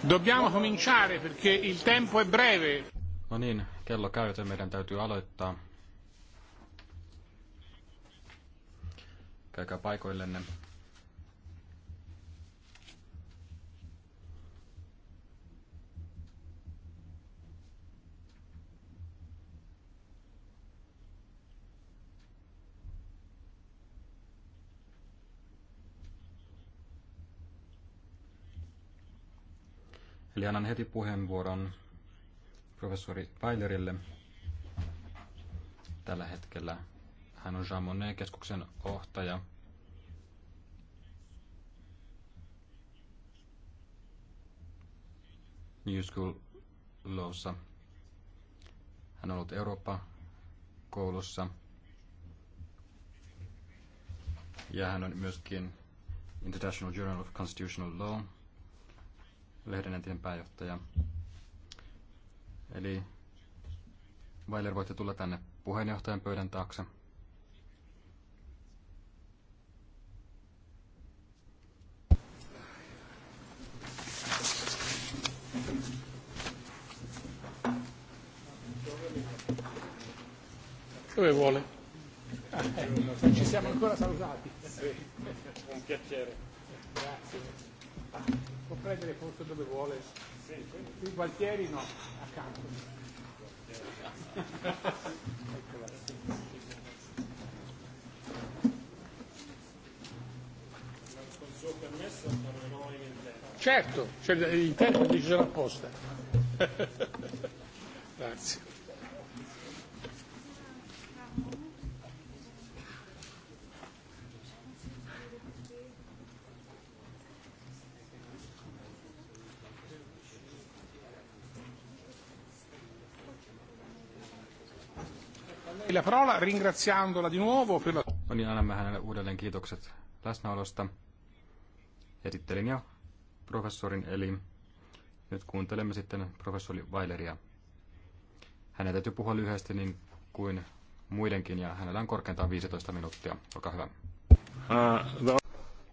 Dobbiamo cominciare perché il tempo è breve. No niin, kello käy, meidän täytyy aloittaa. Käykää paikoillenne. Eli annan heti puheenvuoron professori Pailerille. Tällä hetkellä hän on Jean Monnet-keskuksen ohtaja. New School Lawssa. Hän on ollut Eurooppa-koulussa. Ja hän on myöskin International Journal of Constitutional Law, lehden entinen pääjohtaja. Eli Weiler voitte tulla tänne puheenjohtajan pöydän taakse. Dove vuole? Ah, eh, ci siamo ancora salutati. Sì, un piacere. Grazie. Ah, può prendere posto dove vuole. Qui Gualtieri no, accanto. Eccola. suo permesso parlerò in interno. Certo, cioè, l'interno dice apposta. Grazie. la parola ringraziandola di nuovo per la... No niin, annamme hänelle uudelleen kiitokset läsnäolosta. Esittelin jo professorin eli nyt kuuntelemme sitten professori Weileria. Hänen täytyy puhua lyhyesti niin kuin muidenkin ja hänellä on korkeintaan 15 minuuttia. Olkaa hyvä.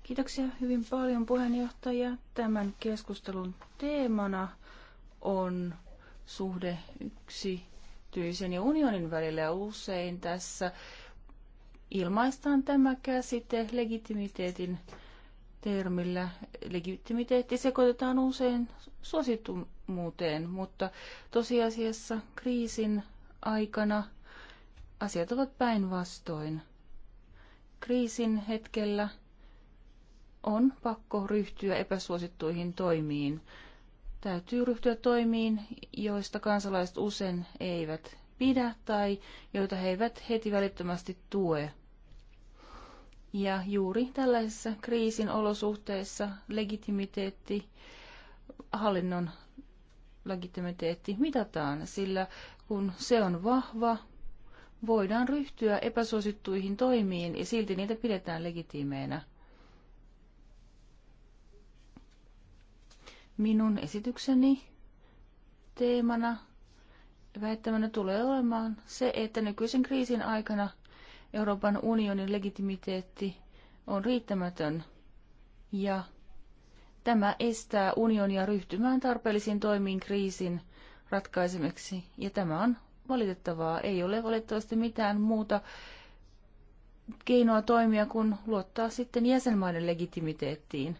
Kiitoksia hyvin paljon puheenjohtaja. Tämän keskustelun teemana on suhde yksi yksityisen ja unionin välillä ja usein tässä ilmaistaan tämä käsite legitimiteetin termillä. Legitimiteetti sekoitetaan usein suosittumuuteen, mutta tosiasiassa kriisin aikana asiat ovat päinvastoin. Kriisin hetkellä on pakko ryhtyä epäsuosittuihin toimiin täytyy ryhtyä toimiin, joista kansalaiset usein eivät pidä tai joita he eivät heti välittömästi tue. Ja juuri tällaisissa kriisin olosuhteissa legitimiteetti, hallinnon legitimiteetti mitataan, sillä kun se on vahva, voidaan ryhtyä epäsuosittuihin toimiin ja silti niitä pidetään legitiimeinä. Minun esitykseni teemana väittämänä tulee olemaan se, että nykyisen kriisin aikana Euroopan unionin legitimiteetti on riittämätön ja tämä estää unionia ryhtymään tarpeellisiin toimiin kriisin ratkaisemeksi. ja tämä on valitettavaa. Ei ole valitettavasti mitään muuta keinoa toimia kuin luottaa sitten jäsenmaiden legitimiteettiin.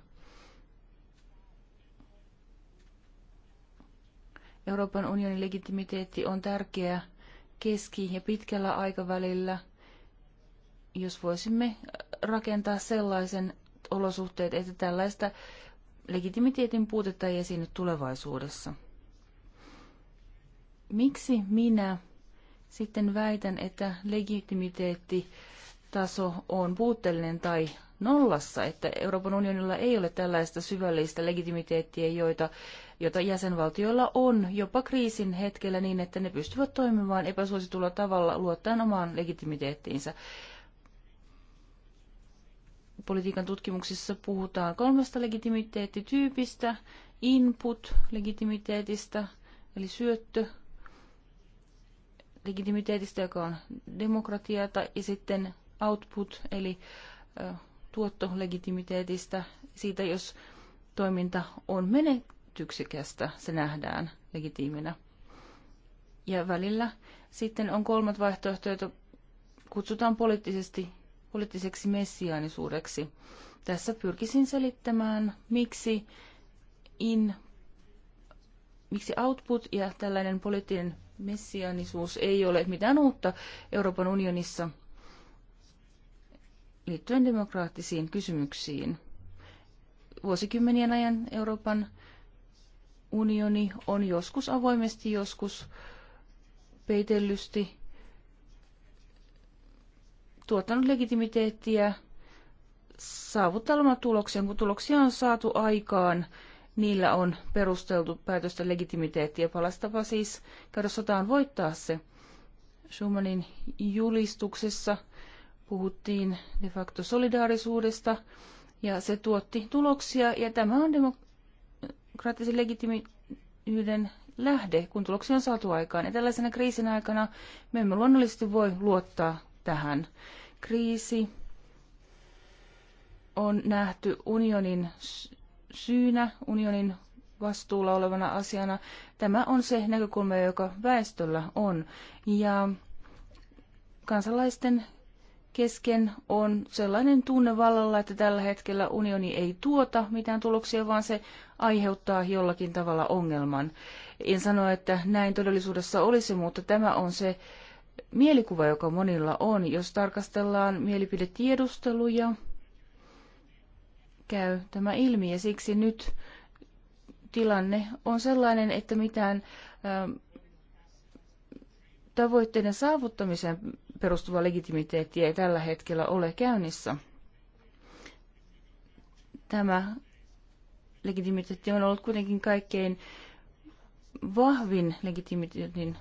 Euroopan unionin legitimiteetti on tärkeä keski- ja pitkällä aikavälillä, jos voisimme rakentaa sellaisen olosuhteet, että tällaista legitimiteetin puutetta ei esiinny tulevaisuudessa. Miksi minä sitten väitän, että legitimiteettitaso on puutteellinen tai nollassa, että Euroopan unionilla ei ole tällaista syvällistä legitimiteettiä, joita, jota jäsenvaltioilla on jopa kriisin hetkellä niin, että ne pystyvät toimimaan epäsuositulla tavalla luottaen omaan legitimiteettiinsä. Politiikan tutkimuksissa puhutaan kolmesta legitimiteettityypistä, input-legitimiteetistä, eli syöttö, legitimiteetistä, joka on demokratiata, ja sitten output, eli tuottolegitimiteetistä, siitä jos toiminta on menetyksikästä, se nähdään legitiiminä. Ja välillä sitten on kolmat vaihtoehto, joita kutsutaan poliittisesti, poliittiseksi messiaanisuudeksi. Tässä pyrkisin selittämään, miksi in miksi output ja tällainen poliittinen messianisuus ei ole mitään uutta Euroopan unionissa liittyen demokraattisiin kysymyksiin. Vuosikymmenien ajan Euroopan unioni on joskus avoimesti, joskus peitellysti tuottanut legitimiteettiä saavuttelema tuloksia. kun tuloksia on saatu aikaan, niillä on perusteltu päätöstä legitimiteettiä. Palastava siis käydä sotaan voittaa se. Schumannin julistuksessa puhuttiin de facto solidaarisuudesta ja se tuotti tuloksia ja tämä on demokraattisen legitimiyden lähde, kun tuloksia on saatu aikaan. Ja tällaisena kriisin aikana me emme luonnollisesti voi luottaa tähän. Kriisi on nähty unionin syynä, unionin vastuulla olevana asiana. Tämä on se näkökulma, joka väestöllä on. Ja kansalaisten kesken on sellainen tunne vallalla, että tällä hetkellä unioni ei tuota mitään tuloksia, vaan se aiheuttaa jollakin tavalla ongelman. En sano, että näin todellisuudessa olisi, mutta tämä on se mielikuva, joka monilla on. Jos tarkastellaan mielipidetiedusteluja, käy tämä ilmi ja siksi nyt tilanne on sellainen, että mitään ähm, tavoitteiden saavuttamisen perustuva legitimiteetti ei tällä hetkellä ole käynnissä. Tämä legitimiteetti on ollut kuitenkin kaikkein vahvin legitimiteetin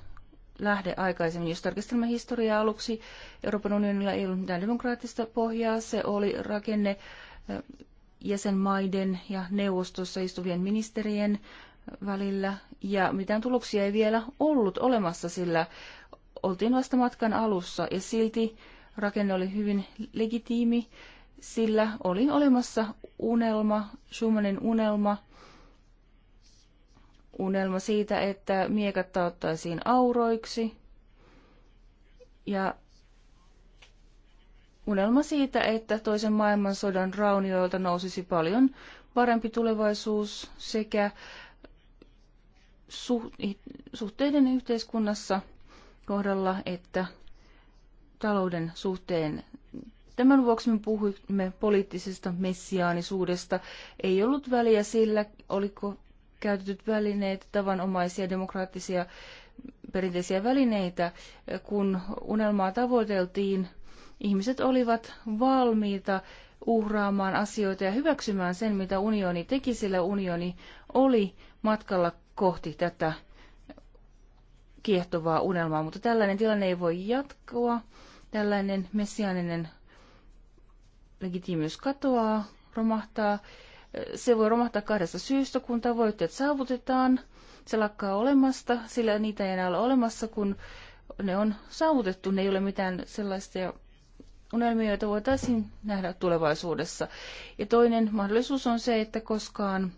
lähde aikaisemmin. Jos tarkastelemme historiaa aluksi, Euroopan unionilla ei ollut mitään demokraattista pohjaa. Se oli rakenne jäsenmaiden ja neuvostossa istuvien ministerien välillä. Ja mitään tuloksia ei vielä ollut olemassa, sillä oltiin vasta matkan alussa ja silti rakenne oli hyvin legitiimi, sillä oli olemassa unelma, Schumannin unelma, unelma siitä, että miekat taottaisiin auroiksi ja unelma siitä, että toisen maailmansodan raunioilta nousisi paljon parempi tulevaisuus sekä suhteiden yhteiskunnassa – kohdalla että talouden suhteen. Tämän vuoksi me puhuimme poliittisesta messiaanisuudesta. Ei ollut väliä sillä, oliko käytetyt välineet tavanomaisia demokraattisia perinteisiä välineitä. Kun unelmaa tavoiteltiin, ihmiset olivat valmiita uhraamaan asioita ja hyväksymään sen, mitä unioni teki, sillä unioni oli matkalla kohti tätä kiehtovaa unelmaa, mutta tällainen tilanne ei voi jatkua. Tällainen messiaaninen legitiimius katoaa, romahtaa. Se voi romahtaa kahdesta syystä, kun tavoitteet saavutetaan. Se lakkaa olemasta, sillä niitä ei enää ole olemassa, kun ne on saavutettu. Ne ei ole mitään sellaista unelmia, joita voitaisiin nähdä tulevaisuudessa. Ja toinen mahdollisuus on se, että koskaan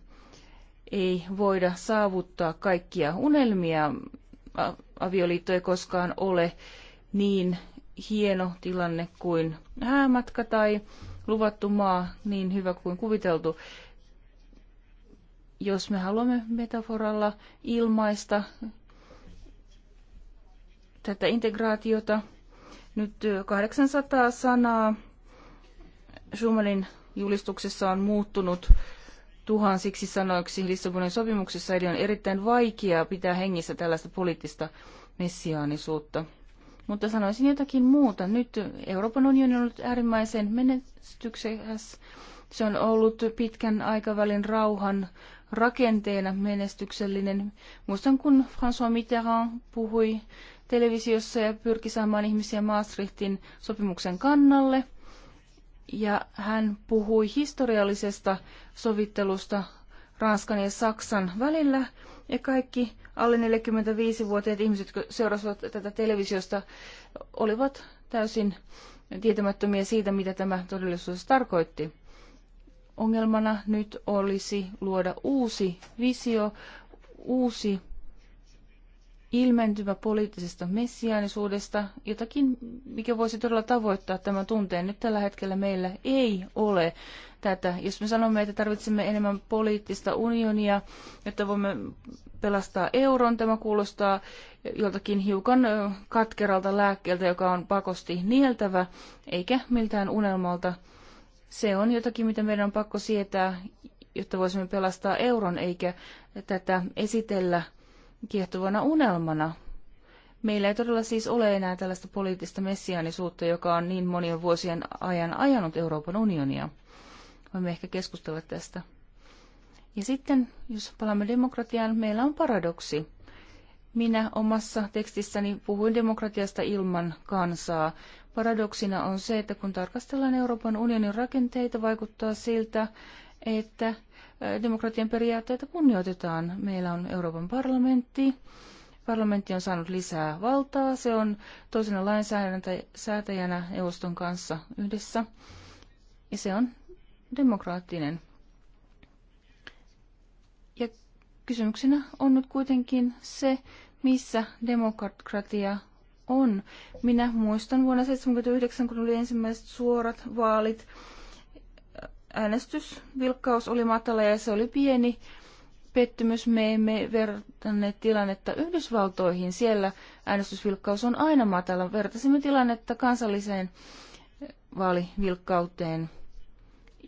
ei voida saavuttaa kaikkia unelmia avioliitto ei koskaan ole niin hieno tilanne kuin häämatka tai luvattu maa niin hyvä kuin kuviteltu. Jos me haluamme metaforalla ilmaista tätä integraatiota, nyt 800 sanaa Schumannin julistuksessa on muuttunut tuhansiksi sanoiksi Lissabonin sopimuksessa, eli on erittäin vaikeaa pitää hengissä tällaista poliittista messiaanisuutta. Mutta sanoisin jotakin muuta. Nyt Euroopan unioni on ollut äärimmäisen menestyksekäs. Se on ollut pitkän aikavälin rauhan rakenteena menestyksellinen. Muistan, kun François Mitterrand puhui televisiossa ja pyrki saamaan ihmisiä Maastrichtin sopimuksen kannalle – ja hän puhui historiallisesta sovittelusta Ranskan ja Saksan välillä. Ja kaikki alle 45-vuotiaat ihmiset, jotka seurasivat tätä televisiosta, olivat täysin tietämättömiä siitä, mitä tämä todellisuus tarkoitti. Ongelmana nyt olisi luoda uusi visio, uusi ilmentymä poliittisesta messiaanisuudesta, jotakin, mikä voisi todella tavoittaa tämän tunteen. Nyt tällä hetkellä meillä ei ole tätä. Jos me sanomme, että tarvitsemme enemmän poliittista unionia, jotta voimme pelastaa euron, tämä kuulostaa joltakin hiukan katkeralta lääkkeeltä, joka on pakosti nieltävä, eikä miltään unelmalta. Se on jotakin, mitä meidän on pakko sietää, jotta voisimme pelastaa euron, eikä tätä esitellä – kiehtovana unelmana. Meillä ei todella siis ole enää tällaista poliittista messiaanisuutta, joka on niin monien vuosien ajan ajanut Euroopan unionia. Voimme ehkä keskustella tästä. Ja sitten, jos palaamme demokratiaan, meillä on paradoksi. Minä omassa tekstissäni puhuin demokratiasta ilman kansaa. Paradoksina on se, että kun tarkastellaan Euroopan unionin rakenteita, vaikuttaa siltä, että demokratian periaatteita kunnioitetaan. Meillä on Euroopan parlamentti. Parlamentti on saanut lisää valtaa. Se on toisena lainsäätäjänä neuvoston kanssa yhdessä. Ja se on demokraattinen. Ja kysymyksenä on nyt kuitenkin se, missä demokratia on. Minä muistan vuonna 1979, kun oli ensimmäiset suorat vaalit äänestysvilkkaus oli matala ja se oli pieni pettymys. Me emme vertanneet tilannetta Yhdysvaltoihin. Siellä äänestysvilkkaus on aina matala. Vertasimme tilannetta kansalliseen vaalivilkkauteen.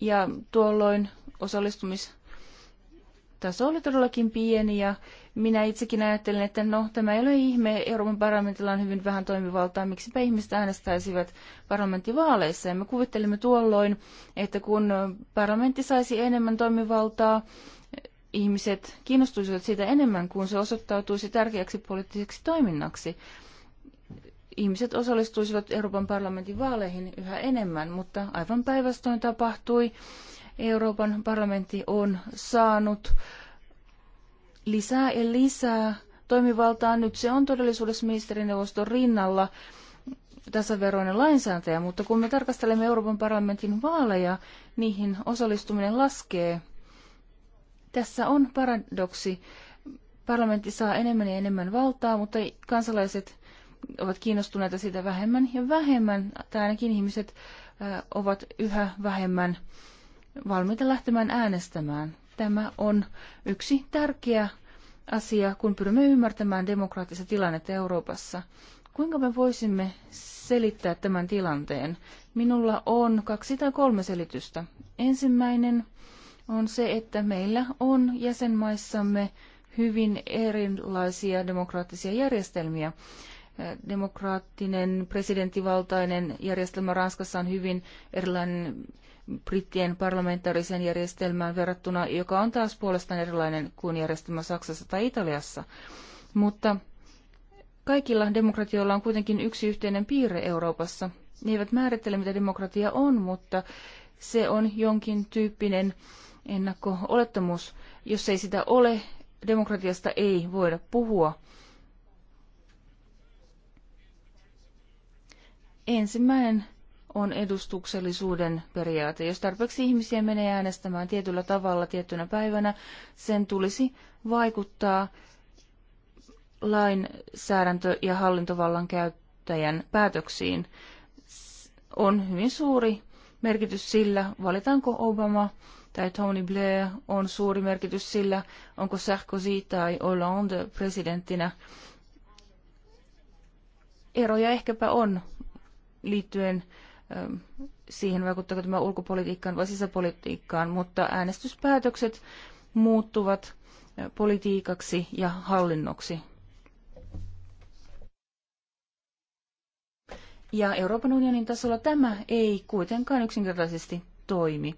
Ja tuolloin osallistumistaso oli todellakin pieni ja minä itsekin ajattelen, että no, tämä ei ole ihme, Euroopan parlamentilla on hyvin vähän toimivaltaa, miksipä ihmiset äänestäisivät parlamenttivaaleissa. Ja me kuvittelimme tuolloin, että kun parlamentti saisi enemmän toimivaltaa, ihmiset kiinnostuisivat siitä enemmän, kun se osoittautuisi tärkeäksi poliittiseksi toiminnaksi. Ihmiset osallistuisivat Euroopan parlamentin vaaleihin yhä enemmän, mutta aivan päinvastoin tapahtui. Euroopan parlamentti on saanut äh, lisää ja lisää toimivaltaa. Nyt se on todellisuudessa ministerineuvoston rinnalla tasaveroinen lainsäätäjä, mutta kun me tarkastelemme Euroopan parlamentin vaaleja, niihin osallistuminen laskee. Tässä on paradoksi. Parlamentti saa enemmän ja enemmän valtaa, mutta kansalaiset ovat kiinnostuneita siitä vähemmän ja vähemmän, tai ainakin ihmiset ovat yhä vähemmän valmiita lähtemään äänestämään. Tämä on yksi tärkeä asia, kun pyrimme ymmärtämään demokraattista tilannetta Euroopassa. Kuinka me voisimme selittää tämän tilanteen? Minulla on kaksi tai kolme selitystä. Ensimmäinen on se, että meillä on jäsenmaissamme hyvin erilaisia demokraattisia järjestelmiä. Demokraattinen, presidenttivaltainen järjestelmä Ranskassa on hyvin erilainen brittien parlamentaariseen järjestelmään verrattuna, joka on taas puolestaan erilainen kuin järjestelmä Saksassa tai Italiassa. Mutta kaikilla demokratioilla on kuitenkin yksi yhteinen piirre Euroopassa. Ne eivät määrittele, mitä demokratia on, mutta se on jonkin tyyppinen ennakko-olettamus. Jos ei sitä ole, demokratiasta ei voida puhua. Ensimmäinen on edustuksellisuuden periaate. Jos tarpeeksi ihmisiä menee äänestämään tietyllä tavalla tiettynä päivänä, sen tulisi vaikuttaa lainsäädäntö- ja hallintovallan käyttäjän päätöksiin. On hyvin suuri merkitys sillä, valitaanko Obama tai Tony Blair, on suuri merkitys sillä, onko Sarkozy tai Hollande presidenttinä. Eroja ehkäpä on liittyen siihen, vaikuttaako tämä ulkopolitiikkaan vai sisäpolitiikkaan, mutta äänestyspäätökset muuttuvat politiikaksi ja hallinnoksi. Ja Euroopan unionin tasolla tämä ei kuitenkaan yksinkertaisesti toimi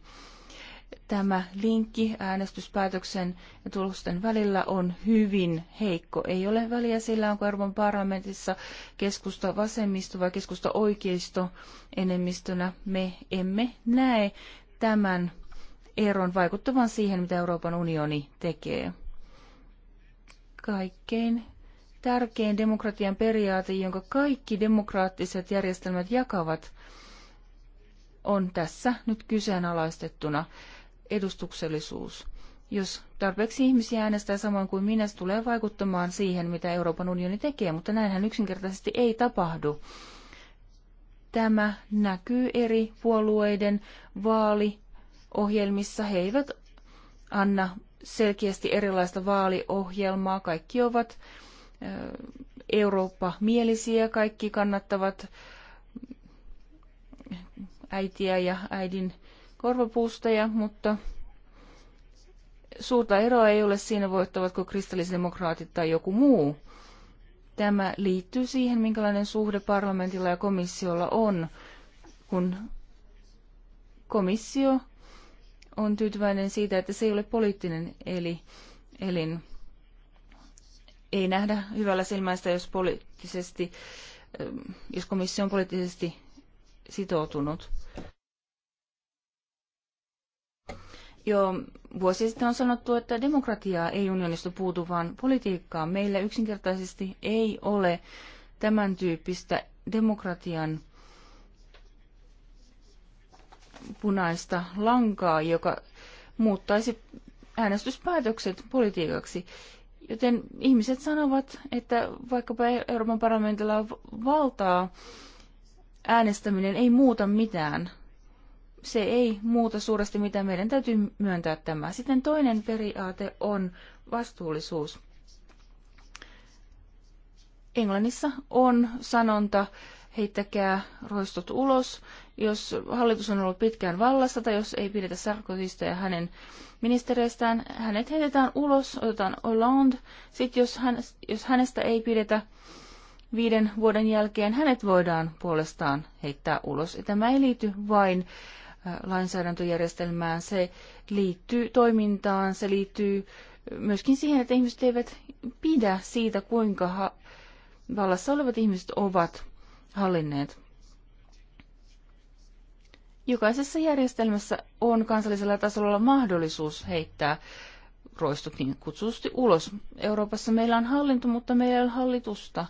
tämä linkki äänestyspäätöksen ja tulosten välillä on hyvin heikko. Ei ole väliä sillä, onko Euroopan parlamentissa keskusta vasemmisto vai keskusta oikeisto enemmistönä. Me emme näe tämän eron vaikuttavan siihen, mitä Euroopan unioni tekee. Kaikkein tärkein demokratian periaate, jonka kaikki demokraattiset järjestelmät jakavat, on tässä nyt kyseenalaistettuna edustuksellisuus. Jos tarpeeksi ihmisiä äänestää samoin kuin minä, se tulee vaikuttamaan siihen, mitä Euroopan unioni tekee, mutta näinhän yksinkertaisesti ei tapahdu. Tämä näkyy eri puolueiden vaaliohjelmissa. He eivät anna selkeästi erilaista vaaliohjelmaa. Kaikki ovat Eurooppa-mielisiä, kaikki kannattavat äitiä ja äidin korvapuusteja, mutta suurta eroa ei ole siinä, voittavatko kristillisdemokraatit tai joku muu. Tämä liittyy siihen, minkälainen suhde parlamentilla ja komissiolla on, kun komissio on tyytyväinen siitä, että se ei ole poliittinen eli, elin. Ei nähdä hyvällä silmästä, jos, poliittisesti, jos komissio on poliittisesti sitoutunut. jo vuosi sitten on sanottu, että demokratiaa ei unionista puutu, vaan politiikkaa. Meillä yksinkertaisesti ei ole tämän tyyppistä demokratian punaista lankaa, joka muuttaisi äänestyspäätökset politiikaksi. Joten ihmiset sanovat, että vaikkapa Euroopan parlamentilla on valtaa, äänestäminen ei muuta mitään se ei muuta suuresti, mitä meidän täytyy myöntää tämä. Sitten toinen periaate on vastuullisuus. Englannissa on sanonta, heittäkää roistot ulos. Jos hallitus on ollut pitkään vallassa tai jos ei pidetä Sarkozysta ja hänen ministereistään, hänet heitetään ulos, otetaan Hollande. Sitten jos, hän, jos hänestä ei pidetä viiden vuoden jälkeen, hänet voidaan puolestaan heittää ulos. tämä ei liity vain äh, lainsäädäntöjärjestelmään. Se liittyy toimintaan, se liittyy myöskin siihen, että ihmiset eivät pidä siitä, kuinka vallassa olevat ihmiset ovat hallinneet. Jokaisessa järjestelmässä on kansallisella tasolla mahdollisuus heittää roistukin niin kutsutusti ulos. Euroopassa meillä on hallinto, mutta meillä ei ole hallitusta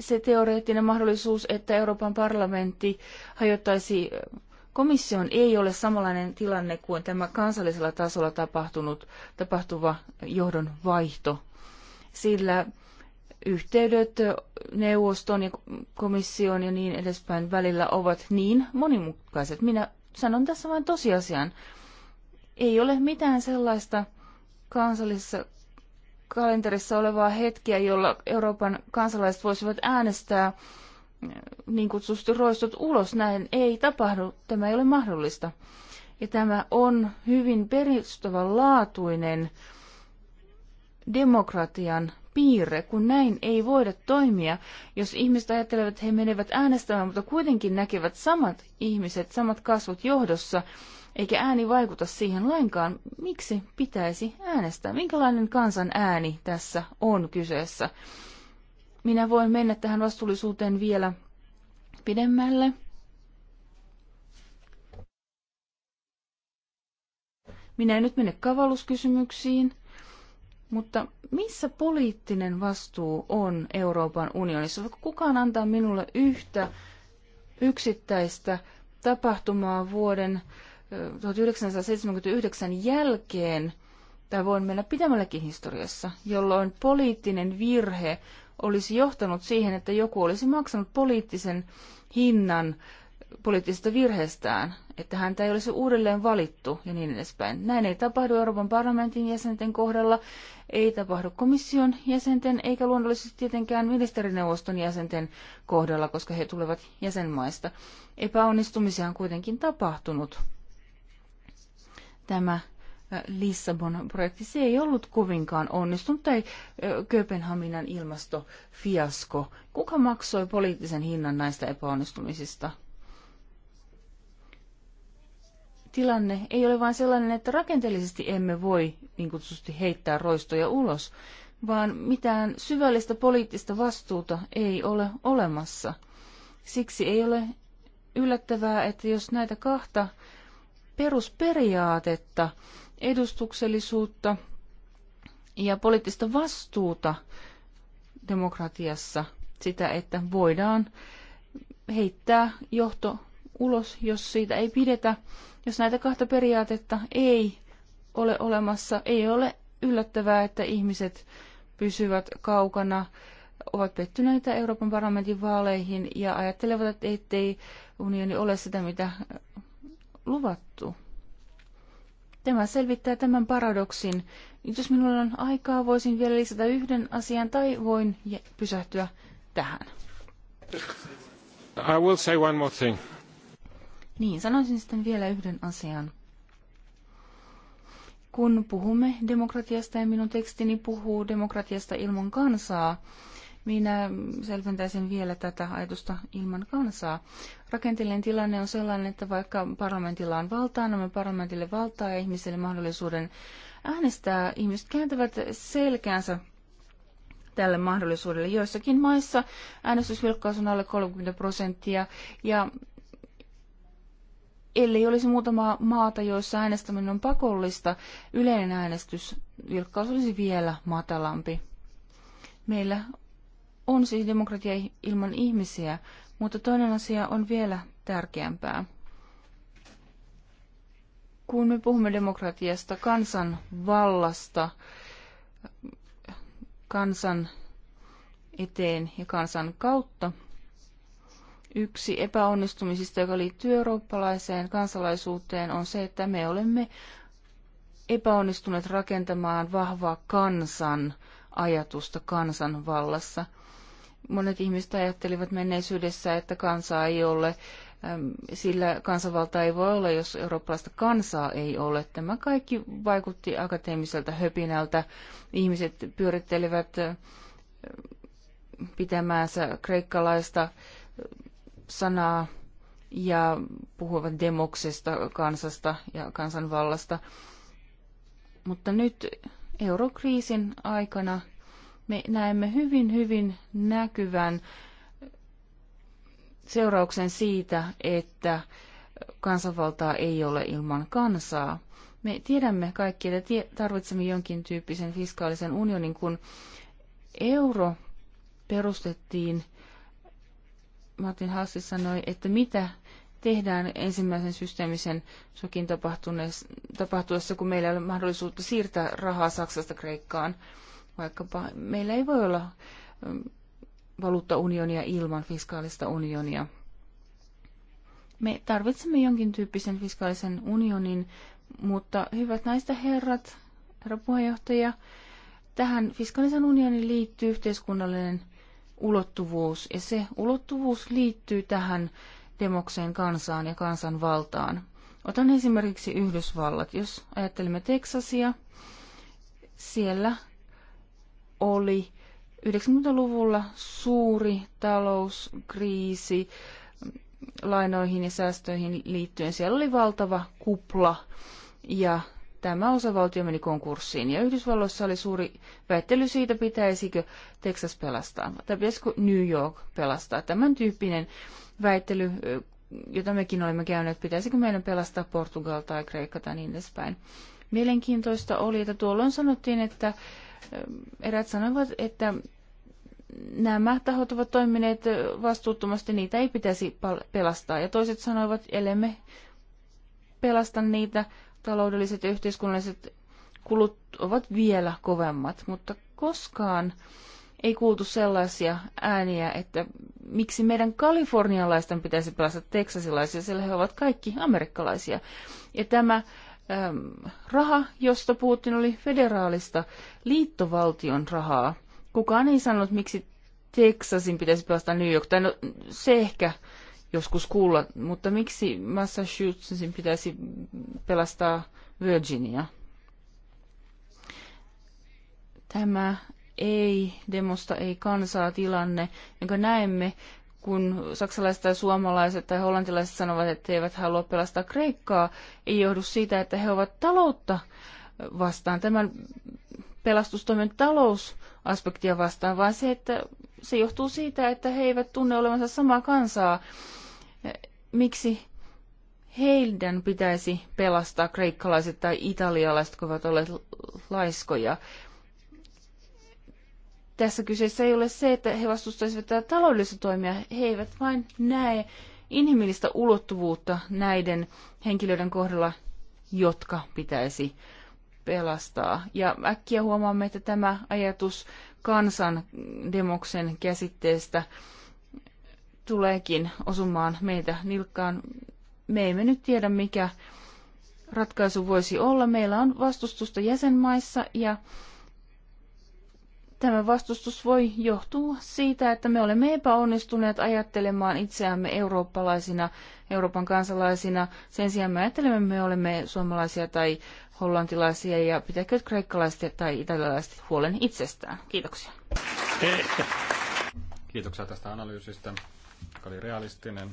se teoreettinen mahdollisuus, että Euroopan parlamentti hajottaisi komission, ei ole samanlainen tilanne kuin tämä kansallisella tasolla tapahtunut, tapahtuva johdon vaihto, sillä yhteydet neuvoston ja komission ja niin edespäin välillä ovat niin monimutkaiset. Minä sanon tässä vain tosiasian. Ei ole mitään sellaista kansallisessa kalenterissa olevaa hetkiä, jolla Euroopan kansalaiset voisivat äänestää niin kutsusti roistot ulos. Näin ei tapahdu, tämä ei ole mahdollista. Ja tämä on hyvin perustavanlaatuinen demokratian piirre, kun näin ei voida toimia. Jos ihmiset ajattelevat, että he menevät äänestämään, mutta kuitenkin näkevät samat ihmiset, samat kasvot johdossa, eikä ääni vaikuta siihen lainkaan, miksi pitäisi äänestää? Minkälainen kansan ääni tässä on kyseessä? Minä voin mennä tähän vastuullisuuteen vielä pidemmälle. Minä en nyt mene kavalluskysymyksiin. Mutta missä poliittinen vastuu on Euroopan unionissa? Voiko kukaan antaa minulle yhtä yksittäistä tapahtumaa vuoden 1979 jälkeen, tai voin mennä pidemmällekin historiassa, jolloin poliittinen virhe olisi johtanut siihen, että joku olisi maksanut poliittisen hinnan poliittisesta virheestään, että häntä ei olisi uudelleen valittu ja niin edespäin. Näin ei tapahdu Euroopan parlamentin jäsenten kohdalla, ei tapahdu komission jäsenten eikä luonnollisesti tietenkään ministerineuvoston jäsenten kohdalla, koska he tulevat jäsenmaista. Epäonnistumisia on kuitenkin tapahtunut. Tämä äh, Lissabon-projekti, se ei ollut kovinkaan onnistunut, tai äh, Kööpenhaminan ilmastofiasko. Kuka maksoi poliittisen hinnan näistä epäonnistumisista? tilanne ei ole vain sellainen, että rakenteellisesti emme voi niin kutsusti heittää roistoja ulos, vaan mitään syvällistä poliittista vastuuta ei ole olemassa. Siksi ei ole yllättävää, että jos näitä kahta perusperiaatetta, edustuksellisuutta ja poliittista vastuuta demokratiassa, sitä, että voidaan heittää johto ulos, jos siitä ei pidetä, jos näitä kahta periaatetta ei ole olemassa, ei ole yllättävää, että ihmiset pysyvät kaukana, ovat pettyneitä Euroopan parlamentin vaaleihin ja ajattelevat, että ettei unioni ole sitä, mitä äh, luvattu. Tämä selvittää tämän paradoksin. Jos minulla on aikaa, voisin vielä lisätä yhden asian tai voin pysähtyä tähän. I will say one more thing. Niin, sanoisin sitten vielä yhden asian. Kun puhumme demokratiasta ja minun tekstini puhuu demokratiasta ilman kansaa, minä selventäisin vielä tätä ajatusta ilman kansaa. Rakenteellinen tilanne on sellainen, että vaikka parlamentilla on valtaa, nämä parlamentille valtaa ja ihmisille mahdollisuuden äänestää, ihmiset kääntävät selkäänsä tälle mahdollisuudelle. Joissakin maissa äänestysvilkkaus on alle 30 prosenttia ja ellei olisi muutama maata, joissa äänestäminen on pakollista, yleinen äänestys vilkkaus olisi vielä matalampi. Meillä on siis demokratia ilman ihmisiä, mutta toinen asia on vielä tärkeämpää. Kun me puhumme demokratiasta, kansan vallasta, kansan eteen ja kansan kautta, Yksi epäonnistumisista, joka liittyy eurooppalaiseen kansalaisuuteen, on se, että me olemme epäonnistuneet rakentamaan vahvaa kansan ajatusta kansanvallassa. Monet ihmiset ajattelivat menneisyydessä, että kansaa ei ole, sillä kansanvalta ei voi olla, jos eurooppalaista kansaa ei ole. Tämä kaikki vaikutti akateemiselta höpinältä. Ihmiset pyörittelevät pitämäänsä kreikkalaista sanaa ja puhuvat demoksesta, kansasta ja kansanvallasta. Mutta nyt eurokriisin aikana me näemme hyvin, hyvin näkyvän seurauksen siitä, että kansanvaltaa ei ole ilman kansaa. Me tiedämme kaikki, että tarvitsemme jonkin tyyppisen fiskaalisen unionin, kun euro perustettiin Martin Hassi sanoi, että mitä tehdään ensimmäisen systeemisen sokin tapahtuessa, kun meillä ei ole mahdollisuutta siirtää rahaa Saksasta Kreikkaan. Vaikkapa meillä ei voi olla mm, valuuttaunionia ilman fiskaalista unionia. Me tarvitsemme jonkin tyyppisen fiskaalisen unionin, mutta hyvät näistä herrat, herra puheenjohtaja, tähän fiskaalisen unionin liittyy yhteiskunnallinen ulottuvuus, ja se ulottuvuus liittyy tähän demokseen kansaan ja kansanvaltaan. Otan esimerkiksi Yhdysvallat. Jos ajattelemme Teksasia, siellä oli 90-luvulla suuri talouskriisi lainoihin ja säästöihin liittyen. Siellä oli valtava kupla ja tämä osavaltio meni konkurssiin. Ja Yhdysvalloissa oli suuri väittely siitä, pitäisikö Texas pelastaa tai pitäisikö New York pelastaa. Tämän tyyppinen väittely, jota mekin olemme käyneet, pitäisikö meidän pelastaa Portugal tai Kreikka tai niin edespäin. Mielenkiintoista oli, että tuolloin sanottiin, että erät sanoivat, että nämä tahot ovat toimineet vastuuttomasti, niitä ei pitäisi pelastaa. Ja toiset sanoivat, ellei me pelasta niitä, taloudelliset ja yhteiskunnalliset kulut ovat vielä kovemmat, mutta koskaan ei kuultu sellaisia ääniä, että miksi meidän kalifornialaisten pitäisi päästä teksasilaisia, sillä he ovat kaikki amerikkalaisia. Ja tämä ähm, raha, josta Putin oli federaalista liittovaltion rahaa, kukaan ei sanonut, miksi Teksasin pitäisi päästä New York, tai no, se ehkä joskus kuulla, mutta miksi Massachusettsin pitäisi pelastaa Virginia? Tämä ei demosta, ei kansaa tilanne, jonka näemme, kun saksalaiset tai suomalaiset tai hollantilaiset sanovat, että he eivät halua pelastaa Kreikkaa, ei johdu siitä, että he ovat taloutta vastaan, tämän pelastustoimen talousaspektia vastaan, vaan se, että se johtuu siitä, että he eivät tunne olevansa samaa kansaa miksi heidän pitäisi pelastaa kreikkalaiset tai italialaiset, kun ovat olleet laiskoja. Tässä kyseessä ei ole se, että he vastustaisivat tätä taloudellista toimia. He eivät vain näe inhimillistä ulottuvuutta näiden henkilöiden kohdalla, jotka pitäisi pelastaa. Ja äkkiä huomaamme, että tämä ajatus kansan demoksen käsitteestä tuleekin osumaan meitä nilkkaan. Me emme nyt tiedä, mikä ratkaisu voisi olla. Meillä on vastustusta jäsenmaissa ja tämä vastustus voi johtua siitä, että me olemme epäonnistuneet ajattelemaan itseämme eurooppalaisina, Euroopan kansalaisina. Sen sijaan me ajattelemme, me olemme suomalaisia tai hollantilaisia ja pitäkööt kreikkalaiset tai italialaiset huolen itsestään. Kiitoksia. Kiitoksia tästä analyysistä joka oli realistinen.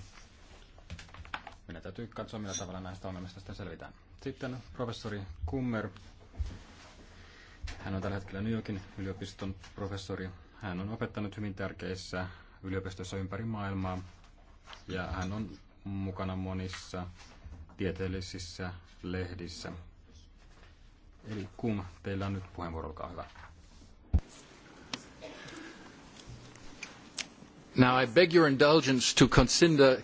Meidän täytyy katsoa, millä tavalla näistä ongelmista sitten selvitään. Sitten professori Kummer. Hän on tällä hetkellä New Yorkin yliopiston professori. Hän on opettanut hyvin tärkeissä yliopistossa ympäri maailmaa ja hän on mukana monissa tieteellisissä lehdissä. Eli Kum, teillä on nyt puheenvuoro, olkaa hyvä. Now I beg your indulgence to consider,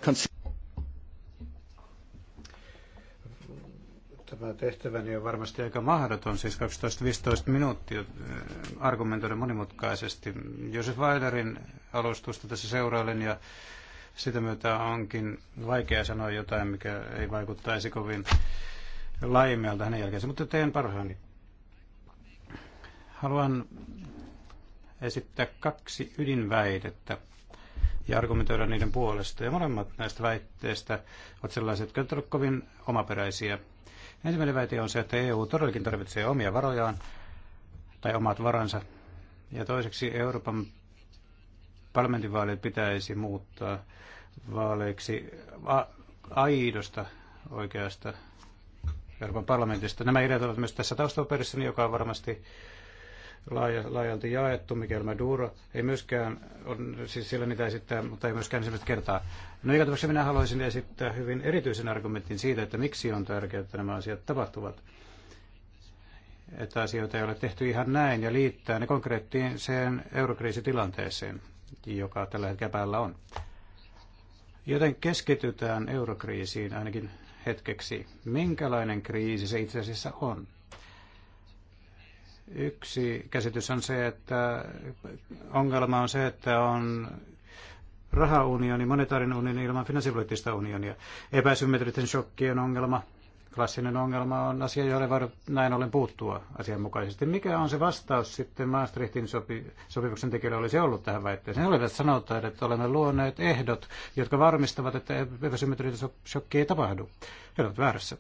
tämä tehtäväni on varmasti aika mahdoton, siis 12-15 minuuttia eh, argumentoida monimutkaisesti. Josef Weilerin alustusta tässä seurailen ja sitä myötä onkin vaikea sanoa jotain, mikä ei vaikuttaisi kovin laajemmalta hänen jälkeensä, mutta teen parhaani. Haluan esittää kaksi ydinväitettä ja argumentoida niiden puolesta. Ja molemmat näistä väitteistä ovat sellaisia, jotka ovat olleet kovin omaperäisiä. Ensimmäinen väite on se, että EU todellakin tarvitsee omia varojaan tai omat varansa. Ja toiseksi Euroopan parlamentinvaalit pitäisi muuttaa vaaleiksi aidosta oikeasta Euroopan parlamentista. Nämä ideat ovat myös tässä taustapaperissani, niin joka on varmasti laajalti jaettu, Miguel Maduro. Ei myöskään, on, siis sillä niitä esittää, mutta ei myöskään ensimmäistä kertaa. No joka tapauksessa minä haluaisin esittää hyvin erityisen argumentin siitä, että miksi on tärkeää, että nämä asiat tapahtuvat. Että asioita ei ole tehty ihan näin ja liittää ne konkreettiseen eurokriisitilanteeseen, joka tällä hetkellä päällä on. Joten keskitytään eurokriisiin ainakin hetkeksi. Minkälainen kriisi se itse asiassa on? Yksi käsitys on se, että ongelma on se, että on rahaunioni, monetaarinen unioni ilman finanssipoliittista unionia. Epäsymmetrisen shokkien ongelma, klassinen ongelma on asia, jolle voi näin ollen puuttua asianmukaisesti. Mikä on se vastaus sitten Maastrichtin sopi, sopimuksen tekijöille olisi ollut tähän väitteeseen? Oli tässä sanotaan, että olemme luoneet ehdot, jotka varmistavat, että epäsymmetrinen shokki ei tapahdu. He ovat väärässä.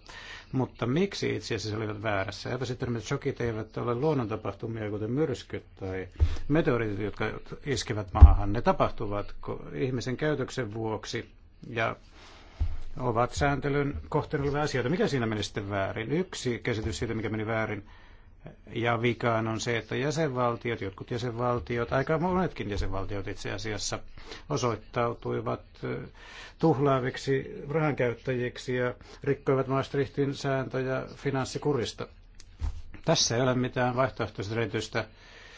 Mutta miksi itse asiassa olivat väärässä? Epäsittermit shokit eivät ole luonnontapahtumia, kuten myrskyt tai meteoritit, jotka iskevät maahan. Ne tapahtuvat ihmisen käytöksen vuoksi ja ovat sääntelyn kohteena olevia asioita. Mikä siinä meni sitten väärin? Yksi käsitys siitä, mikä meni väärin, ja vikaan on se, että jäsenvaltiot, jotkut jäsenvaltiot, aika monetkin jäsenvaltiot itse asiassa osoittautuivat tuhlaaviksi rahankäyttäjiksi ja rikkoivat Maastrichtin sääntöjä finanssikurista. Tässä ei ole mitään vaihtoehtoisretystä.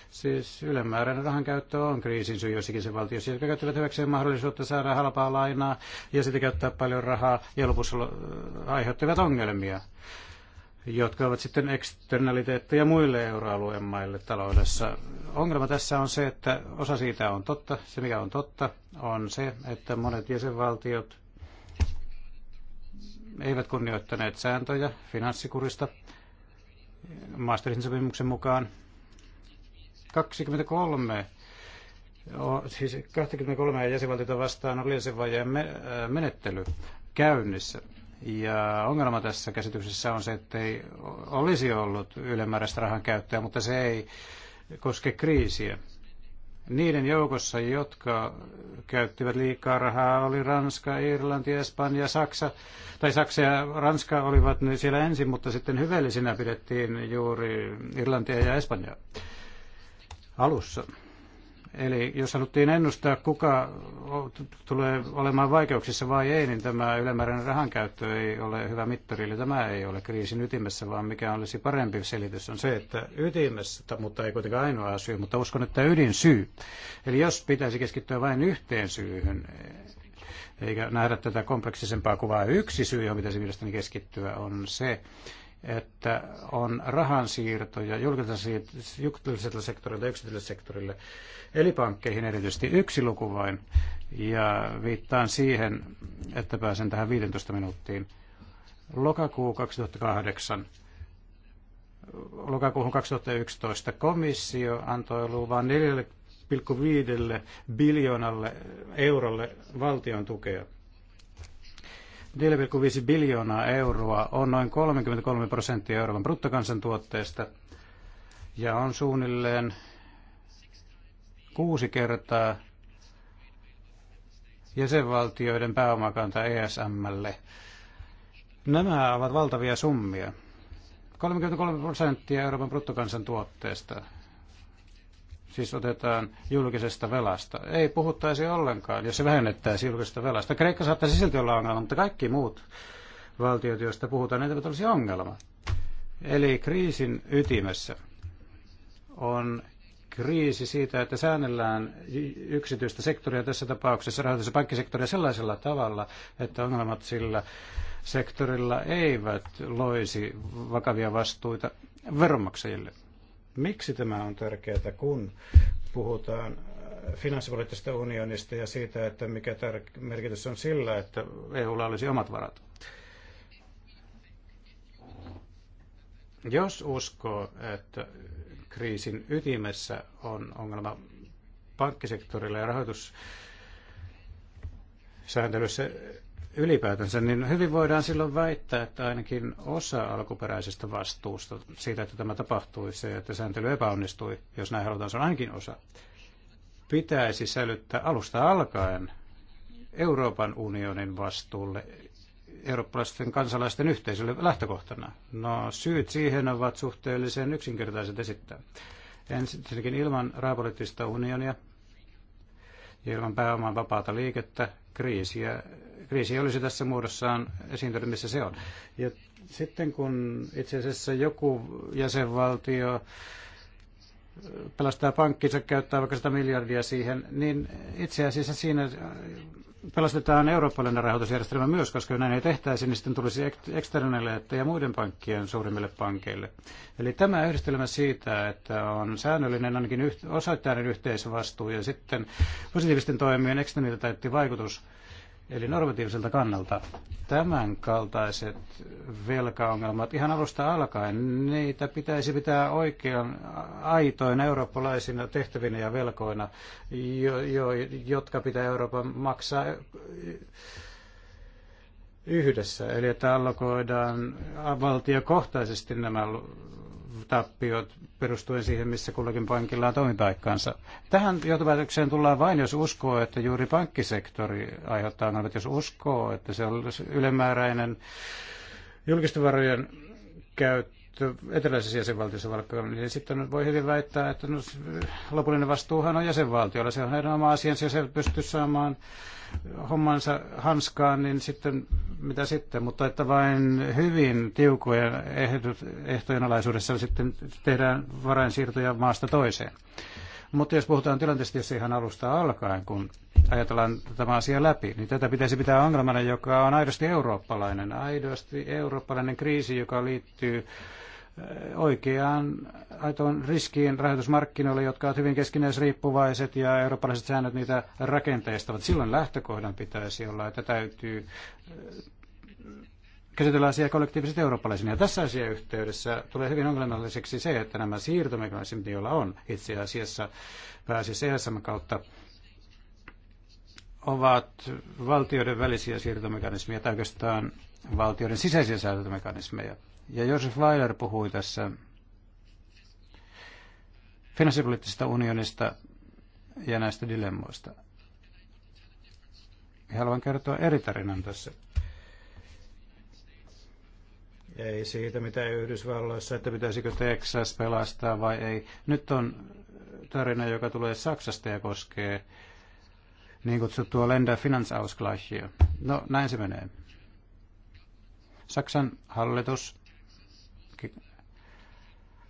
Siis ylimääräinen rahankäyttö on kriisin syy jossakin se valtio, jotka käyttävät hyväkseen mahdollisuutta saada halpaa lainaa ja sitten käyttää paljon rahaa ja lopussa aiheuttavat ongelmia jotka ovat sitten eksternaliteetteja muille euroalueen maille taloudessa. Ongelma tässä on se, että osa siitä on totta. Se, mikä on totta, on se, että monet jäsenvaltiot eivät kunnioittaneet sääntöjä finanssikurista Maastrichtin sopimuksen mukaan. 23 siis 23 jäsenvaltiota vastaan oli jäsenvajeen menettely käynnissä ja ongelma tässä käsityksessä on se, että ei olisi ollut ylimääräistä rahan käyttöä, mutta se ei koske kriisiä. Niiden joukossa, jotka käyttivät liikaa rahaa, oli Ranska, Irlanti, Espanja, Saksa. Tai Saksa ja Ranska olivat siellä ensin, mutta sitten hyvällisinä pidettiin juuri Irlantia ja Espanjaa alussa. Eli jos haluttiin ennustaa, kuka tulee olemaan vaikeuksissa vai ei, niin tämä ylimääräinen rahankäyttö ei ole hyvä mittari. Eli tämä ei ole kriisin ytimessä, vaan mikä olisi parempi selitys on se, että ytimessä, mutta ei kuitenkaan ainoa syy, mutta uskon, että ydin syy, Eli jos pitäisi keskittyä vain yhteen syyhyn, eikä nähdä tätä kompleksisempaa kuvaa, yksi syy, johon pitäisi mielestäni keskittyä, on se, että on rahansiirtoja julkiselta sektorilta yksityiselle sektorille, eli pankkeihin erityisesti yksi luku vain. Ja viittaan siihen, että pääsen tähän 15 minuuttiin. Lokakuu 2008 lokakuuhun 2011 komissio antoi luvan 4,5 biljoonalle eurolle valtion tukea 4,5 biljoonaa euroa on noin 33 prosenttia Euroopan bruttokansantuotteesta ja on suunnilleen kuusi kertaa jäsenvaltioiden pääomakanta ESMlle. Nämä ovat valtavia summia. 33 prosenttia Euroopan bruttokansantuotteesta siis otetaan julkisesta velasta. Ei puhuttaisi ollenkaan, jos se vähennettäisiin julkisesta velasta. Kreikka saattaisi silti olla ongelma, mutta kaikki muut valtiot, joista puhutaan, eivät olisi ongelma. Eli kriisin ytimessä on kriisi siitä, että säännellään yksityistä sektoria tässä tapauksessa, rahoitus- ja pankkisektoria sellaisella tavalla, että ongelmat sillä sektorilla eivät loisi vakavia vastuita veronmaksajille. Miksi tämä on tärkeää, kun puhutaan äh, finanssipoliittisesta unionista ja siitä, että mikä tär- merkitys on sillä, että EUlla olisi omat varat? Jos uskoo, että kriisin ytimessä on ongelma pankkisektorilla ja rahoitussääntelyssä, ylipäätänsä, niin hyvin voidaan silloin väittää, että ainakin osa alkuperäisestä vastuusta siitä, että tämä tapahtui, se, että sääntely epäonnistui, jos näin halutaan, se on ainakin osa, pitäisi sälyttää alusta alkaen Euroopan unionin vastuulle eurooppalaisten kansalaisten yhteisölle lähtökohtana. No syyt siihen ovat suhteellisen yksinkertaiset esittää. Ensinnäkin ilman rahapoliittista unionia ja ilman pääoman vapaata liikettä kriisiä kriisi olisi tässä muodossaan esiintynyt, missä se on. Ja sitten kun itse asiassa joku jäsenvaltio pelastaa pankkinsa, käyttää vaikka sitä miljardia siihen, niin itse asiassa siinä pelastetaan eurooppalainen rahoitusjärjestelmä myös, koska näin ei tehtäisi, niin sitten tulisi eksternelle että ja muiden pankkien suurimmille pankeille. Eli tämä yhdistelmä siitä, että on säännöllinen ainakin yht, osoittainen yhteisvastuu ja sitten positiivisten toimien eksternaliteetti vaikutus, eli normatiiviselta kannalta. Tämän kaltaiset velkaongelmat ihan alusta alkaen, niitä pitäisi pitää oikean aitoina eurooppalaisina tehtävinä ja velkoina, jo, jo, jotka pitää Euroopan maksaa yhdessä. Eli että allokoidaan valtiokohtaisesti nämä tappiot perustuen siihen, missä kullakin pankilla on toimipaikkansa. Tähän johtopäätökseen tullaan vain, jos uskoo, että juuri pankkisektori aiheuttaa ongelmat, jos uskoo, että se on ylimääräinen julkisten varojen käyttö eteläisessä jäsenvaltiossa valkoon, niin sitten voi hyvin väittää, että no, lopullinen vastuuhan on jäsenvaltiolla. Se on heidän oma asiansa, jos he pystyy saamaan hommansa hanskaan, niin sitten mitä sitten, mutta että vain hyvin tiukojen ehdot, ehtojen alaisuudessa sitten tehdään varainsiirtoja maasta toiseen. Mutta jos puhutaan tilanteesta, jos ihan alusta alkaen, kun ajatellaan tämä asia läpi, niin tätä pitäisi pitää ongelmana, joka on aidosti eurooppalainen, aidosti eurooppalainen kriisi, joka liittyy oikeaan aitoon riskiin rahoitusmarkkinoille, jotka ovat hyvin keskinäisriippuvaiset ja eurooppalaiset säännöt niitä rakenteistavat. Silloin lähtökohdan pitäisi olla, että täytyy äh, käsitellä asiaa kollektiivisesti eurooppalaisina. Ja tässä asiayhteydessä tulee hyvin ongelmalliseksi se, että nämä siirtomekanismit, joilla on itse asiassa pääasiassa ESM kautta, ovat valtioiden välisiä siirtomekanismeja tai oikeastaan valtioiden sisäisiä säätömekanismeja. Ja Josef Weiler puhui tässä finanssipoliittisesta unionista ja näistä dilemmoista. Haluan kertoa eri tarinan tässä. Ei siitä, mitä Yhdysvalloissa, että pitäisikö Texas pelastaa vai ei. Nyt on tarina, joka tulee Saksasta ja koskee niin kutsuttua Länder Finanzausgleichia. No, näin se menee. Saksan hallitus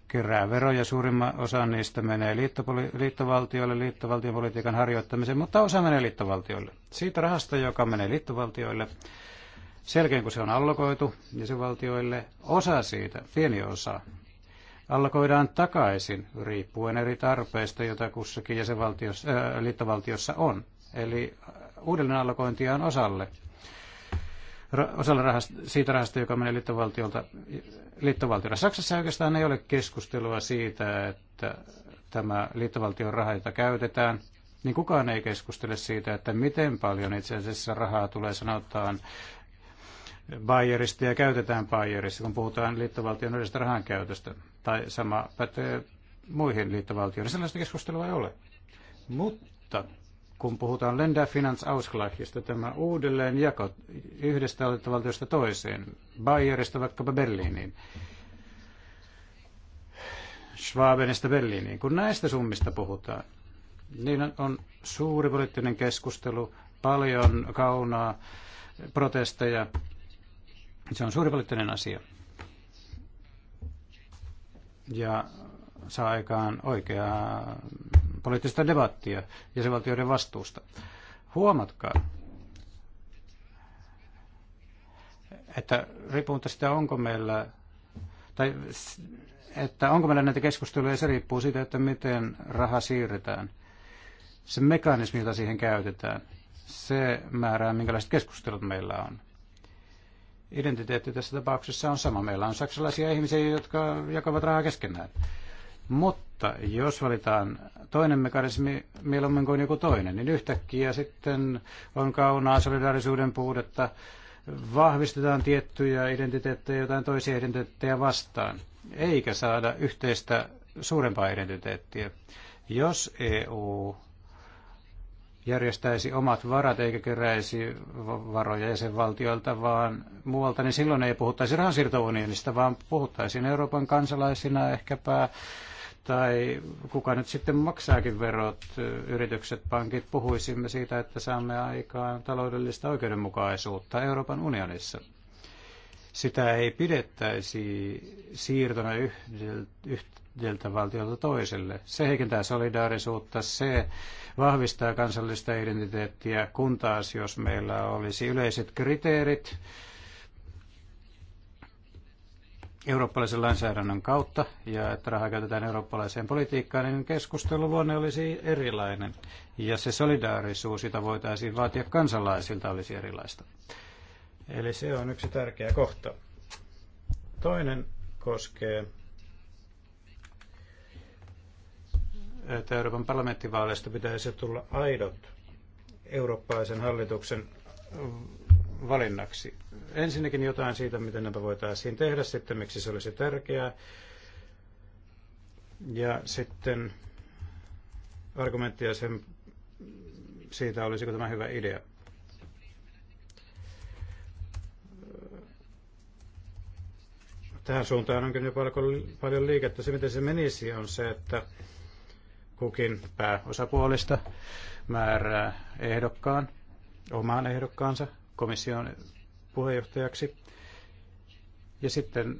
kerää veroja. Suurimman osa niistä menee liittopoli- liittovaltioille, liittovaltion politiikan harjoittamiseen, mutta osa menee liittovaltioille. Siitä rahasta, joka menee liittovaltioille, selkeän kun se on allokoitu jäsenvaltioille, osa siitä, pieni osa, allokoidaan takaisin riippuen eri tarpeista, joita kussakin jäsenvaltiossa, äh, liittovaltiossa on. Eli äh, uudelleen allokointia on osalle osalla rahasta, siitä rahasta, joka menee liittovaltiolta, liittovaltiolta. Saksassa oikeastaan ei ole keskustelua siitä, että tämä liittovaltion raha, jota käytetään, niin kukaan ei keskustele siitä, että miten paljon itse asiassa rahaa tulee sanotaan Bayerista ja käytetään Bayerista, kun puhutaan liittovaltion yleisestä rahan käytöstä. Tai sama pätee muihin liittovaltioihin. Sellaista keskustelua ei ole. Mutta kun puhutaan Länder Ausgleichista, tämä jako yhdestä valtiosta toiseen, Bayerista vaikkapa Berliiniin, Schwabenista Berliiniin, kun näistä summista puhutaan, niin on suuri poliittinen keskustelu, paljon kaunaa, protesteja. Se on suuri poliittinen asia. Ja saa aikaan oikeaa poliittista debattia jäsenvaltioiden vastuusta. Huomatkaa, että riippumatta sitä, onko meillä, tai että onko meillä näitä keskusteluja, se riippuu siitä, että miten raha siirretään. Se mekanismi, jota siihen käytetään, se määrää, minkälaiset keskustelut meillä on. Identiteetti tässä tapauksessa on sama. Meillä on saksalaisia ihmisiä, jotka jakavat rahaa keskenään. Mutta jos valitaan toinen mekanismi mieluummin kuin joku toinen, niin yhtäkkiä sitten on kaunaa solidaarisuuden puudetta, vahvistetaan tiettyjä identiteettejä jotain toisia identiteettejä vastaan, eikä saada yhteistä suurempaa identiteettiä. Jos EU järjestäisi omat varat eikä keräisi varoja jäsenvaltioilta, vaan muualta, niin silloin ei puhuttaisi rahansiirtounionista, vaan puhuttaisiin Euroopan kansalaisina ehkäpä tai kuka nyt sitten maksaakin verot, yritykset, pankit, puhuisimme siitä, että saamme aikaan taloudellista oikeudenmukaisuutta Euroopan unionissa. Sitä ei pidettäisi siirtona yhdeltä valtiolta toiselle. Se heikentää solidaarisuutta, se vahvistaa kansallista identiteettiä, kun taas jos meillä olisi yleiset kriteerit, eurooppalaisen lainsäädännön kautta ja että rahaa käytetään eurooppalaiseen politiikkaan, niin keskusteluluonne olisi erilainen. Ja se solidaarisuus, jota voitaisiin vaatia kansalaisilta, olisi erilaista. Eli se on yksi tärkeä kohta. Toinen koskee että Euroopan parlamenttivaaleista pitäisi tulla aidot eurooppalaisen hallituksen valinnaksi. Ensinnäkin jotain siitä, miten näitä voitaisiin tehdä, sitten miksi se olisi tärkeää. Ja sitten argumenttia sen, siitä, olisiko tämä hyvä idea. Tähän suuntaan onkin jo paljon liikettä. Se, miten se menisi, on se, että kukin pääosapuolista määrää ehdokkaan, omaan ehdokkaansa, komission puheenjohtajaksi. Ja sitten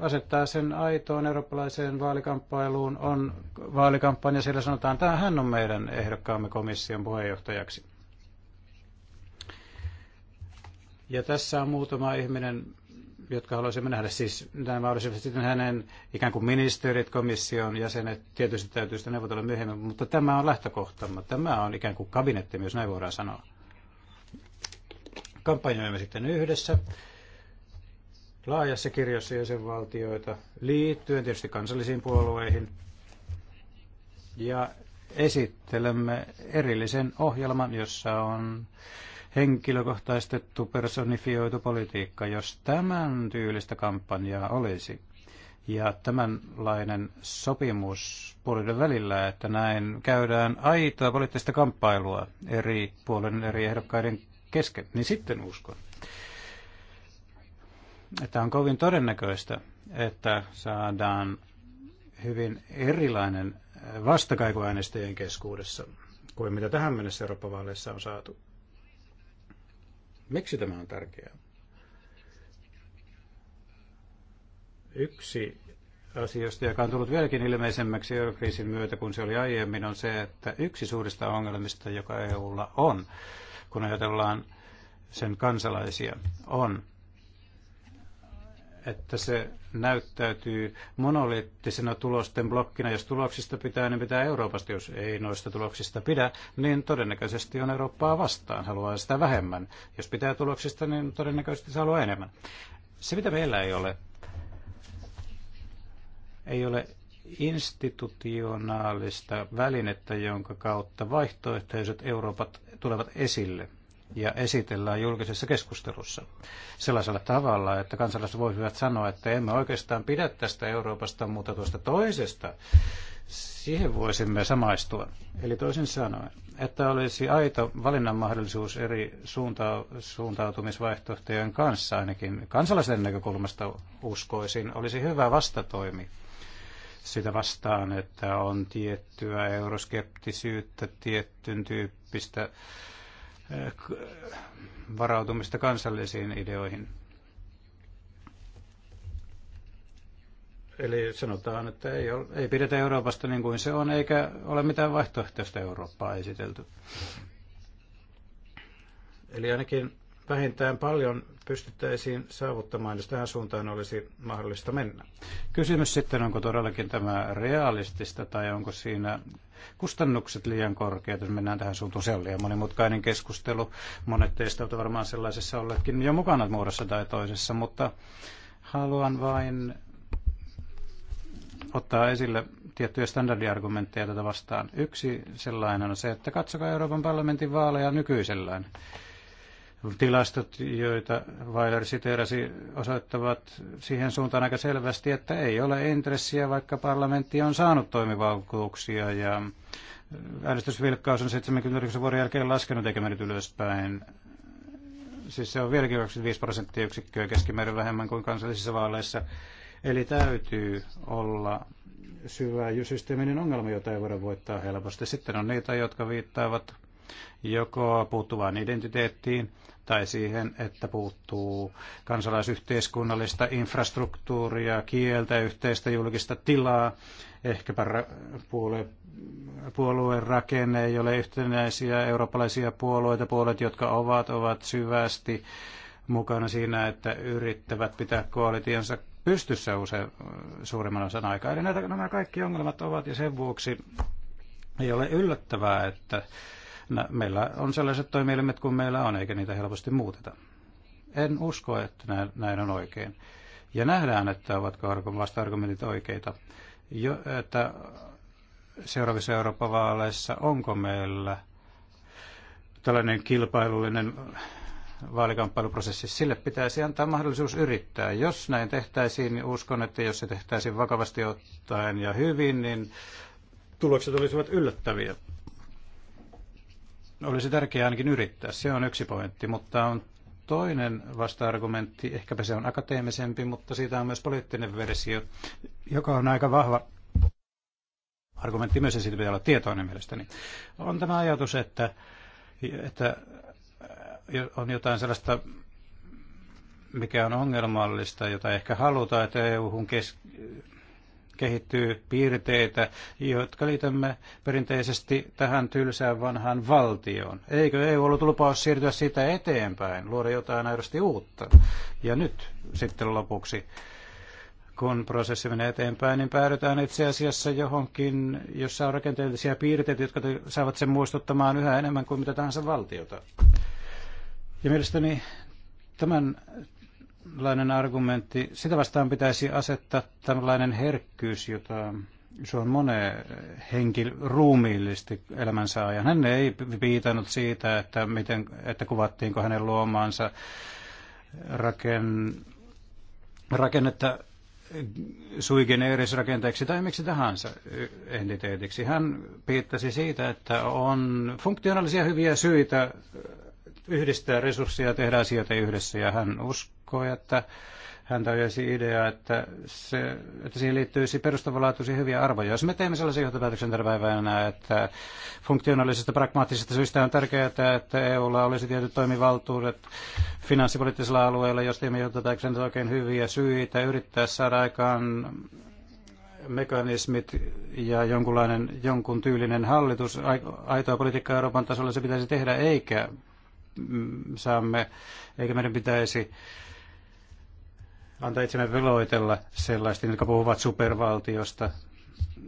asettaa sen aitoon eurooppalaiseen vaalikamppailuun. On vaalikampanja, siellä sanotaan, että hän on meidän ehdokkaamme komission puheenjohtajaksi. Ja tässä on muutama ihminen, jotka haluaisimme nähdä. Siis nämä olisivat sitten hänen ikään kuin ministerit, komission jäsenet. Tietysti täytyy sitä neuvotella myöhemmin, mutta tämä on lähtökohtamme. Tämä on ikään kuin kabinetti, myös näin voidaan sanoa kampanjoimme sitten yhdessä laajassa kirjossa jäsenvaltioita liittyen tietysti kansallisiin puolueihin. Ja esittelemme erillisen ohjelman, jossa on henkilökohtaistettu personifioitu politiikka, jos tämän tyylistä kampanjaa olisi. Ja tämänlainen sopimus puolueiden välillä, että näin käydään aitoa poliittista kamppailua eri puolen eri ehdokkaiden kesken, niin sitten uskon, että on kovin todennäköistä, että saadaan hyvin erilainen vastakaiku äänestäjien keskuudessa kuin mitä tähän mennessä Euroopan vaaleissa on saatu. Miksi tämä on tärkeää? Yksi asioista, joka on tullut vieläkin ilmeisemmäksi eurokriisin myötä kuin se oli aiemmin, on se, että yksi suurista ongelmista, joka EUlla on, kun ajatellaan sen kansalaisia, on, että se näyttäytyy monoliittisena tulosten blokkina. Jos tuloksista pitää, niin pitää Euroopasta. Jos ei noista tuloksista pidä, niin todennäköisesti on Eurooppaa vastaan, haluaa sitä vähemmän. Jos pitää tuloksista, niin todennäköisesti se haluaa enemmän. Se, mitä meillä ei ole, ei ole institutionaalista välinettä, jonka kautta vaihtoehtoiset Euroopat tulevat esille ja esitellään julkisessa keskustelussa sellaisella tavalla, että kansalaiset voisivat sanoa, että emme oikeastaan pidä tästä Euroopasta, mutta tuosta toisesta, siihen voisimme samaistua. Eli toisin sanoen, että olisi aito valinnan mahdollisuus eri suunta- suuntautumisvaihtoehtojen kanssa, ainakin kansalaisen näkökulmasta uskoisin, olisi hyvä vastatoimi sitä vastaan, että on tiettyä euroskeptisyyttä, tiettyn tyyppistä eh, varautumista kansallisiin ideoihin. Eli sanotaan, että ei, ole, ei pidetä Euroopasta niin kuin se on, eikä ole mitään vaihtoehtoista Eurooppaa esitelty. Eli ainakin vähintään paljon pystyttäisiin saavuttamaan, jos tähän suuntaan olisi mahdollista mennä. Kysymys sitten, onko todellakin tämä realistista tai onko siinä kustannukset liian korkeat, jos mennään tähän suuntaan. Se on liian monimutkainen keskustelu. Monet teistä ovat varmaan sellaisessa olleetkin jo mukana muodossa tai toisessa, mutta haluan vain ottaa esille tiettyjä standardiargumentteja tätä vastaan. Yksi sellainen on se, että katsokaa Euroopan parlamentin vaaleja nykyisellään Tilastot, joita Weiler siteerasi, osoittavat siihen suuntaan aika selvästi, että ei ole intressiä, vaikka parlamentti on saanut toimivaltuuksia ja äänestysvilkkaus on 79 vuoden jälkeen laskenut eikä mennyt ylöspäin. Siis se on vieläkin 25 yksikköä keskimäärin vähemmän kuin kansallisissa vaaleissa. Eli täytyy olla syvä systeeminen ongelma, jota ei voida voittaa helposti. Sitten on niitä, jotka viittaavat joko puuttuvaan identiteettiin tai siihen, että puuttuu kansalaisyhteiskunnallista infrastruktuuria, kieltä, yhteistä julkista tilaa, ehkäpä puolue, puolueen rakenne ei ole yhtenäisiä eurooppalaisia puolueita, puolet, jotka ovat, ovat syvästi mukana siinä, että yrittävät pitää koalitiansa pystyssä usein suurimman osan aikaa. Eli näitä, nämä kaikki ongelmat ovat ja sen vuoksi ei ole yllättävää, että No, meillä on sellaiset toimielimet kuin meillä on, eikä niitä helposti muuteta. En usko, että näin on oikein. Ja nähdään, että ovatko vasta-argumentit oikeita. Jo, että seuraavissa Euroopan vaaleissa onko meillä tällainen kilpailullinen vaalikamppailuprosessi, sille pitäisi antaa mahdollisuus yrittää. Jos näin tehtäisiin, niin uskon, että jos se tehtäisiin vakavasti ottaen ja hyvin, niin tulokset olisivat yllättäviä. Olisi tärkeää ainakin yrittää, se on yksi pointti, mutta on toinen vasta-argumentti, ehkäpä se on akateemisempi, mutta siitä on myös poliittinen versio, joka on aika vahva argumentti myös, ja siitä pitää olla tietoinen mielestäni, on tämä ajatus, että, että on jotain sellaista, mikä on ongelmallista, jota ehkä halutaan, että EU-hun kes- kehittyy piirteitä, jotka liitämme perinteisesti tähän tylsään vanhaan valtioon. Eikö EU ollut lupaus siirtyä sitä eteenpäin, luoda jotain aidosti uutta? Ja nyt sitten lopuksi kun prosessi menee eteenpäin, niin päädytään itse asiassa johonkin, jossa on rakenteellisia piirteitä, jotka saavat sen muistuttamaan yhä enemmän kuin mitä tahansa valtiota. Ja mielestäni tämän tällainen argumentti, sitä vastaan pitäisi asettaa tällainen herkkyys, jota se on monen henkilö ruumiillisesti elämänsä ajan. Hän ei viitannut siitä, että, miten, että kuvattiinko hänen luomaansa raken, rakennetta sui generis rakenteeksi tai miksi tahansa entiteetiksi. Hän piittasi siitä, että on funktionaalisia hyviä syitä yhdistää resursseja ja tehdä asioita yhdessä ja hän uskoo uskoo, että hän ajaisi idea, että, se, että siihen liittyisi perustavanlaatuisia hyviä arvoja. Jos me teemme sellaisen johtopäätöksen tänä päivänä, että funktionaalisesta pragmaattisesta syystä on tärkeää, että EUlla olisi tietyt toimivaltuudet finanssipoliittisella alueella, jos teemme johtopäätöksen oikein hyviä syitä yrittää saada aikaan mekanismit ja jonkunlainen, jonkun tyylinen hallitus, aitoa politiikkaa Euroopan tasolla se pitäisi tehdä, eikä mm, saamme, eikä meidän pitäisi antaa itsemme veloitella sellaisten, jotka puhuvat supervaltiosta.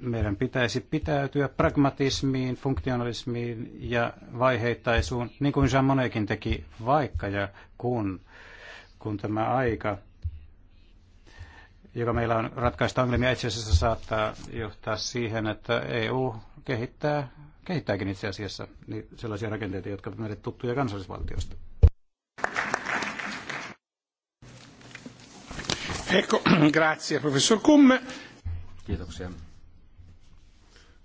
Meidän pitäisi pitäytyä pragmatismiin, funktionalismiin ja vaiheittaisuun, niin kuin Jean Monnekin teki, vaikka ja kun, kun tämä aika, joka meillä on ratkaista ongelmia, itse asiassa saattaa johtaa siihen, että EU kehittää, kehittääkin itse asiassa niin sellaisia rakenteita, jotka ovat meille tuttuja kansallisvaltiosta. Ecco, grazie professor Kum. Kiitoksia.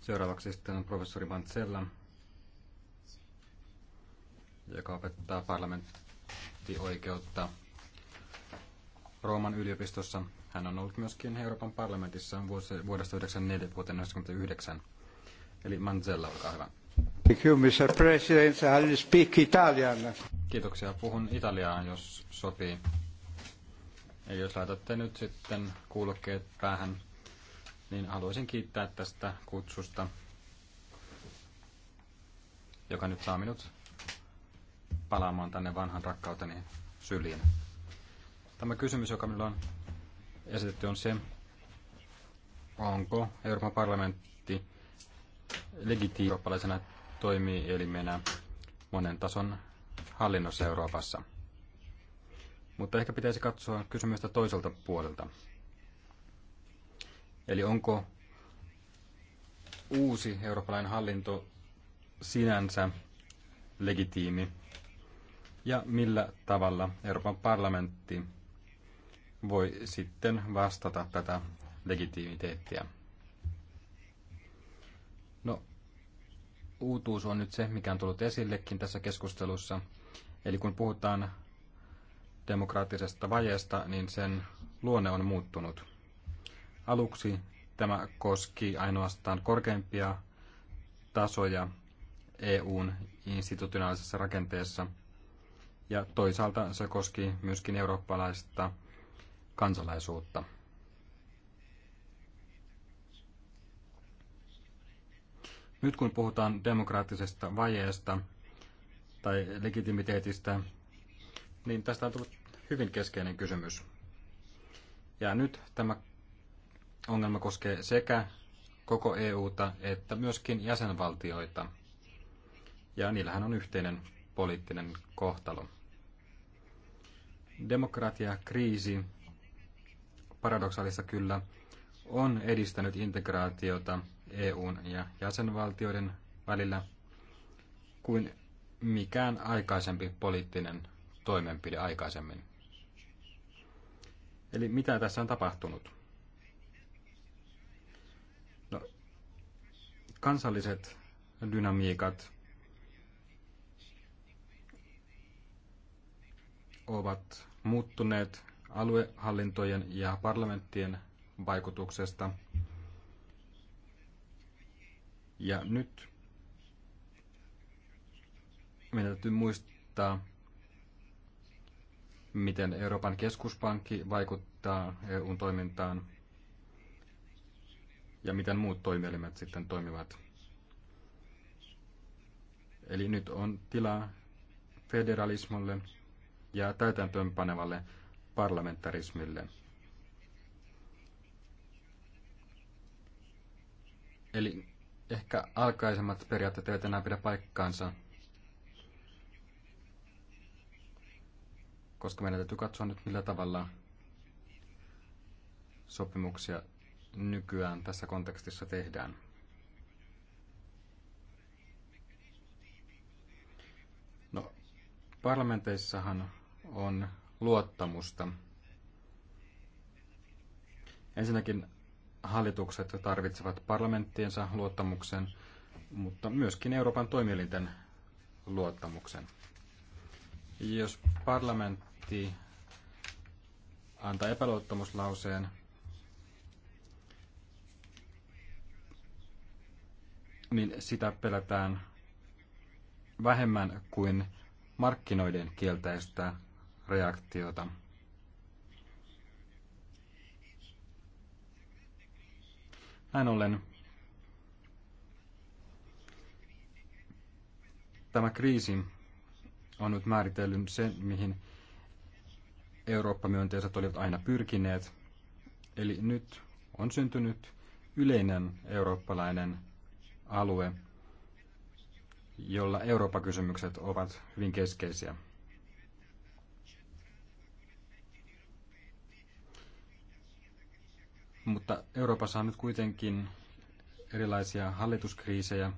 Seuraavaksi sitten on professori Mantsella, joka opettaa parlamenttioikeutta Rooman yliopistossa. Hän on ollut myöskin Euroopan parlamentissa vuodesta 1994 vuoteen 1999. Eli Manzella, olkaa hyvä. Thank you, Mr. President. I'll speak Italian. Kiitoksia. Puhun italiaa, jos sopii. Ja jos laitatte nyt sitten kuulokkeet päähän, niin haluaisin kiittää tästä kutsusta, joka nyt saa minut palaamaan tänne vanhan rakkauteni syliin. Tämä kysymys, joka minulla on esitetty, on se, onko Euroopan parlamentti legitiimin toimielimenä monen tason hallinnossa Euroopassa – mutta ehkä pitäisi katsoa kysymystä toiselta puolelta. Eli onko uusi eurooppalainen hallinto sinänsä legitiimi ja millä tavalla Euroopan parlamentti voi sitten vastata tätä legitiimiteettiä. No, uutuus on nyt se, mikä on tullut esillekin tässä keskustelussa. Eli kun puhutaan demokraattisesta vajeesta, niin sen luonne on muuttunut. Aluksi tämä koski ainoastaan korkeimpia tasoja EUn institutionaalisessa rakenteessa, ja toisaalta se koski myöskin eurooppalaista kansalaisuutta. Nyt kun puhutaan demokraattisesta vajeesta tai legitimiteetistä, niin tästä on tullut hyvin keskeinen kysymys. Ja nyt tämä ongelma koskee sekä koko EUta että myöskin jäsenvaltioita. Ja niillähän on yhteinen poliittinen kohtalo. kriisi paradoksaalista kyllä on edistänyt integraatiota EUn ja jäsenvaltioiden välillä kuin mikään aikaisempi poliittinen toimenpide aikaisemmin. Eli mitä tässä on tapahtunut? No, kansalliset dynamiikat ovat muuttuneet aluehallintojen ja parlamenttien vaikutuksesta. Ja nyt meidän täytyy muistaa, miten Euroopan keskuspankki vaikuttaa EUn toimintaan ja miten muut toimielimet sitten toimivat. Eli nyt on tilaa federalismolle ja täytäntöönpanevalle parlamentarismille. Eli ehkä alkaisemmat periaatteet eivät enää pidä paikkaansa, koska meidän täytyy katsoa nyt millä tavalla sopimuksia nykyään tässä kontekstissa tehdään. No, parlamenteissahan on luottamusta. Ensinnäkin hallitukset tarvitsevat parlamenttiensa luottamuksen, mutta myöskin Euroopan toimielinten luottamuksen. Jos parlament ehtii antaa epäluottamuslauseen. niin sitä pelätään vähemmän kuin markkinoiden kielteistä reaktiota. Näin ollen tämä kriisi on nyt määritellyt sen, mihin Eurooppa-myönteiset olivat aina pyrkineet. Eli nyt on syntynyt yleinen eurooppalainen alue, jolla Eurooppa-kysymykset ovat hyvin keskeisiä. Mutta Euroopassa on nyt kuitenkin erilaisia hallituskriisejä.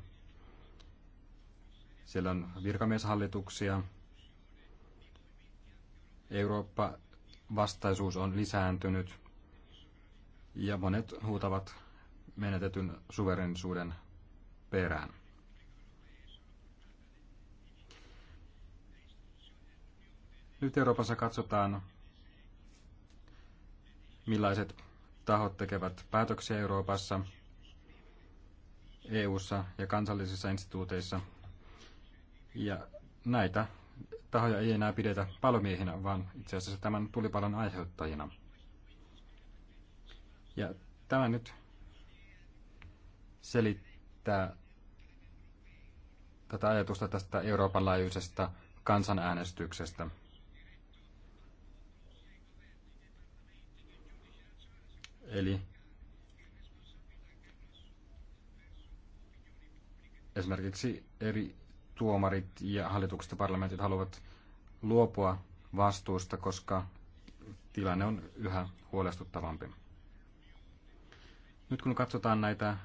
Siellä on virkamieshallituksia, Eurooppa-vastaisuus on lisääntynyt ja monet huutavat menetetyn suverenisuuden perään. Nyt Euroopassa katsotaan, millaiset tahot tekevät päätöksiä Euroopassa, EU:ssa ja kansallisissa instituuteissa. Ja näitä tahoja ei enää pidetä palomiehinä, vaan itse asiassa tämän tulipalon aiheuttajina. Ja tämä nyt selittää tätä ajatusta tästä Euroopan laajuisesta kansanäänestyksestä. Eli esimerkiksi eri tuomarit ja hallitukset ja parlamentit haluavat luopua vastuusta, koska tilanne on yhä huolestuttavampi. Nyt kun katsotaan näitä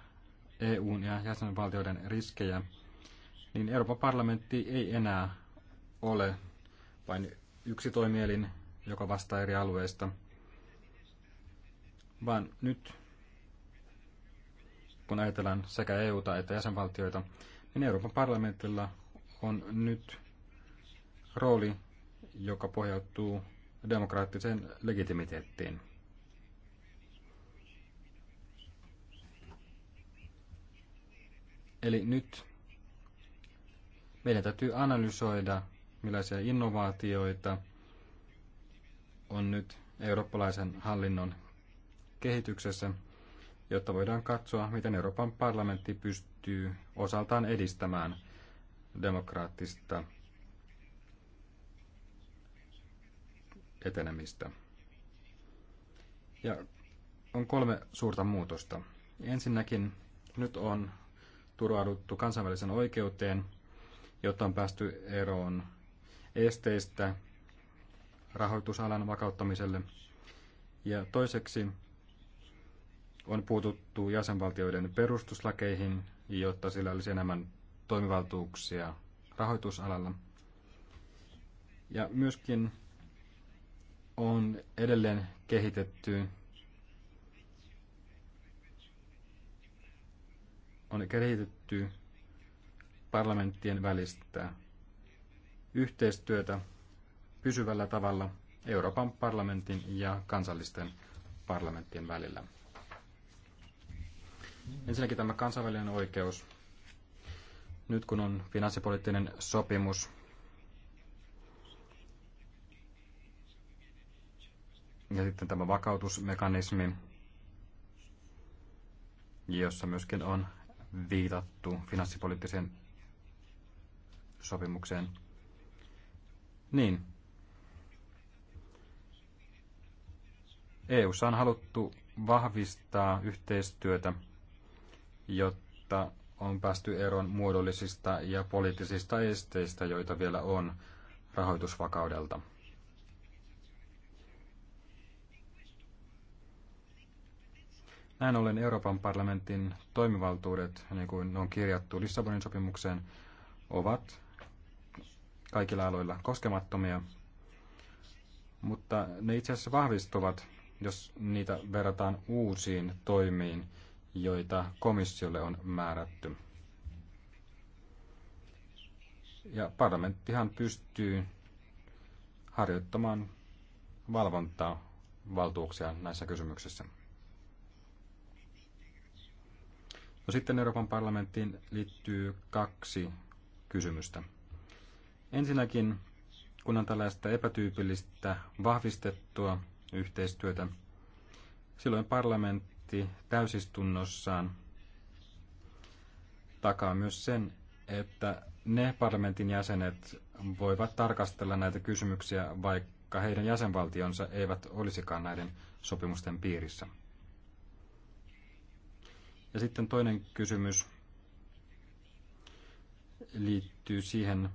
EUn ja jäsenvaltioiden riskejä, niin Euroopan parlamentti ei enää ole vain yksi toimielin, joka vastaa eri alueista, vaan nyt kun ajatellaan sekä EUta että jäsenvaltioita, niin Euroopan parlamentilla on nyt rooli, joka pohjautuu demokraattiseen legitimiteettiin. Eli nyt meidän täytyy analysoida, millaisia innovaatioita on nyt eurooppalaisen hallinnon kehityksessä, jotta voidaan katsoa, miten Euroopan parlamentti pystyy osaltaan edistämään demokraattista etenemistä. Ja on kolme suurta muutosta. Ensinnäkin nyt on turvauduttu kansainvälisen oikeuteen, jotta on päästy eroon esteistä rahoitusalan vakauttamiselle. Ja toiseksi on puututtu jäsenvaltioiden perustuslakeihin, jotta sillä olisi enemmän toimivaltuuksia rahoitusalalla. Ja myöskin on edelleen kehitetty on kehitetty parlamenttien välistä yhteistyötä pysyvällä tavalla Euroopan parlamentin ja kansallisten parlamenttien välillä. Ensinnäkin tämä kansainvälinen oikeus nyt kun on finanssipoliittinen sopimus, ja sitten tämä vakautusmekanismi, jossa myöskin on viitattu finanssipoliittiseen sopimukseen. Niin. EU:ssa on haluttu vahvistaa yhteistyötä, jotta on päästy eroon muodollisista ja poliittisista esteistä, joita vielä on rahoitusvakaudelta. Näin ollen Euroopan parlamentin toimivaltuudet, niin kuin ne on kirjattu Lissabonin sopimukseen, ovat kaikilla aloilla koskemattomia, mutta ne itse asiassa vahvistuvat, jos niitä verrataan uusiin toimiin, joita komissiolle on määrätty. Ja parlamenttihan pystyy harjoittamaan valvontaa valtuuksia näissä kysymyksissä. No sitten Euroopan parlamenttiin liittyy kaksi kysymystä. Ensinnäkin, kun on tällaista epätyypillistä vahvistettua yhteistyötä, silloin parlamentti parlamentti täysistunnossaan takaa myös sen, että ne parlamentin jäsenet voivat tarkastella näitä kysymyksiä, vaikka heidän jäsenvaltionsa eivät olisikaan näiden sopimusten piirissä. Ja sitten toinen kysymys liittyy siihen,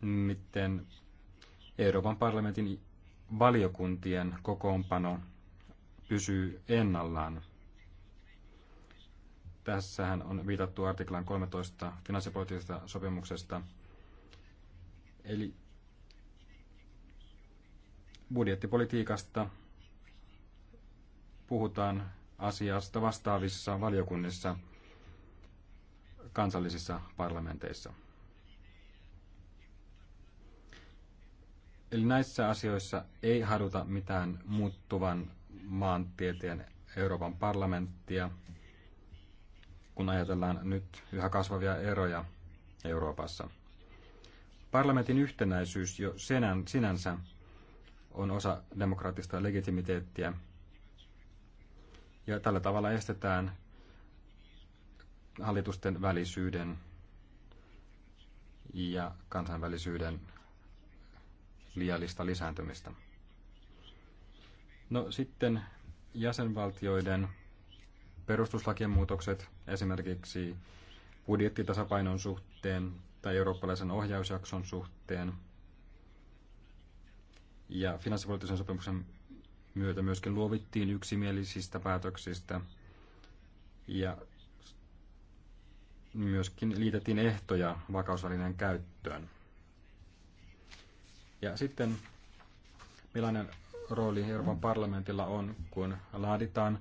miten Euroopan parlamentin valiokuntien kokoonpano pysyy ennallaan. Tässähän on viitattu artiklan 13 finanssipoliittisesta sopimuksesta. Eli budjettipolitiikasta puhutaan asiasta vastaavissa valiokunnissa kansallisissa parlamenteissa. Eli näissä asioissa ei haduta mitään muuttuvan maantieteen Euroopan parlamenttia, kun ajatellaan nyt yhä kasvavia eroja Euroopassa. Parlamentin yhtenäisyys jo senän, sinänsä on osa demokraattista legitimiteettiä, ja tällä tavalla estetään hallitusten välisyyden ja kansainvälisyyden liiallista lisääntymistä. No sitten jäsenvaltioiden perustuslakien muutokset esimerkiksi budjettitasapainon suhteen tai eurooppalaisen ohjausjakson suhteen ja finanssipoliittisen sopimuksen myötä myöskin luovittiin yksimielisistä päätöksistä ja myöskin liitettiin ehtoja vakausvälineen käyttöön. Ja sitten millainen rooli Euroopan parlamentilla on, kun laaditaan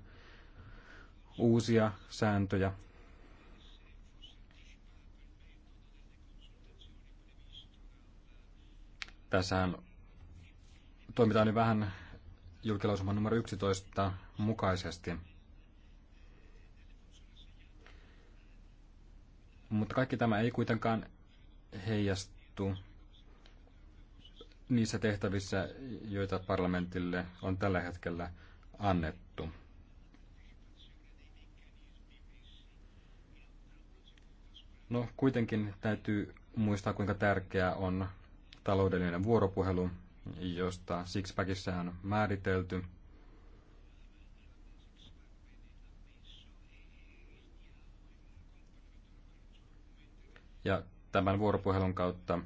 uusia sääntöjä. Tässähän toimitaan niin vähän julkilausuman numero 11 mukaisesti. Mutta kaikki tämä ei kuitenkaan heijastu niissä tehtävissä, joita parlamentille on tällä hetkellä annettu. No kuitenkin täytyy muistaa, kuinka tärkeää on taloudellinen vuoropuhelu, josta Sixpackissa on määritelty. Ja tämän vuoropuhelun kautta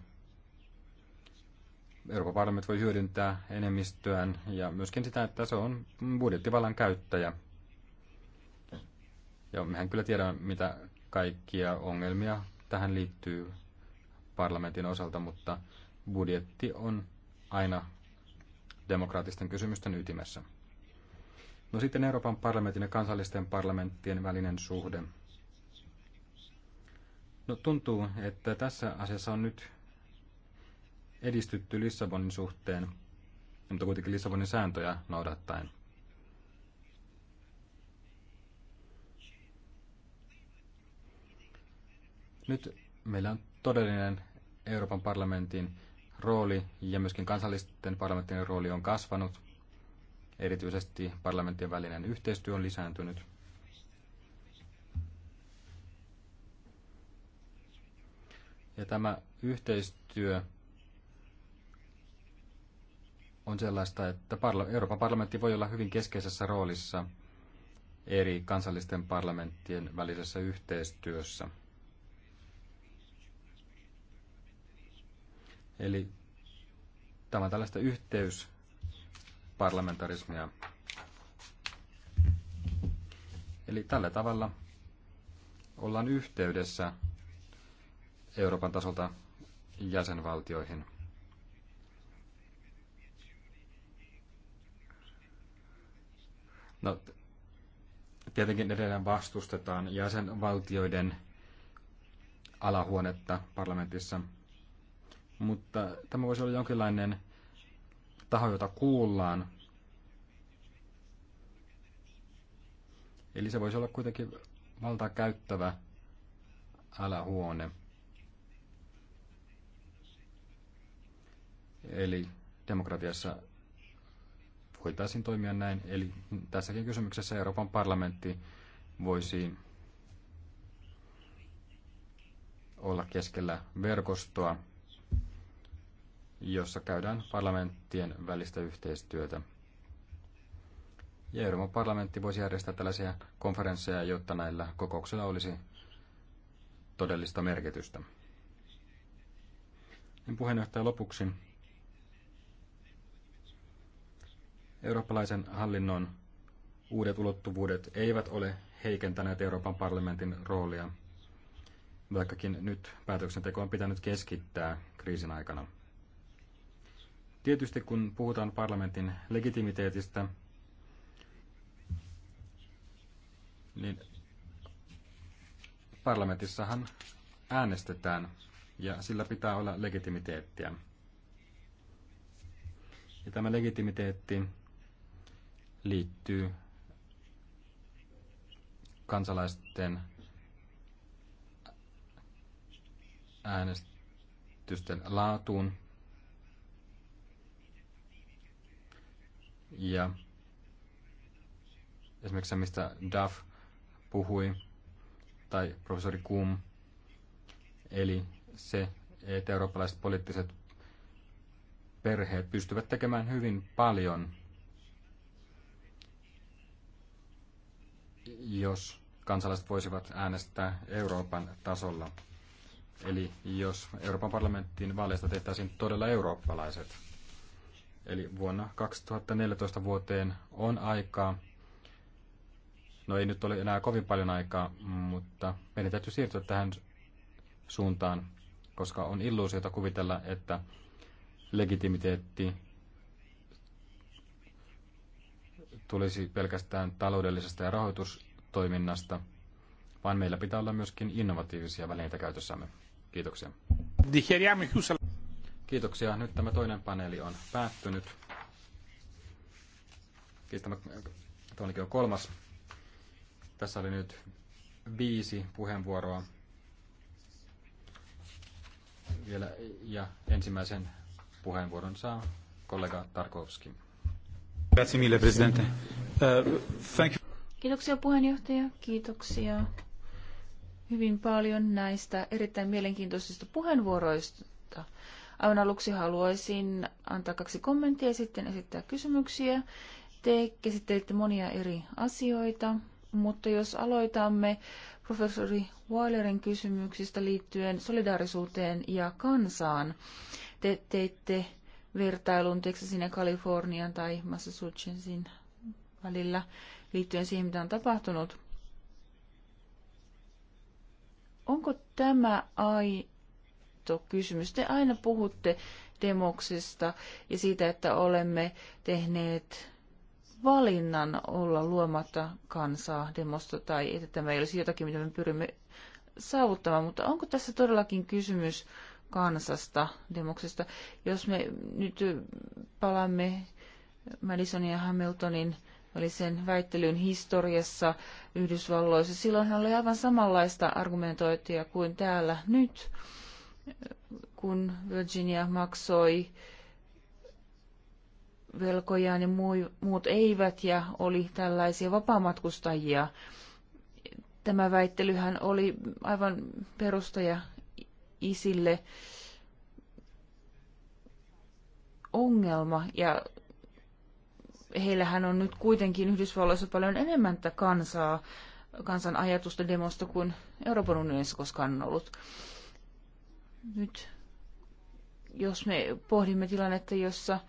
Euroopan parlamentti voi hyödyntää enemmistöään ja myöskin sitä, että se on budjettivallan käyttäjä. Ja mehän kyllä tiedämme, mitä kaikkia ongelmia tähän liittyy parlamentin osalta, mutta budjetti on aina demokraattisten kysymysten ytimessä. No sitten Euroopan parlamentin ja kansallisten parlamenttien välinen suhde. No tuntuu, että tässä asiassa on nyt edistytty Lissabonin suhteen, mutta kuitenkin Lissabonin sääntöjä noudattaen. Nyt meillä on todellinen Euroopan parlamentin rooli ja myöskin kansallisten parlamenttien rooli on kasvanut. Erityisesti parlamenttien välinen yhteistyö on lisääntynyt. Ja tämä yhteistyö on sellaista, että Euroopan parlamentti voi olla hyvin keskeisessä roolissa eri kansallisten parlamenttien välisessä yhteistyössä. Eli tämä on tällaista yhteysparlamentarismia. Eli tällä tavalla ollaan yhteydessä Euroopan tasolta jäsenvaltioihin. No, tietenkin edelleen vastustetaan jäsenvaltioiden alahuonetta parlamentissa, mutta tämä voisi olla jonkinlainen taho, jota kuullaan. Eli se voisi olla kuitenkin valtaa käyttävä alahuone. Eli demokratiassa voitaisiin toimia näin. Eli tässäkin kysymyksessä Euroopan parlamentti voisi olla keskellä verkostoa, jossa käydään parlamenttien välistä yhteistyötä. Ja Euroopan parlamentti voisi järjestää tällaisia konferensseja, jotta näillä kokouksilla olisi todellista merkitystä. Niin puheenjohtaja lopuksi Eurooppalaisen hallinnon uudet ulottuvuudet eivät ole heikentäneet Euroopan parlamentin roolia, vaikkakin nyt päätöksenteko on pitänyt keskittää kriisin aikana. Tietysti kun puhutaan parlamentin legitimiteetistä, niin parlamentissahan äänestetään ja sillä pitää olla legitimiteettiä. Ja tämä legitimiteetti liittyy kansalaisten äänestysten laatuun. Ja esimerkiksi se, mistä Duff puhui, tai professori Kuhn, eli se, että eurooppalaiset poliittiset perheet pystyvät tekemään hyvin paljon jos kansalaiset voisivat äänestää Euroopan tasolla. Eli jos Euroopan parlamenttiin vaaleista tehtäisiin todella eurooppalaiset. Eli vuonna 2014 vuoteen on aikaa. No ei nyt ole enää kovin paljon aikaa, mutta meidän täytyy siirtyä tähän suuntaan, koska on illuusiota kuvitella, että legitimiteetti tulisi pelkästään taloudellisesta ja rahoitustoiminnasta, vaan meillä pitää olla myöskin innovatiivisia välineitä käytössämme. Kiitoksia. Kiitoksia. Nyt tämä toinen paneeli on päättynyt. Siis tämä on kolmas. Tässä oli nyt viisi puheenvuoroa vielä ja ensimmäisen puheenvuoron saa kollega Tarkovski. Uh, kiitoksia puheenjohtaja, kiitoksia hyvin paljon näistä erittäin mielenkiintoisista puheenvuoroista. Aivan aluksi haluaisin antaa kaksi kommenttia ja sitten esittää kysymyksiä. Te käsittelitte monia eri asioita, mutta jos aloitamme professori Weilerin kysymyksistä liittyen solidaarisuuteen ja kansaan, te teitte vertailun Texasin ja Kalifornian tai Massachusettsin välillä liittyen siihen, mitä on tapahtunut. Onko tämä aito kysymys? Te aina puhutte demoksista ja siitä, että olemme tehneet valinnan olla luomatta kansaa demosta tai että tämä ei olisi jotakin, mitä me pyrimme saavuttamaan, mutta onko tässä todellakin kysymys kansasta, demoksesta. Jos me nyt palaamme Madisonin ja Hamiltonin välisen väittelyn historiassa Yhdysvalloissa, silloin hän oli aivan samanlaista argumentointia kuin täällä nyt, kun Virginia maksoi velkojaan ja muut eivät ja oli tällaisia vapaamatkustajia. Tämä väittelyhän oli aivan perustaja isille ongelma ja heillähän on nyt kuitenkin Yhdysvalloissa paljon enemmän tätä kansaa, kansan ajatusta demosta kuin Euroopan unionissa koskaan on ollut. Nyt jos me pohdimme tilannetta, jossa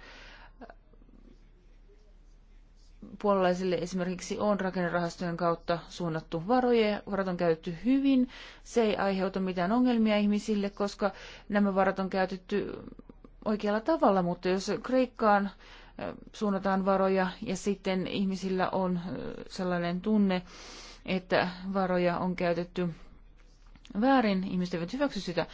puolalaisille esimerkiksi on rakennerahastojen kautta suunnattu varoja. Varat on käytetty hyvin. Se ei aiheuta mitään ongelmia ihmisille, koska nämä varat on käytetty oikealla tavalla, mutta jos Kreikkaan suunnataan varoja ja sitten ihmisillä on sellainen tunne, että varoja on käytetty väärin, ihmiset eivät hyväksy sitä.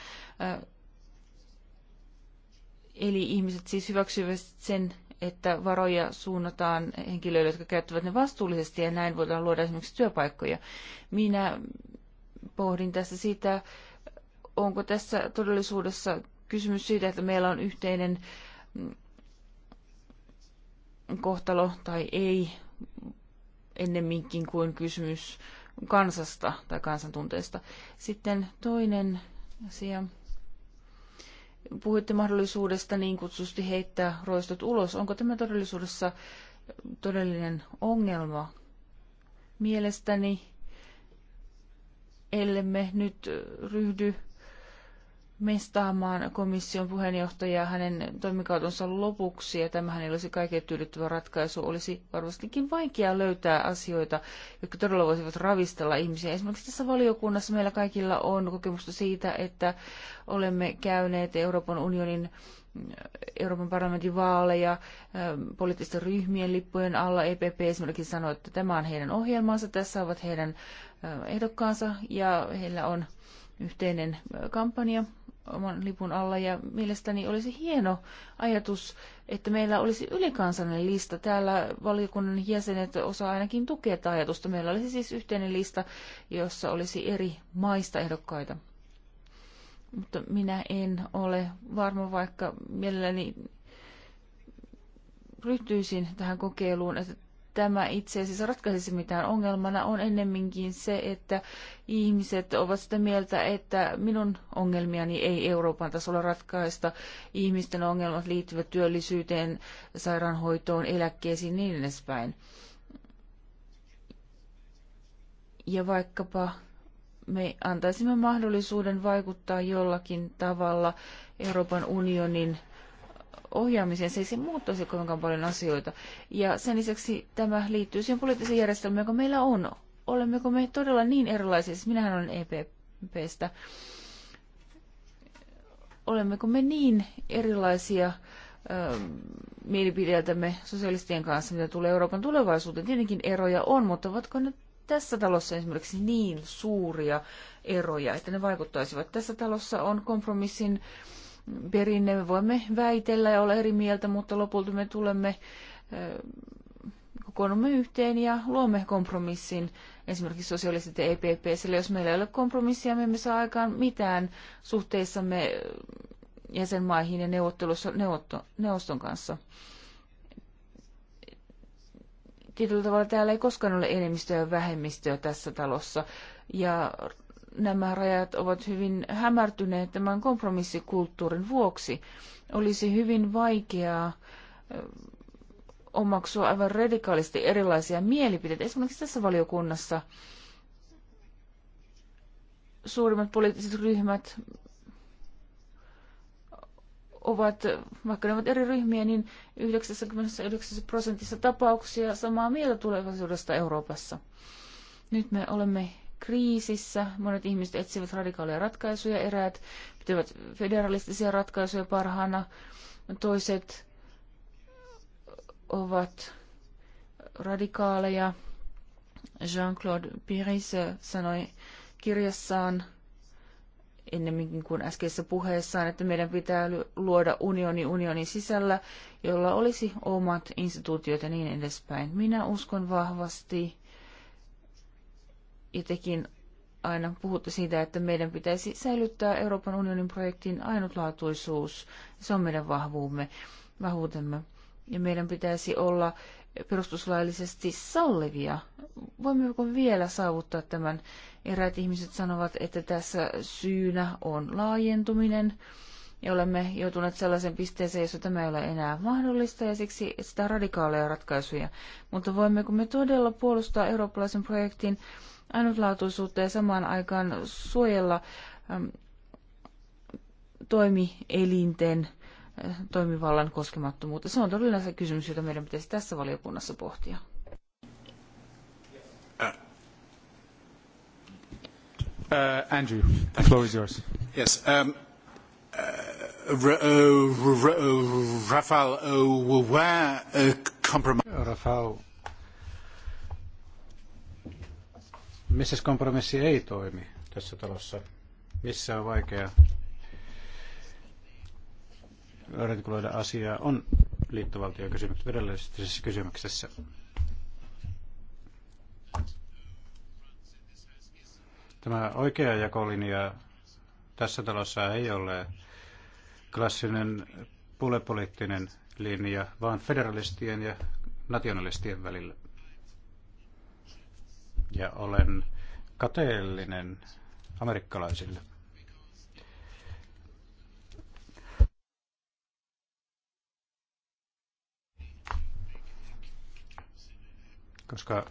Eli ihmiset siis hyväksyvät sen että varoja suunnataan henkilöille, jotka käyttävät ne vastuullisesti ja näin voidaan luoda esimerkiksi työpaikkoja. Minä pohdin tässä sitä, onko tässä todellisuudessa kysymys siitä, että meillä on yhteinen mm, kohtalo tai ei ennemminkin kuin kysymys kansasta tai kansantunteesta. Sitten toinen asia. Puhuitte mahdollisuudesta niin kutsusti heittää roistot ulos. Onko tämä todellisuudessa todellinen ongelma? Mielestäni, ellemme nyt ryhdy mestaamaan komission puheenjohtajaa hänen toimikautensa lopuksi, ja tämähän ei olisi kaiken tyydyttävä ratkaisu. Olisi varmastikin vaikea löytää asioita, jotka todella voisivat ravistella ihmisiä. Esimerkiksi tässä valiokunnassa meillä kaikilla on kokemusta siitä, että olemme käyneet Euroopan unionin Euroopan parlamentin vaaleja ähm, poliittisten ryhmien lippujen alla. EPP esimerkiksi sanoi, että tämä on heidän ohjelmansa, tässä ovat heidän äh, ehdokkaansa ja heillä on yhteinen äh, kampanja oman lipun alla ja mielestäni olisi hieno ajatus, että meillä olisi ylikansallinen lista. Täällä valiokunnan jäsenet osaa ainakin tukea tätä ajatusta. Meillä olisi siis yhteinen lista, jossa olisi eri maista ehdokkaita. Mutta minä en ole varma, vaikka mielelläni ryhtyisin tähän kokeiluun, että tämä itse asiassa ratkaisisi mitään. Ongelmana on ennemminkin se, että ihmiset ovat sitä mieltä, että minun ongelmiani ei Euroopan tasolla ratkaista. Ihmisten ongelmat liittyvät työllisyyteen, sairaanhoitoon, eläkkeisiin niin edespäin. Ja vaikkapa me antaisimme mahdollisuuden vaikuttaa jollakin tavalla Euroopan unionin ohjaamiseen. Se ei se muuttaisi kovinkaan paljon asioita. Ja sen lisäksi tämä liittyy siihen poliittiseen järjestelmään, joka meillä on. Olemmeko me todella niin erilaisia? Siis minähän olen EPPstä. Olemmeko me niin erilaisia ö, ähm, mielipideitämme sosialistien kanssa, mitä tulee Euroopan tulevaisuuteen? Tietenkin eroja on, mutta ovatko ne tässä talossa esimerkiksi niin suuria eroja, että ne vaikuttaisivat. Tässä talossa on kompromissin äh, perinne. Me voimme väitellä ja olla eri mieltä, mutta lopulta me tulemme kokoonnumme yhteen ja luomme kompromissin esimerkiksi sosiaalisesti EPP, sillä jos meillä ei ole kompromissia, me emme saa aikaan mitään suhteissamme jäsenmaihin ja neuvottelussa neuvotto, neuvoston kanssa. Tietyllä tavalla täällä ei koskaan ole enemmistöä ja vähemmistöä tässä talossa. Ja nämä rajat ovat hyvin hämärtyneet tämän kompromissikulttuurin vuoksi. Olisi hyvin vaikeaa omaksua aivan radikaalisti erilaisia mielipiteitä. Esimerkiksi tässä valiokunnassa suurimmat poliittiset ryhmät ovat, vaikka ne ovat eri ryhmiä, niin 99 prosentissa tapauksia samaa mieltä tulevaisuudesta Euroopassa. Nyt me olemme kriisissä. Monet ihmiset etsivät radikaaleja ratkaisuja, eräät pitävät federalistisia ratkaisuja parhaana, toiset ovat radikaaleja. Jean-Claude Piris sanoi kirjassaan ennemminkin kuin äskeisessä puheessaan, että meidän pitää luoda unioni unionin sisällä, jolla olisi omat instituutiot ja niin edespäin. Minä uskon vahvasti ja tekin aina puhutte siitä, että meidän pitäisi säilyttää Euroopan unionin projektin ainutlaatuisuus. Se on meidän vahvuumme, vahvuutemme. Ja meidän pitäisi olla perustuslaillisesti sallivia. Voimmeko vielä saavuttaa tämän? Eräät ihmiset sanovat, että tässä syynä on laajentuminen ja olemme joutuneet sellaisen pisteeseen, jossa tämä ei ole enää mahdollista ja siksi sitä radikaaleja ratkaisuja. Mutta voimmeko me todella puolustaa eurooppalaisen projektin ainutlaatuisuutta ja samaan aikaan suojella toimielinten äh, toimivallan koskemattomuutta. Se on todella se kysymys, jota meidän pitäisi tässä valiokunnassa pohtia. Uh, Andrew, the floor is yours. Yes. Um, uh, uh Rafal, uh, where uh, compromise? Rafael. missä kompromissi ei toimi tässä talossa, missä on vaikea artikuloida asiaa, on liittovaltiokysymyksessä, vedellisessä kysymyksessä. Tämä oikea jakolinja tässä talossa ei ole klassinen pulepoliittinen linja, vaan federalistien ja nationalistien välillä ja olen kateellinen amerikkalaisille. Koska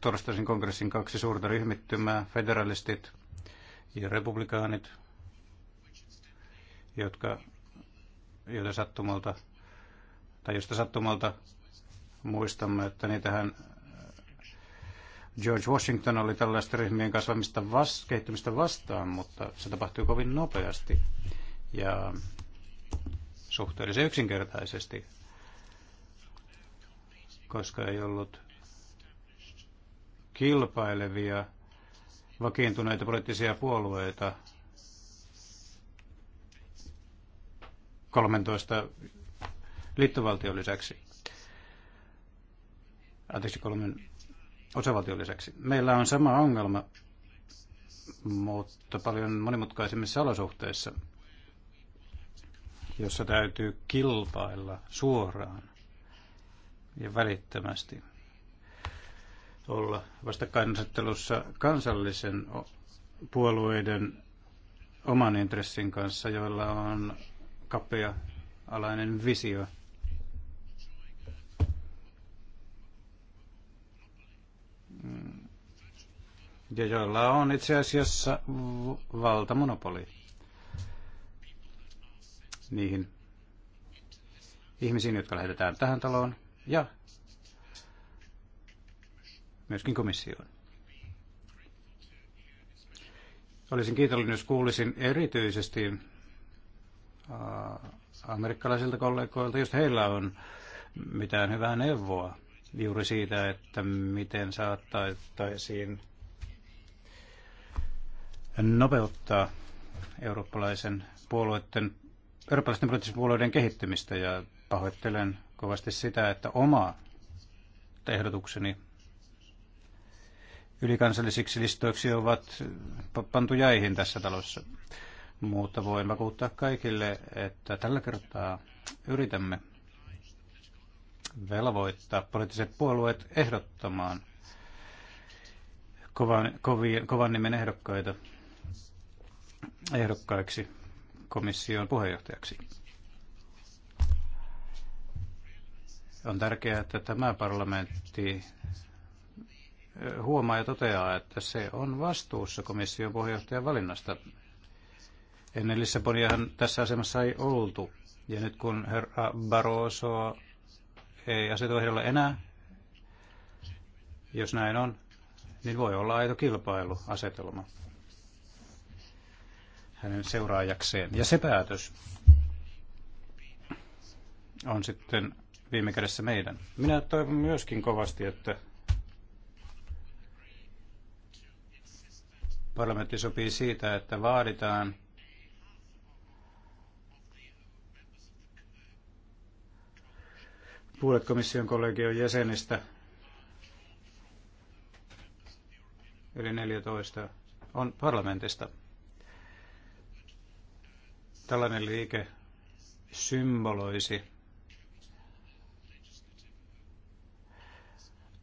torstaisin kongressin kaksi suurta ryhmittymää, federalistit ja republikaanit, jotka, joita sattumalta, tai josta sattumalta muistamme, että niitähän George Washington oli tällaista ryhmien kasvamista vas- kehittymistä vastaan, mutta se tapahtui kovin nopeasti ja suhteellisen yksinkertaisesti, koska ei ollut kilpailevia vakiintuneita poliittisia puolueita 13 liittovaltion lisäksi. Anteeksi, kolmen osavaltion lisäksi. Meillä on sama ongelma, mutta paljon monimutkaisemmissa olosuhteissa, jossa täytyy kilpailla suoraan ja välittömästi olla vastakkainasettelussa kansallisen puolueiden oman intressin kanssa, joilla on kapea alainen visio ja joilla on itse asiassa valtamonopoli niihin ihmisiin, jotka lähetetään tähän taloon ja myöskin komissioon. Olisin kiitollinen, jos kuulisin erityisesti amerikkalaisilta kollegoilta, jos heillä on mitään hyvää neuvoa juuri siitä, että miten saattaisiin nopeuttaa eurooppalaisen puolueiden, eurooppalaisten poliittisten puolueiden kehittymistä ja pahoittelen kovasti sitä, että oma ehdotukseni ylikansallisiksi listoiksi ovat pantu jäihin tässä talossa. Mutta voin vakuuttaa kaikille, että tällä kertaa yritämme velvoittaa poliittiset puolueet ehdottamaan kovan, kovien, kovan nimen ehdokkaita ehdokkaiksi komission puheenjohtajaksi. On tärkeää, että tämä parlamentti eh, huomaa ja toteaa, että se on vastuussa komission puheenjohtajan valinnasta. Ennen Lissaboniahan tässä asemassa ei oltu. Ja nyt kun herra Barroso ei asetu ehdolla enää, jos näin on, niin voi olla aito kilpailuasetelma hänen seuraajakseen. Ja se päätös on sitten viime kädessä meidän. Minä toivon myöskin kovasti, että parlamentti sopii siitä, että vaaditaan puolet komission kollegion jäsenistä, eli 14, on parlamentista tällainen liike symboloisi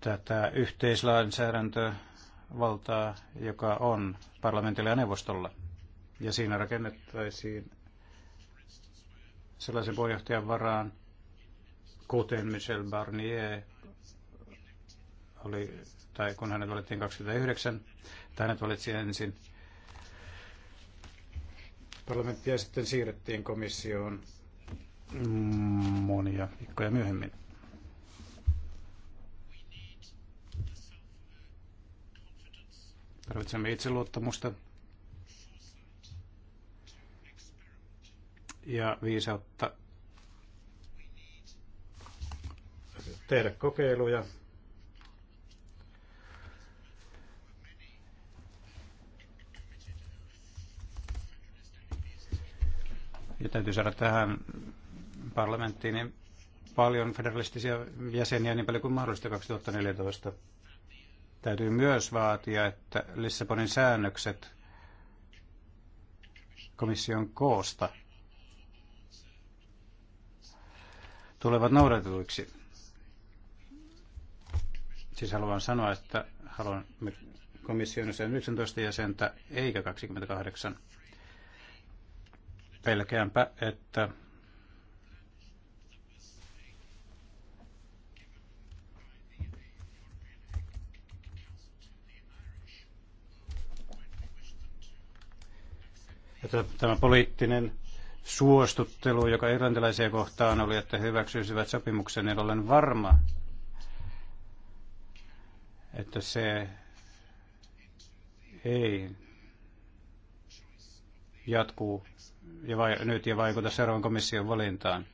tätä yhteislainsäädäntövaltaa, joka on parlamentilla ja neuvostolla. Ja siinä rakennettaisiin sellaisen puheenjohtajan varaan, kuten Michel Barnier oli, tai kun hänet valittiin 29, tai hänet valitsi ensin parlamenttia sitten siirrettiin komissioon monia viikkoja myöhemmin. Tarvitsemme itseluottamusta ja viisautta tehdä kokeiluja Ja täytyy saada tähän parlamenttiin niin paljon federalistisia jäseniä niin paljon kuin mahdollista 2014. Täytyy myös vaatia, että Lissabonin säännökset komission koosta tulevat noudatetuiksi. Siis haluan sanoa, että haluan komission 19 jäsentä eikä 28. Pelkäänpä, että että tämä poliittinen suostuttelu, joka irlantilaisia kohtaan oli, että hyväksyisivät sopimuksen, niin olen varma, että se ei jatkuu ja vai, nyt ja vaikuta seuraavan komission valintaan,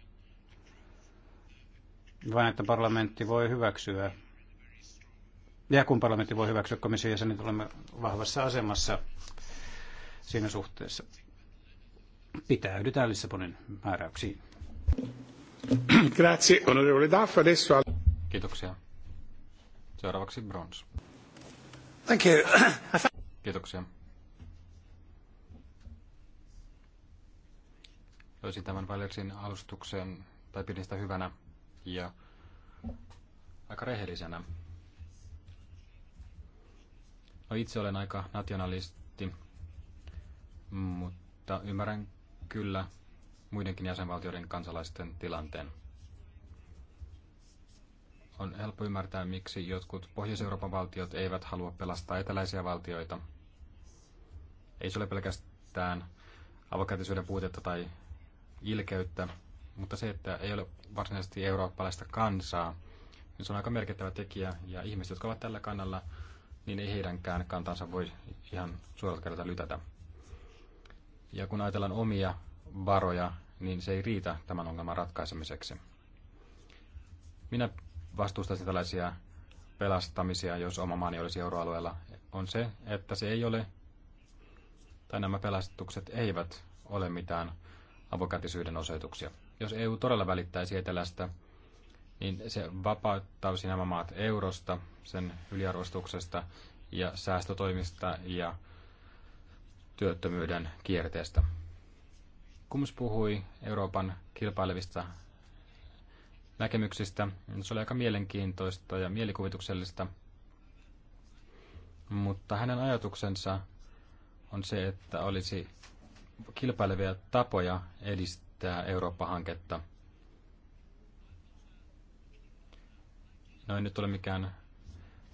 vain että parlamentti voi hyväksyä. Ja kun parlamentti voi hyväksyä komission jäsenet, olemme vahvassa asemassa siinä suhteessa. Pitäydytään Lissabonin määräyksiin. Grazie, onorevole Daff. Adesso... Kiitoksia. Seuraavaksi Brons. Thank you. Kiitoksia. löysin tämän Valersin alustuksen tai pidin sitä hyvänä ja aika rehellisenä. No itse olen aika nationalisti, mutta ymmärrän kyllä muidenkin jäsenvaltioiden kansalaisten tilanteen. On helppo ymmärtää, miksi jotkut Pohjois-Euroopan valtiot eivät halua pelastaa eteläisiä valtioita. Ei se ole pelkästään avokätisyyden puutetta tai ilkeyttä, mutta se, että ei ole varsinaisesti eurooppalaista kansaa, niin se on aika merkittävä tekijä. Ja ihmiset, jotka ovat tällä kannalla, niin ei heidänkään kantansa voi ihan suoralta kertaa lytätä. Ja kun ajatellaan omia varoja, niin se ei riitä tämän ongelman ratkaisemiseksi. Minä vastustaisin tällaisia pelastamisia, jos oma maani olisi euroalueella, on se, että se ei ole, tai nämä pelastukset eivät ole mitään avokätisyyden osoituksia. Jos EU todella välittäisi etelästä, niin se vapauttaisi nämä maat eurosta, sen yliarvostuksesta ja säästötoimista ja työttömyyden kierteestä. Kums puhui Euroopan kilpailevista näkemyksistä. Se oli aika mielenkiintoista ja mielikuvituksellista. Mutta hänen ajatuksensa on se, että olisi kilpailevia tapoja edistää Eurooppa-hanketta. No ei nyt ole mikään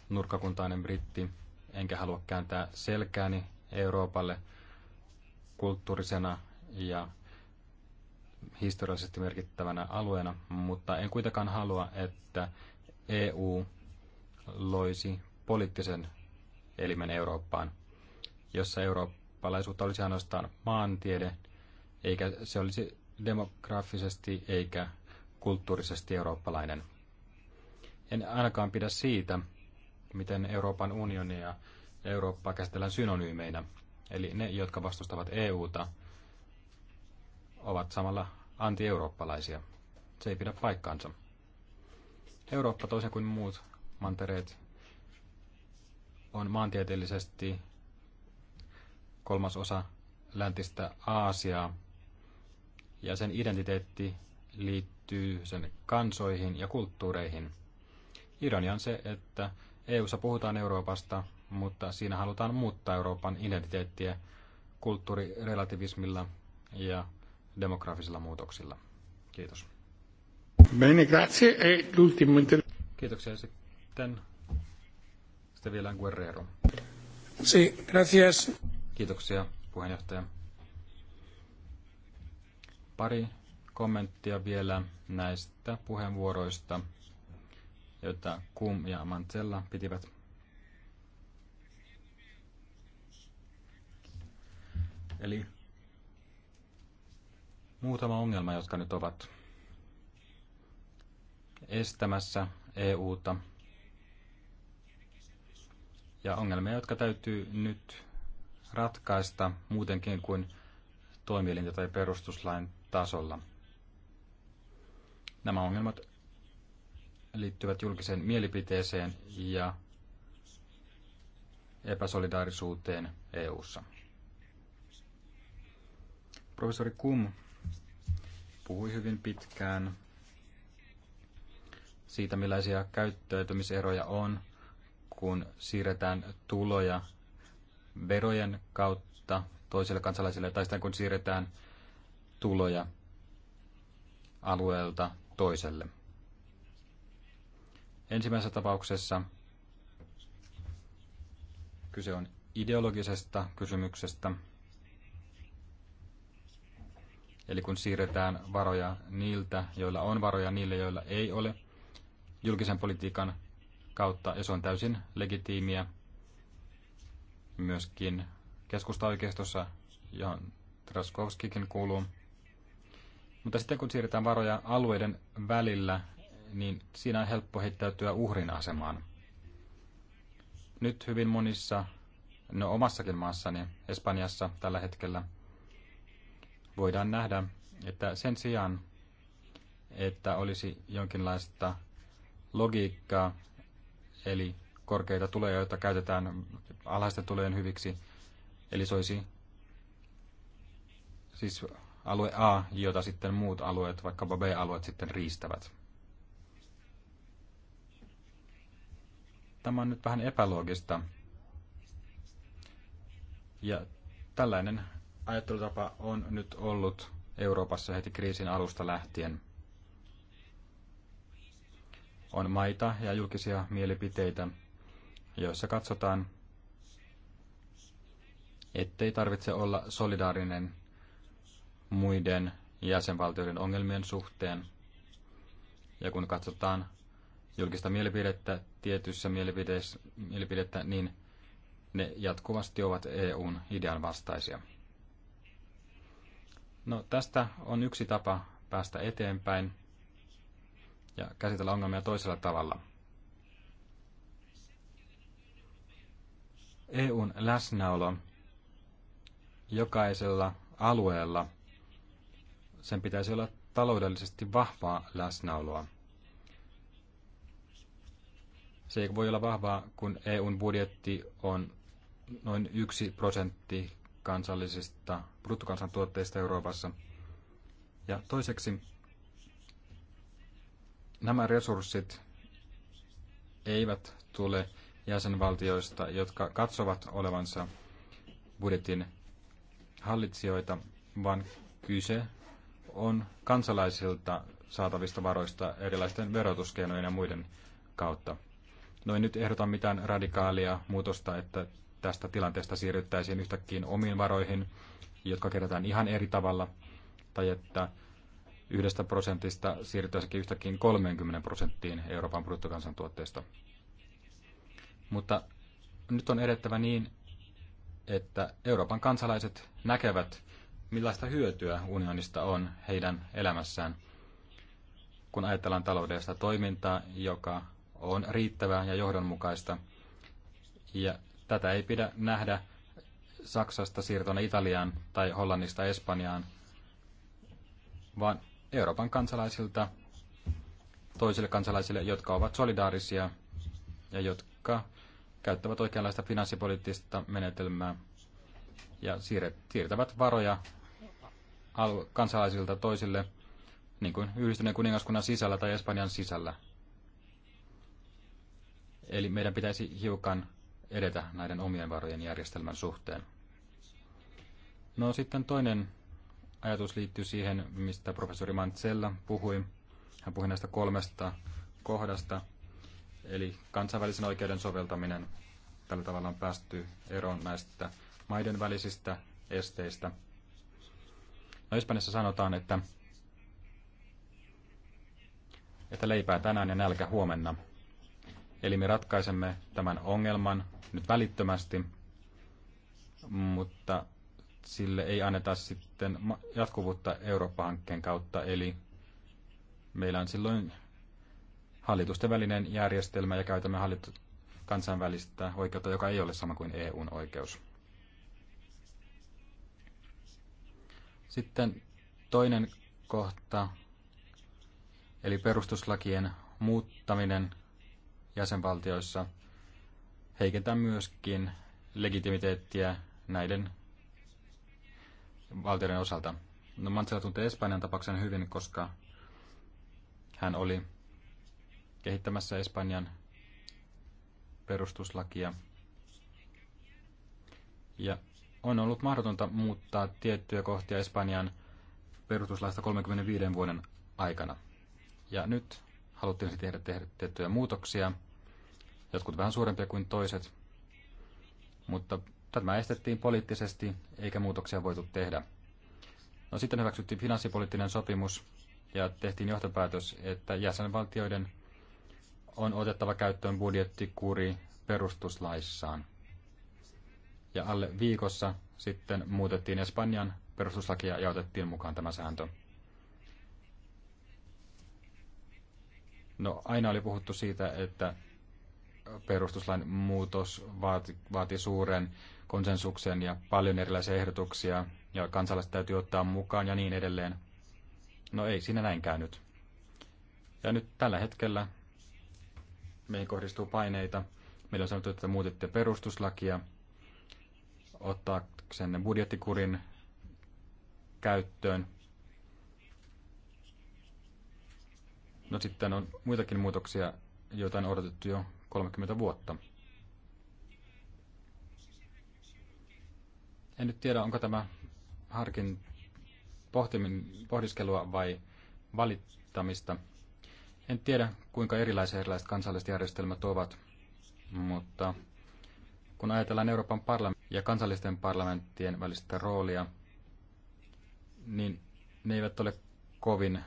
nurkkakuntainen britti, enkä halua kääntää selkääni Euroopalle kulttuurisena ja historiallisesti merkittävänä alueena, mutta en kuitenkaan halua, että EU loisi poliittisen elimen Eurooppaan, jossa Eurooppa eurooppalaisuutta olisi ainoastaan maantiede, eikä se olisi demografisesti eikä kulttuurisesti eurooppalainen. En ainakaan pidä siitä, miten Euroopan unionia ja Eurooppaa käsitellään synonyymeinä. Eli ne, jotka vastustavat EUta, ovat samalla anti-eurooppalaisia. Se ei pidä paikkaansa. Eurooppa toisin kuin muut mantereet on maantieteellisesti kolmas osa läntistä Aasiaa. Ja sen identiteetti liittyy sen kansoihin ja kulttuureihin. Ironia on se, että EUssa puhutaan Euroopasta, mutta siinä halutaan muuttaa Euroopan identiteettiä kulttuurirelativismilla ja demografisilla muutoksilla. Kiitos. Bene, grazie. E l'ultimo Kiitoksia sitten. Sitten vielä Guerrero. Sì, grazie. Kiitoksia, puheenjohtaja. Pari kommenttia vielä näistä puheenvuoroista, joita Kum ja Mantella pitivät. Eli muutama ongelma, jotka nyt ovat estämässä EUta. Ja ongelmia, jotka täytyy nyt ratkaista muutenkin kuin toimielintä tai perustuslain tasolla. Nämä ongelmat liittyvät julkiseen mielipiteeseen ja epäsolidaarisuuteen EU:ssa. Professori Kum puhui hyvin pitkään siitä, millaisia käyttäytymiseroja on, kun siirretään tuloja verojen kautta toisille kansalaisille tai sitten kun siirretään tuloja alueelta toiselle. Ensimmäisessä tapauksessa kyse on ideologisesta kysymyksestä, eli kun siirretään varoja niiltä, joilla on varoja, niille, joilla ei ole, julkisen politiikan kautta, ja se on täysin legitiimiä myöskin keskustaoikeistossa, johon Traskovskikin kuuluu. Mutta sitten kun siirretään varoja alueiden välillä, niin siinä on helppo heittäytyä uhrin asemaan. Nyt hyvin monissa, no omassakin maassani, Espanjassa tällä hetkellä, voidaan nähdä, että sen sijaan, että olisi jonkinlaista logiikkaa, eli korkeita tuleja, joita käytetään alhaisten tulojen hyviksi. Eli se olisi siis alue A, jota sitten muut alueet, vaikkapa B-alueet sitten riistävät. Tämä on nyt vähän epäloogista. Ja tällainen ajattelutapa on nyt ollut Euroopassa heti kriisin alusta lähtien. On maita ja julkisia mielipiteitä, joissa katsotaan, ettei tarvitse olla solidaarinen muiden jäsenvaltioiden ongelmien suhteen. Ja kun katsotaan julkista mielipidettä, tietyissä mielipidettä, niin ne jatkuvasti ovat EUn idean vastaisia. No, tästä on yksi tapa päästä eteenpäin ja käsitellä ongelmia toisella tavalla – EUn läsnäolo jokaisella alueella, sen pitäisi olla taloudellisesti vahvaa läsnäoloa. Se ei voi olla vahvaa, kun EUn budjetti on noin yksi prosentti kansallisista bruttokansantuotteista Euroopassa. Ja toiseksi nämä resurssit eivät tule jäsenvaltioista, jotka katsovat olevansa budjetin hallitsijoita, vaan kyse on kansalaisilta saatavista varoista erilaisten verotuskeinojen ja muiden kautta. No ei nyt ehdota mitään radikaalia muutosta, että tästä tilanteesta siirryttäisiin yhtäkkiä omiin varoihin, jotka kerätään ihan eri tavalla, tai että yhdestä prosentista siirrytäisikin yhtäkkiä 30 prosenttiin Euroopan bruttokansantuotteesta. Mutta nyt on edettävä niin, että Euroopan kansalaiset näkevät, millaista hyötyä unionista on heidän elämässään, kun ajatellaan taloudellista toimintaa, joka on riittävää ja johdonmukaista. Ja tätä ei pidä nähdä Saksasta siirtona Italiaan tai Hollannista Espanjaan, vaan Euroopan kansalaisilta toisille kansalaisille, jotka ovat solidaarisia ja jotka käyttävät oikeanlaista finanssipoliittista menetelmää ja siirtävät varoja kansalaisilta toisille, niin kuin yhdistyneen kuningaskunnan sisällä tai Espanjan sisällä. Eli meidän pitäisi hiukan edetä näiden omien varojen järjestelmän suhteen. No sitten toinen ajatus liittyy siihen, mistä professori Mantsella puhui. Hän puhui näistä kolmesta kohdasta, Eli kansainvälisen oikeuden soveltaminen tällä tavalla on päästy eroon näistä maiden välisistä esteistä. No Espanjassa sanotaan, että, että leipää tänään ja nälkä huomenna. Eli me ratkaisemme tämän ongelman nyt välittömästi, mutta sille ei anneta sitten jatkuvuutta Eurooppa-hankkeen kautta, eli meillä on silloin hallitusten välinen järjestelmä ja käytämme hallit- kansainvälistä oikeutta, joka ei ole sama kuin EUn oikeus. Sitten toinen kohta, eli perustuslakien muuttaminen jäsenvaltioissa heikentää myöskin legitimiteettiä näiden valtioiden osalta. No Mansella tuntee Espanjan tapauksen hyvin, koska hän oli kehittämässä Espanjan perustuslakia. Ja on ollut mahdotonta muuttaa tiettyjä kohtia Espanjan perustuslaista 35 vuoden aikana. Ja nyt haluttiin tehdä, tehdä tiettyjä muutoksia, jotkut vähän suurempia kuin toiset, mutta tämä estettiin poliittisesti, eikä muutoksia voitu tehdä. No sitten hyväksyttiin finanssipoliittinen sopimus ja tehtiin johtopäätös, että jäsenvaltioiden on otettava käyttöön budjettikuri perustuslaissaan. Ja alle viikossa sitten muutettiin Espanjan perustuslakia ja otettiin mukaan tämä sääntö. No aina oli puhuttu siitä, että perustuslain muutos vaati, vaati suuren konsensuksen ja paljon erilaisia ehdotuksia ja kansalaiset täytyy ottaa mukaan ja niin edelleen. No ei siinä näin käynyt. Ja nyt tällä hetkellä meihin kohdistuu paineita. Meillä on sanottu, että muutitte perustuslakia ottaaksenne budjettikurin käyttöön. No sitten on muitakin muutoksia, joita on odotettu jo 30 vuotta. En nyt tiedä, onko tämä harkin pohtimin, pohdiskelua vai valittamista. En tiedä, kuinka erilaisia erilaiset kansalliset järjestelmät ovat, mutta kun ajatellaan Euroopan parlamentin ja kansallisten parlamenttien välistä roolia, niin ne eivät ole kovin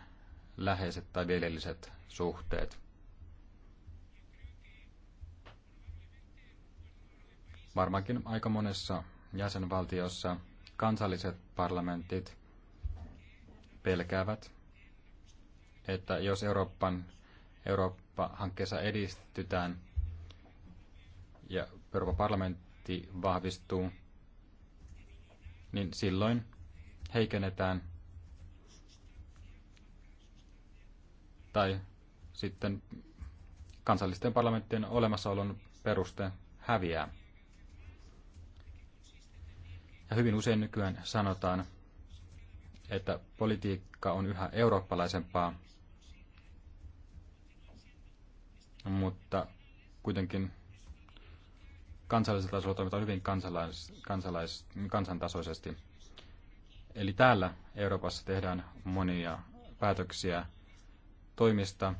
läheiset tai veljelliset suhteet. Varmaankin aika monessa jäsenvaltiossa kansalliset parlamentit pelkäävät, että jos Euroopan Eurooppa-hankkeessa edistytään ja Euroopan parlamentti vahvistuu, niin silloin heikennetään tai sitten kansallisten parlamenttien olemassaolon peruste häviää. Ja hyvin usein nykyään sanotaan, että politiikka on yhä eurooppalaisempaa mutta kuitenkin kansallisella tasolla toimitaan hyvin kansalais, kansalais, kansantasoisesti. Eli täällä Euroopassa tehdään monia päätöksiä toimista,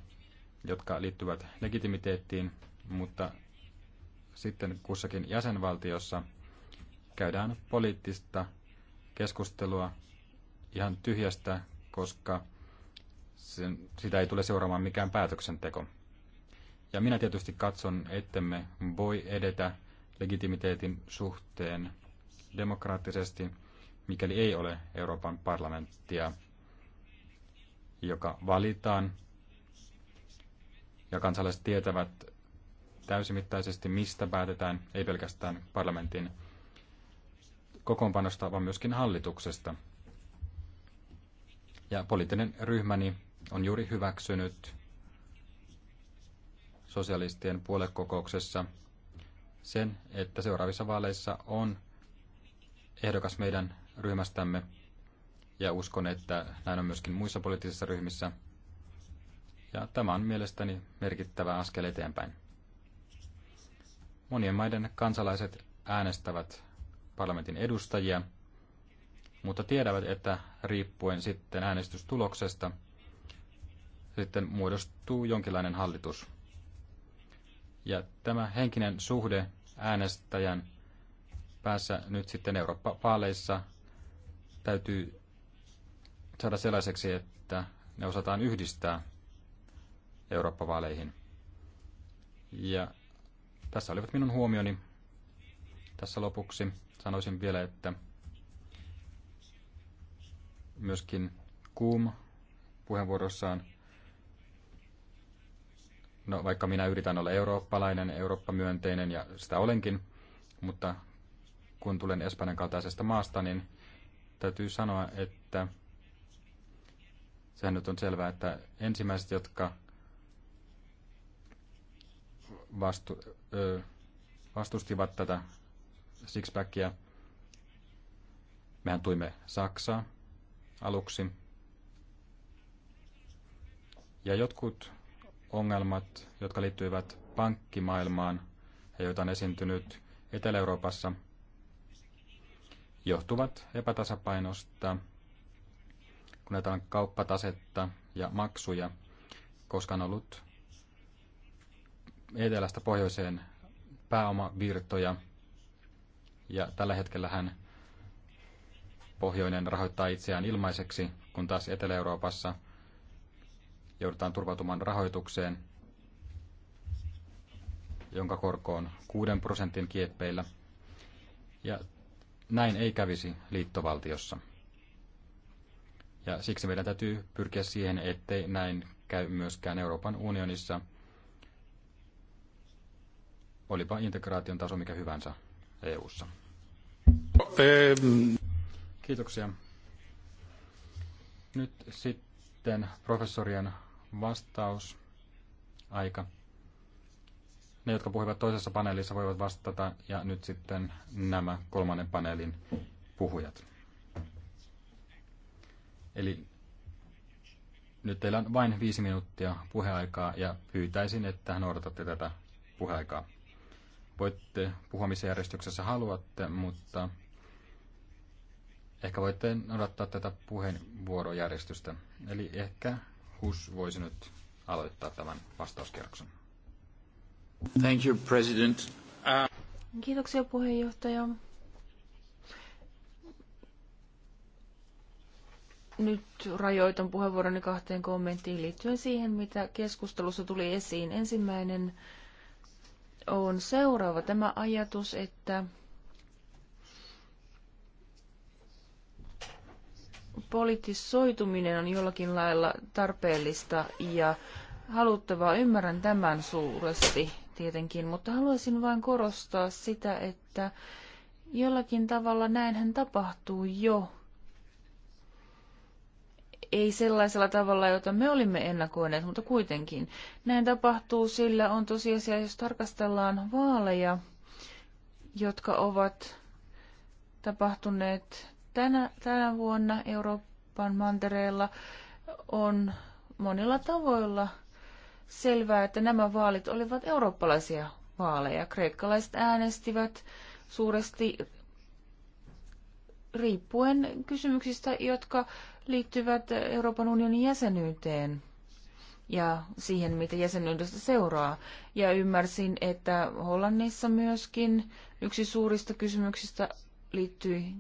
jotka liittyvät legitimiteettiin, mutta sitten kussakin jäsenvaltiossa käydään poliittista keskustelua ihan tyhjästä, koska sen, sitä ei tule seuraamaan mikään päätöksenteko. Ja minä tietysti katson, ettemme voi edetä legitimiteetin suhteen demokraattisesti, mikäli ei ole Euroopan parlamenttia, joka valitaan. Ja kansalaiset tietävät täysimittaisesti, mistä päätetään, ei pelkästään parlamentin kokoonpanosta, vaan myöskin hallituksesta. Ja poliittinen ryhmäni on juuri hyväksynyt sosialistien puoluekokouksessa sen, että seuraavissa vaaleissa on ehdokas meidän ryhmästämme ja uskon, että näin on myöskin muissa poliittisissa ryhmissä. Ja tämä on mielestäni merkittävä askel eteenpäin. Monien maiden kansalaiset äänestävät parlamentin edustajia, mutta tiedävät, että riippuen sitten äänestystuloksesta sitten muodostuu jonkinlainen hallitus. Ja tämä henkinen suhde äänestäjän päässä nyt sitten Eurooppa-vaaleissa täytyy saada sellaiseksi, että ne osataan yhdistää Eurooppa-vaaleihin. Ja tässä olivat minun huomioni. Tässä lopuksi sanoisin vielä, että myöskin Kuum puheenvuorossaan no vaikka minä yritän olla eurooppalainen, eurooppamyönteinen ja sitä olenkin, mutta kun tulen Espanjan kaltaisesta maasta, niin täytyy sanoa, että sehän nyt on selvää, että ensimmäiset, jotka vastu, ö, vastustivat tätä sixpackia, mehän tuimme Saksaa aluksi. Ja jotkut ongelmat, jotka liittyivät pankkimaailmaan ja joita on esiintynyt Etelä-Euroopassa, johtuvat epätasapainosta, kun näitä kauppatasetta ja maksuja, koska on ollut etelästä pohjoiseen pääomavirtoja. Ja tällä hetkellä hän pohjoinen rahoittaa itseään ilmaiseksi, kun taas Etelä-Euroopassa – joudutaan turvautumaan rahoitukseen, jonka korko on 6 prosentin kieppeillä. Ja näin ei kävisi liittovaltiossa. Ja siksi meidän täytyy pyrkiä siihen, ettei näin käy myöskään Euroopan unionissa, olipa integraation taso mikä hyvänsä EU:ssa. Kiitoksia. Nyt sitten professorian vastaus aika. Ne, jotka puhuivat toisessa paneelissa, voivat vastata ja nyt sitten nämä kolmannen paneelin puhujat. Eli nyt teillä on vain viisi minuuttia puheaikaa ja pyytäisin, että noudatatte tätä puheaikaa. Voitte puhua missä järjestyksessä haluatte, mutta ehkä voitte noudattaa tätä puheenvuorojärjestystä. Eli ehkä Hus voisi nyt aloittaa tämän vastauskierroksen. Thank you, President. Uh... Kiitoksia puheenjohtaja. Nyt rajoitan puheenvuoroni kahteen kommenttiin liittyen siihen, mitä keskustelussa tuli esiin. Ensimmäinen on seuraava tämä ajatus, että politisoituminen on jollakin lailla tarpeellista ja haluttavaa. Ymmärrän tämän suuresti tietenkin, mutta haluaisin vain korostaa sitä, että jollakin tavalla näinhän tapahtuu jo. Ei sellaisella tavalla, jota me olimme ennakoineet, mutta kuitenkin. Näin tapahtuu, sillä on tosiasia, jos tarkastellaan vaaleja, jotka ovat tapahtuneet tänä, tänä vuonna Euroopan mantereella on monilla tavoilla selvää, että nämä vaalit olivat eurooppalaisia vaaleja. Kreikkalaiset äänestivät suuresti riippuen kysymyksistä, jotka liittyvät Euroopan unionin jäsenyyteen ja siihen, mitä jäsenyydestä seuraa. Ja ymmärsin, että Hollannissa myöskin yksi suurista kysymyksistä liittyi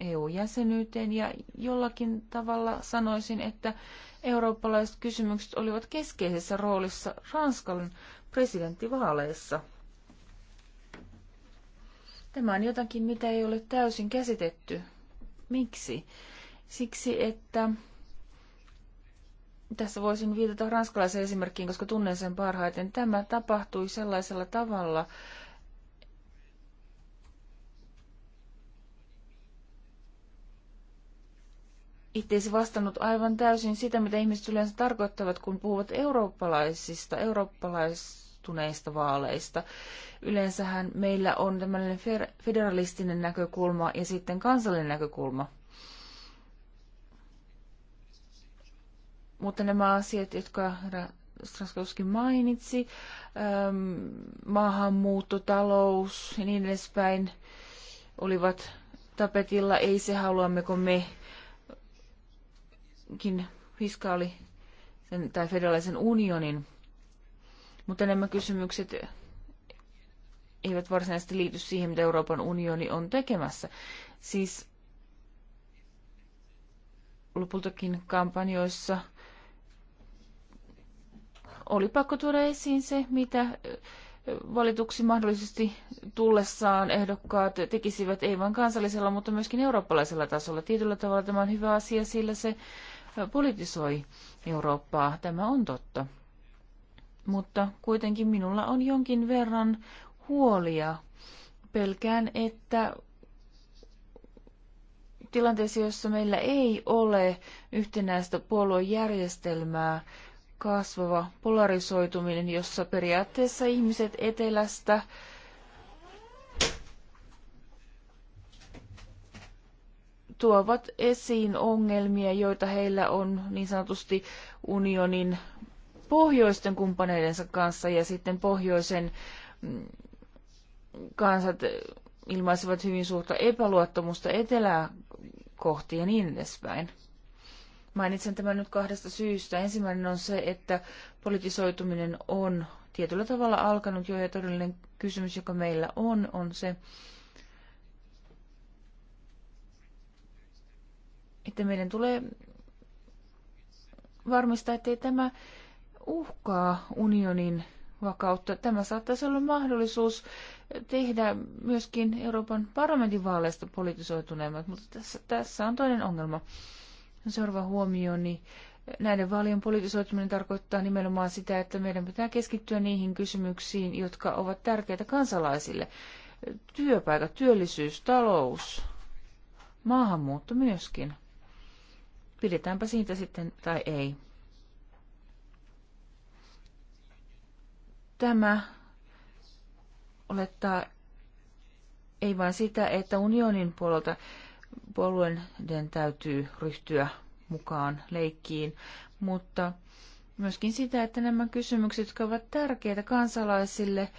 EU-jäsenyyteen ja jollakin tavalla sanoisin, että eurooppalaiset kysymykset olivat keskeisessä roolissa Ranskan presidenttivaaleissa. Tämä on jotakin, mitä ei ole täysin käsitetty. Miksi? Siksi, että tässä voisin viitata ranskalaisen esimerkkiin, koska tunnen sen parhaiten. Tämä tapahtui sellaisella tavalla, itseisi vastannut aivan täysin sitä, mitä ihmiset yleensä tarkoittavat, kun puhuvat eurooppalaisista, eurooppalaistuneista vaaleista. Yleensähän meillä on tämmöinen federalistinen näkökulma ja sitten kansallinen näkökulma. Mutta nämä asiat, jotka Straskowski mainitsi, ähm, maahanmuutto, talous ja niin edespäin, olivat tapetilla, ei se haluammeko me kuitenkin fiskaali tai federaalisen unionin, mutta nämä kysymykset eivät varsinaisesti liity siihen, mitä Euroopan unioni on tekemässä. Siis lopultakin kampanjoissa oli pakko tuoda esiin se, mitä valituksi mahdollisesti tullessaan ehdokkaat tekisivät ei vain kansallisella, mutta myöskin eurooppalaisella tasolla. Tietyllä tavalla tämä on hyvä asia, sillä se politisoi Eurooppaa. Tämä on totta. Mutta kuitenkin minulla on jonkin verran huolia. Pelkään, että tilanteessa, jossa meillä ei ole yhtenäistä puoluejärjestelmää, kasvava polarisoituminen, jossa periaatteessa ihmiset etelästä tuovat esiin ongelmia, joita heillä on niin sanotusti unionin pohjoisten kumppaneidensa kanssa ja sitten pohjoisen mm, kansat ilmaisevat hyvin suurta epäluottamusta etelää kohti ja niin edespäin. Mainitsen tämän nyt kahdesta syystä. Ensimmäinen on se, että politisoituminen on tietyllä tavalla alkanut jo ja todellinen kysymys, joka meillä on, on se, että meidän tulee varmistaa, ettei tämä uhkaa unionin vakautta. Tämä saattaisi olla mahdollisuus tehdä myöskin Euroopan parlamentin vaaleista politisoituneemmat, mutta tässä, tässä on toinen ongelma. Seuraava huomio, niin näiden vaalien politisoituminen tarkoittaa nimenomaan sitä, että meidän pitää keskittyä niihin kysymyksiin, jotka ovat tärkeitä kansalaisille. Työpaikat, työllisyys, talous, maahanmuutto myöskin. Pidetäänpä siitä sitten tai ei. Tämä olettaa ei vain sitä, että unionin puolelta puolueiden täytyy ryhtyä mukaan leikkiin, mutta myöskin sitä, että nämä kysymykset, jotka ovat tärkeitä kansalaisille,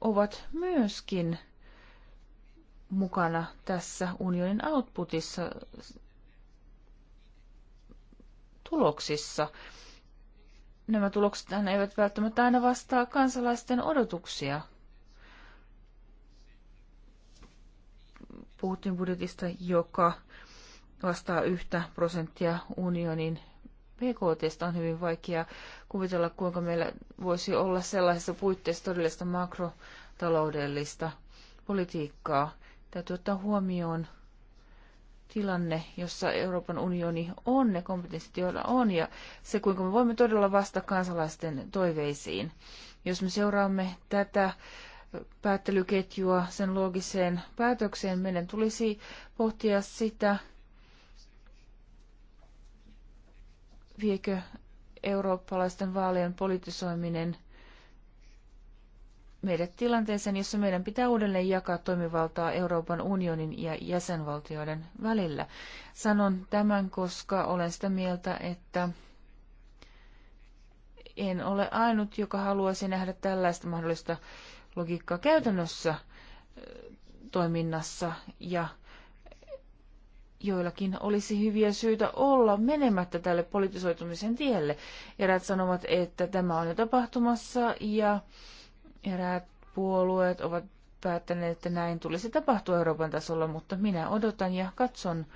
ovat myöskin mukana tässä unionin outputissa tuloksissa. Nämä tulokset eivät välttämättä aina vastaa kansalaisten odotuksia. Puhuttiin budjetista, joka vastaa yhtä prosenttia unionin PKT on hyvin vaikea kuvitella, kuinka meillä voisi olla sellaisessa puitteissa todellista makrotaloudellista politiikkaa. Täytyy ottaa huomioon tilanne, jossa Euroopan unioni on ne kompetenssit, joilla on, ja se, kuinka me voimme todella vastata kansalaisten toiveisiin. Jos me seuraamme tätä päättelyketjua sen loogiseen päätökseen, meidän tulisi pohtia sitä, viekö eurooppalaisten vaalien politisoiminen meidät tilanteeseen, jossa meidän pitää uudelleen jakaa toimivaltaa Euroopan unionin ja jäsenvaltioiden välillä. Sanon tämän, koska olen sitä mieltä, että en ole ainut, joka haluaisi nähdä tällaista mahdollista logiikkaa käytännössä toiminnassa ja joillakin olisi hyviä syitä olla menemättä tälle politisoitumisen tielle. Erät sanovat, että tämä on jo tapahtumassa ja Eräät puolueet ovat päättäneet, että näin tulisi tapahtua Euroopan tasolla, mutta minä odotan ja katson.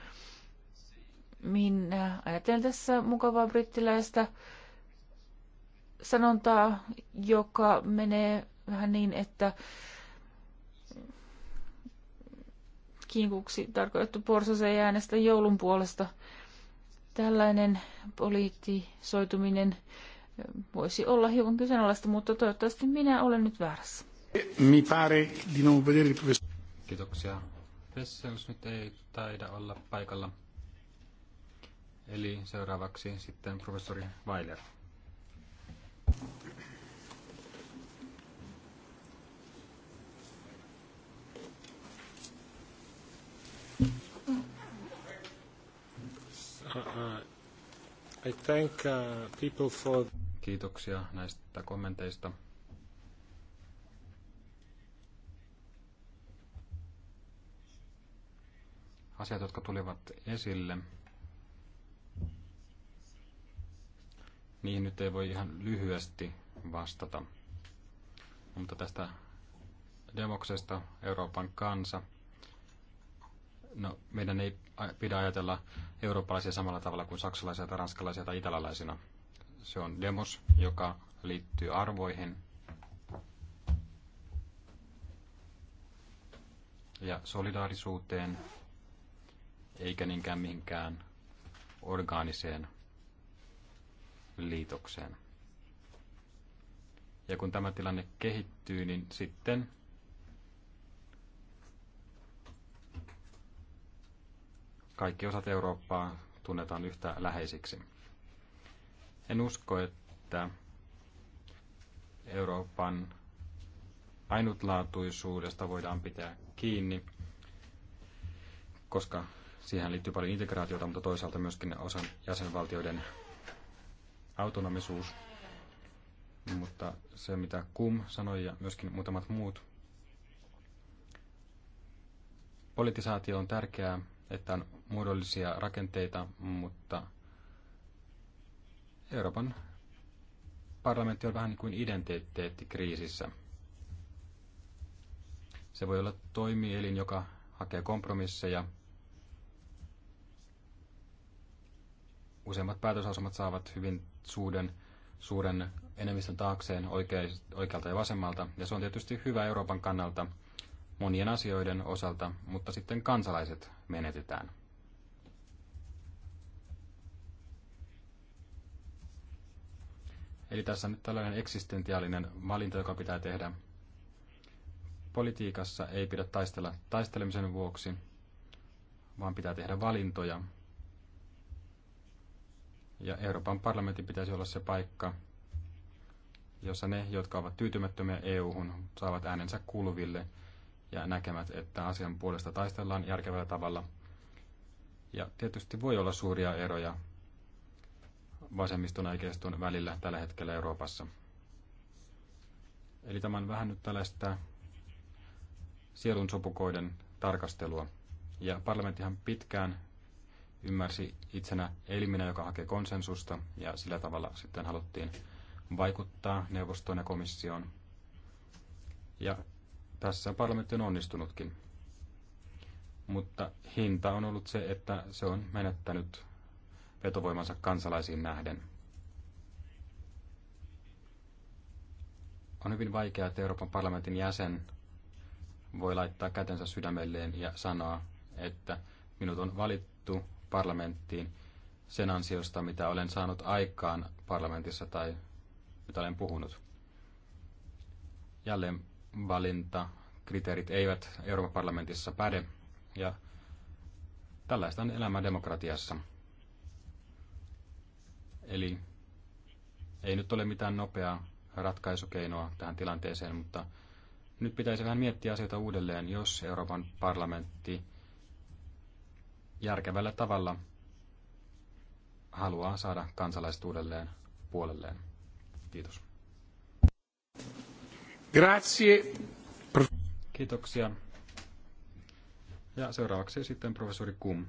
Minä ajattelen tässä mukavaa brittiläistä sanontaa, joka menee vähän niin, että kinkuksi tarkoitettu porsas ei äänestä joulun puolesta. Tällainen poliittisoituminen voisi olla hiukan kyseenalaista, mutta toivottavasti minä olen nyt väärässä. Mi pare di non vedere professor. Kiitoksia. Vessels nyt ei taida olla paikalla. Eli seuraavaksi sitten professori Weiler. Uh, uh I thank uh, people for Kiitoksia näistä kommenteista. Asiat, jotka tulivat esille, niihin nyt ei voi ihan lyhyesti vastata. Mutta tästä demoksesta Euroopan kansa. No, meidän ei pidä ajatella eurooppalaisia samalla tavalla kuin saksalaisia tai ranskalaisia tai italialaisina. Se on demos, joka liittyy arvoihin. Ja solidaarisuuteen, eikä niinkään mihinkään orgaaniseen liitokseen. Ja kun tämä tilanne kehittyy, niin sitten kaikki osat Eurooppaa tunnetaan yhtä läheisiksi. En usko, että Euroopan ainutlaatuisuudesta voidaan pitää kiinni, koska siihen liittyy paljon integraatiota, mutta toisaalta myöskin osan jäsenvaltioiden autonomisuus. Mutta se, mitä Kum sanoi ja myöskin muutamat muut, politisaatio on tärkeää, että on muodollisia rakenteita, mutta Euroopan parlamentti on vähän niin kuin identiteettikriisissä. Se voi olla toimielin, joka hakee kompromisseja. Useimmat päätösasemat saavat hyvin suuren, suuren enemmistön taakseen oikealta ja vasemmalta, ja se on tietysti hyvä Euroopan kannalta monien asioiden osalta, mutta sitten kansalaiset menetetään. Eli tässä on nyt tällainen eksistentiaalinen valinta, joka pitää tehdä. Politiikassa ei pidä taistella taistelemisen vuoksi, vaan pitää tehdä valintoja. Ja Euroopan parlamentin pitäisi olla se paikka, jossa ne, jotka ovat tyytymättömiä EU-hun, saavat äänensä kuuluville ja näkemät, että asian puolesta taistellaan järkevällä tavalla. Ja tietysti voi olla suuria eroja vasemmiston oikeiston välillä tällä hetkellä Euroopassa. Eli tämä on vähän nyt tällaista sielun sopukoiden tarkastelua. Ja parlamenttihan pitkään ymmärsi itsenä eliminä, joka hakee konsensusta, ja sillä tavalla sitten haluttiin vaikuttaa neuvostoon ja komissioon. Ja tässä parlamentti on onnistunutkin. Mutta hinta on ollut se, että se on menettänyt vetovoimansa kansalaisiin nähden. On hyvin vaikeaa, että Euroopan parlamentin jäsen voi laittaa kätensä sydämelleen ja sanoa, että minut on valittu parlamenttiin sen ansiosta, mitä olen saanut aikaan parlamentissa tai mitä olen puhunut. Jälleen valinta, kriteerit eivät Euroopan parlamentissa päde ja tällaista on elämä demokratiassa. Eli ei nyt ole mitään nopeaa ratkaisukeinoa tähän tilanteeseen, mutta nyt pitäisi vähän miettiä asioita uudelleen, jos Euroopan parlamentti järkevällä tavalla haluaa saada kansalaiset uudelleen puolelleen. Kiitos. Grazie. Kiitoksia. Ja seuraavaksi sitten professori Kum.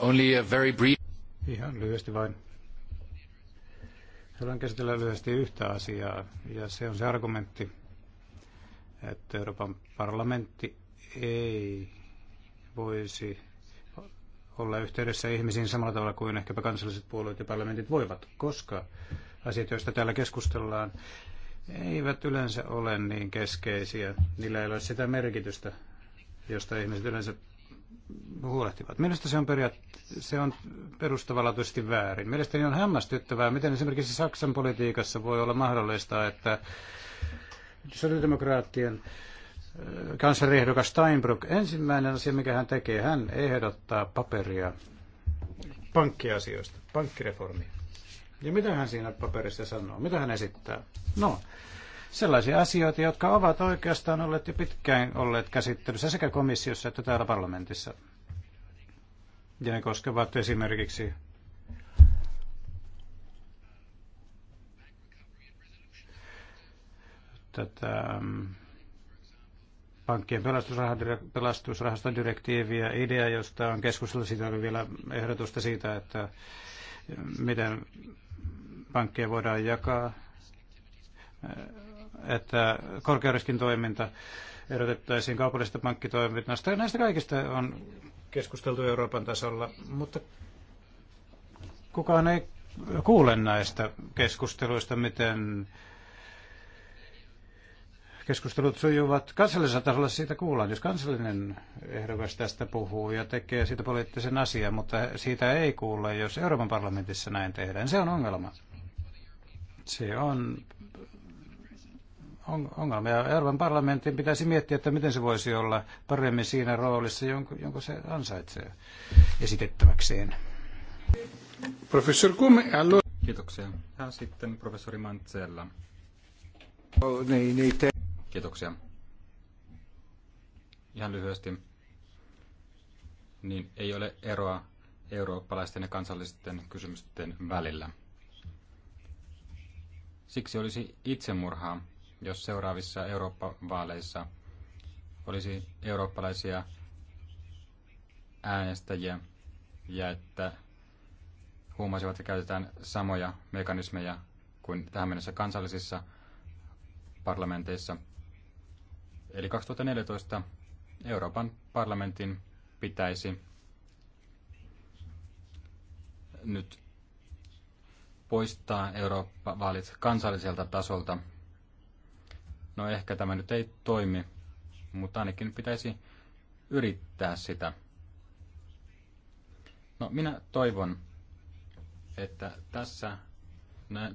Only a very brief... Ihan lyhyesti vain. Haluan käsitellä lyhyesti yhtä asiaa, ja se on se argumentti, että Euroopan parlamentti ei voisi olla yhteydessä ihmisiin samalla tavalla kuin ehkäpä kansalliset puolueet ja parlamentit voivat, koska asiat, joista täällä keskustellaan, eivät yleensä ole niin keskeisiä. Niillä ei ole sitä merkitystä, josta ihmiset yleensä huolehtivat. Minusta se on, periaat- se on perustavanlaatuisesti väärin. Mielestäni on hämmästyttävää, miten esimerkiksi Saksan politiikassa voi olla mahdollista, että sosiaalidemokraattien kansanrehdokas Steinbrück, ensimmäinen asia, mikä hän tekee, hän ehdottaa paperia pankkiasioista, pankkireformia. Ja mitä hän siinä paperissa sanoo? Mitä hän esittää? No, sellaisia asioita, jotka ovat oikeastaan olleet jo pitkään olleet käsittelyssä sekä komissiossa että täällä parlamentissa. Ja ne koskevat esimerkiksi tätä mm, pankkien pelastusrahastodirektiiviä, idea, josta on keskusteltu, siitä oli vielä ehdotusta siitä, että mm, miten pankkeja voidaan jakaa että korkeariskin toiminta erotettaisiin kaupallisesta pankkitoiminnasta. Ja näistä kaikista on keskusteltu Euroopan tasolla, mutta kukaan ei kuule näistä keskusteluista, miten keskustelut sujuvat kansallisella tasolla siitä kuullaan, jos kansallinen ehdokas tästä puhuu ja tekee siitä poliittisen asian, mutta siitä ei kuule, jos Euroopan parlamentissa näin tehdään. Se on ongelma. Se on ongelmia. Euroopan parlamentin pitäisi miettiä, että miten se voisi olla paremmin siinä roolissa, jonka se ansaitsee esitettäväkseen. Professor Kumme, Kiitoksia. Ja sitten professori Mantsella. Oh, niin, niin Kiitoksia. Ihan lyhyesti. Niin ei ole eroa eurooppalaisten ja kansallisten kysymysten välillä. Siksi olisi itsemurhaa, jos seuraavissa Eurooppa-vaaleissa olisi eurooppalaisia äänestäjiä ja että huumaisivat että käytetään samoja mekanismeja kuin tähän mennessä kansallisissa parlamenteissa. Eli 2014 Euroopan parlamentin pitäisi nyt poistaa Eurooppa-vaalit kansalliselta tasolta no ehkä tämä nyt ei toimi, mutta ainakin pitäisi yrittää sitä. No minä toivon, että tässä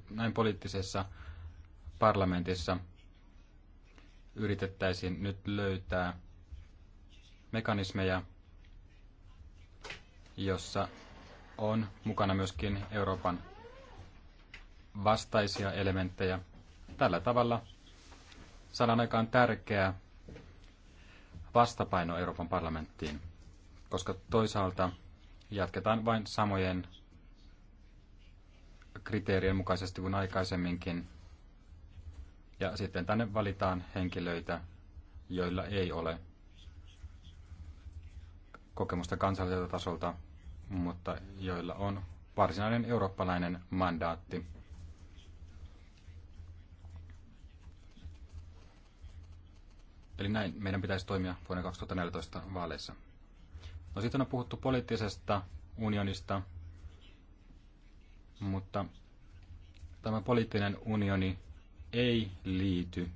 näin, poliittisessa parlamentissa yritettäisiin nyt löytää mekanismeja, jossa on mukana myöskin Euroopan vastaisia elementtejä. Tällä tavalla saadaan aikaan tärkeä vastapaino Euroopan parlamenttiin, koska toisaalta jatketaan vain samojen kriteerien mukaisesti kuin aikaisemminkin. Ja sitten tänne valitaan henkilöitä, joilla ei ole kokemusta kansalliselta tasolta, mutta joilla on varsinainen eurooppalainen mandaatti Eli näin meidän pitäisi toimia vuoden 2014 vaaleissa. No sitten on puhuttu poliittisesta unionista, mutta tämä poliittinen unioni ei liity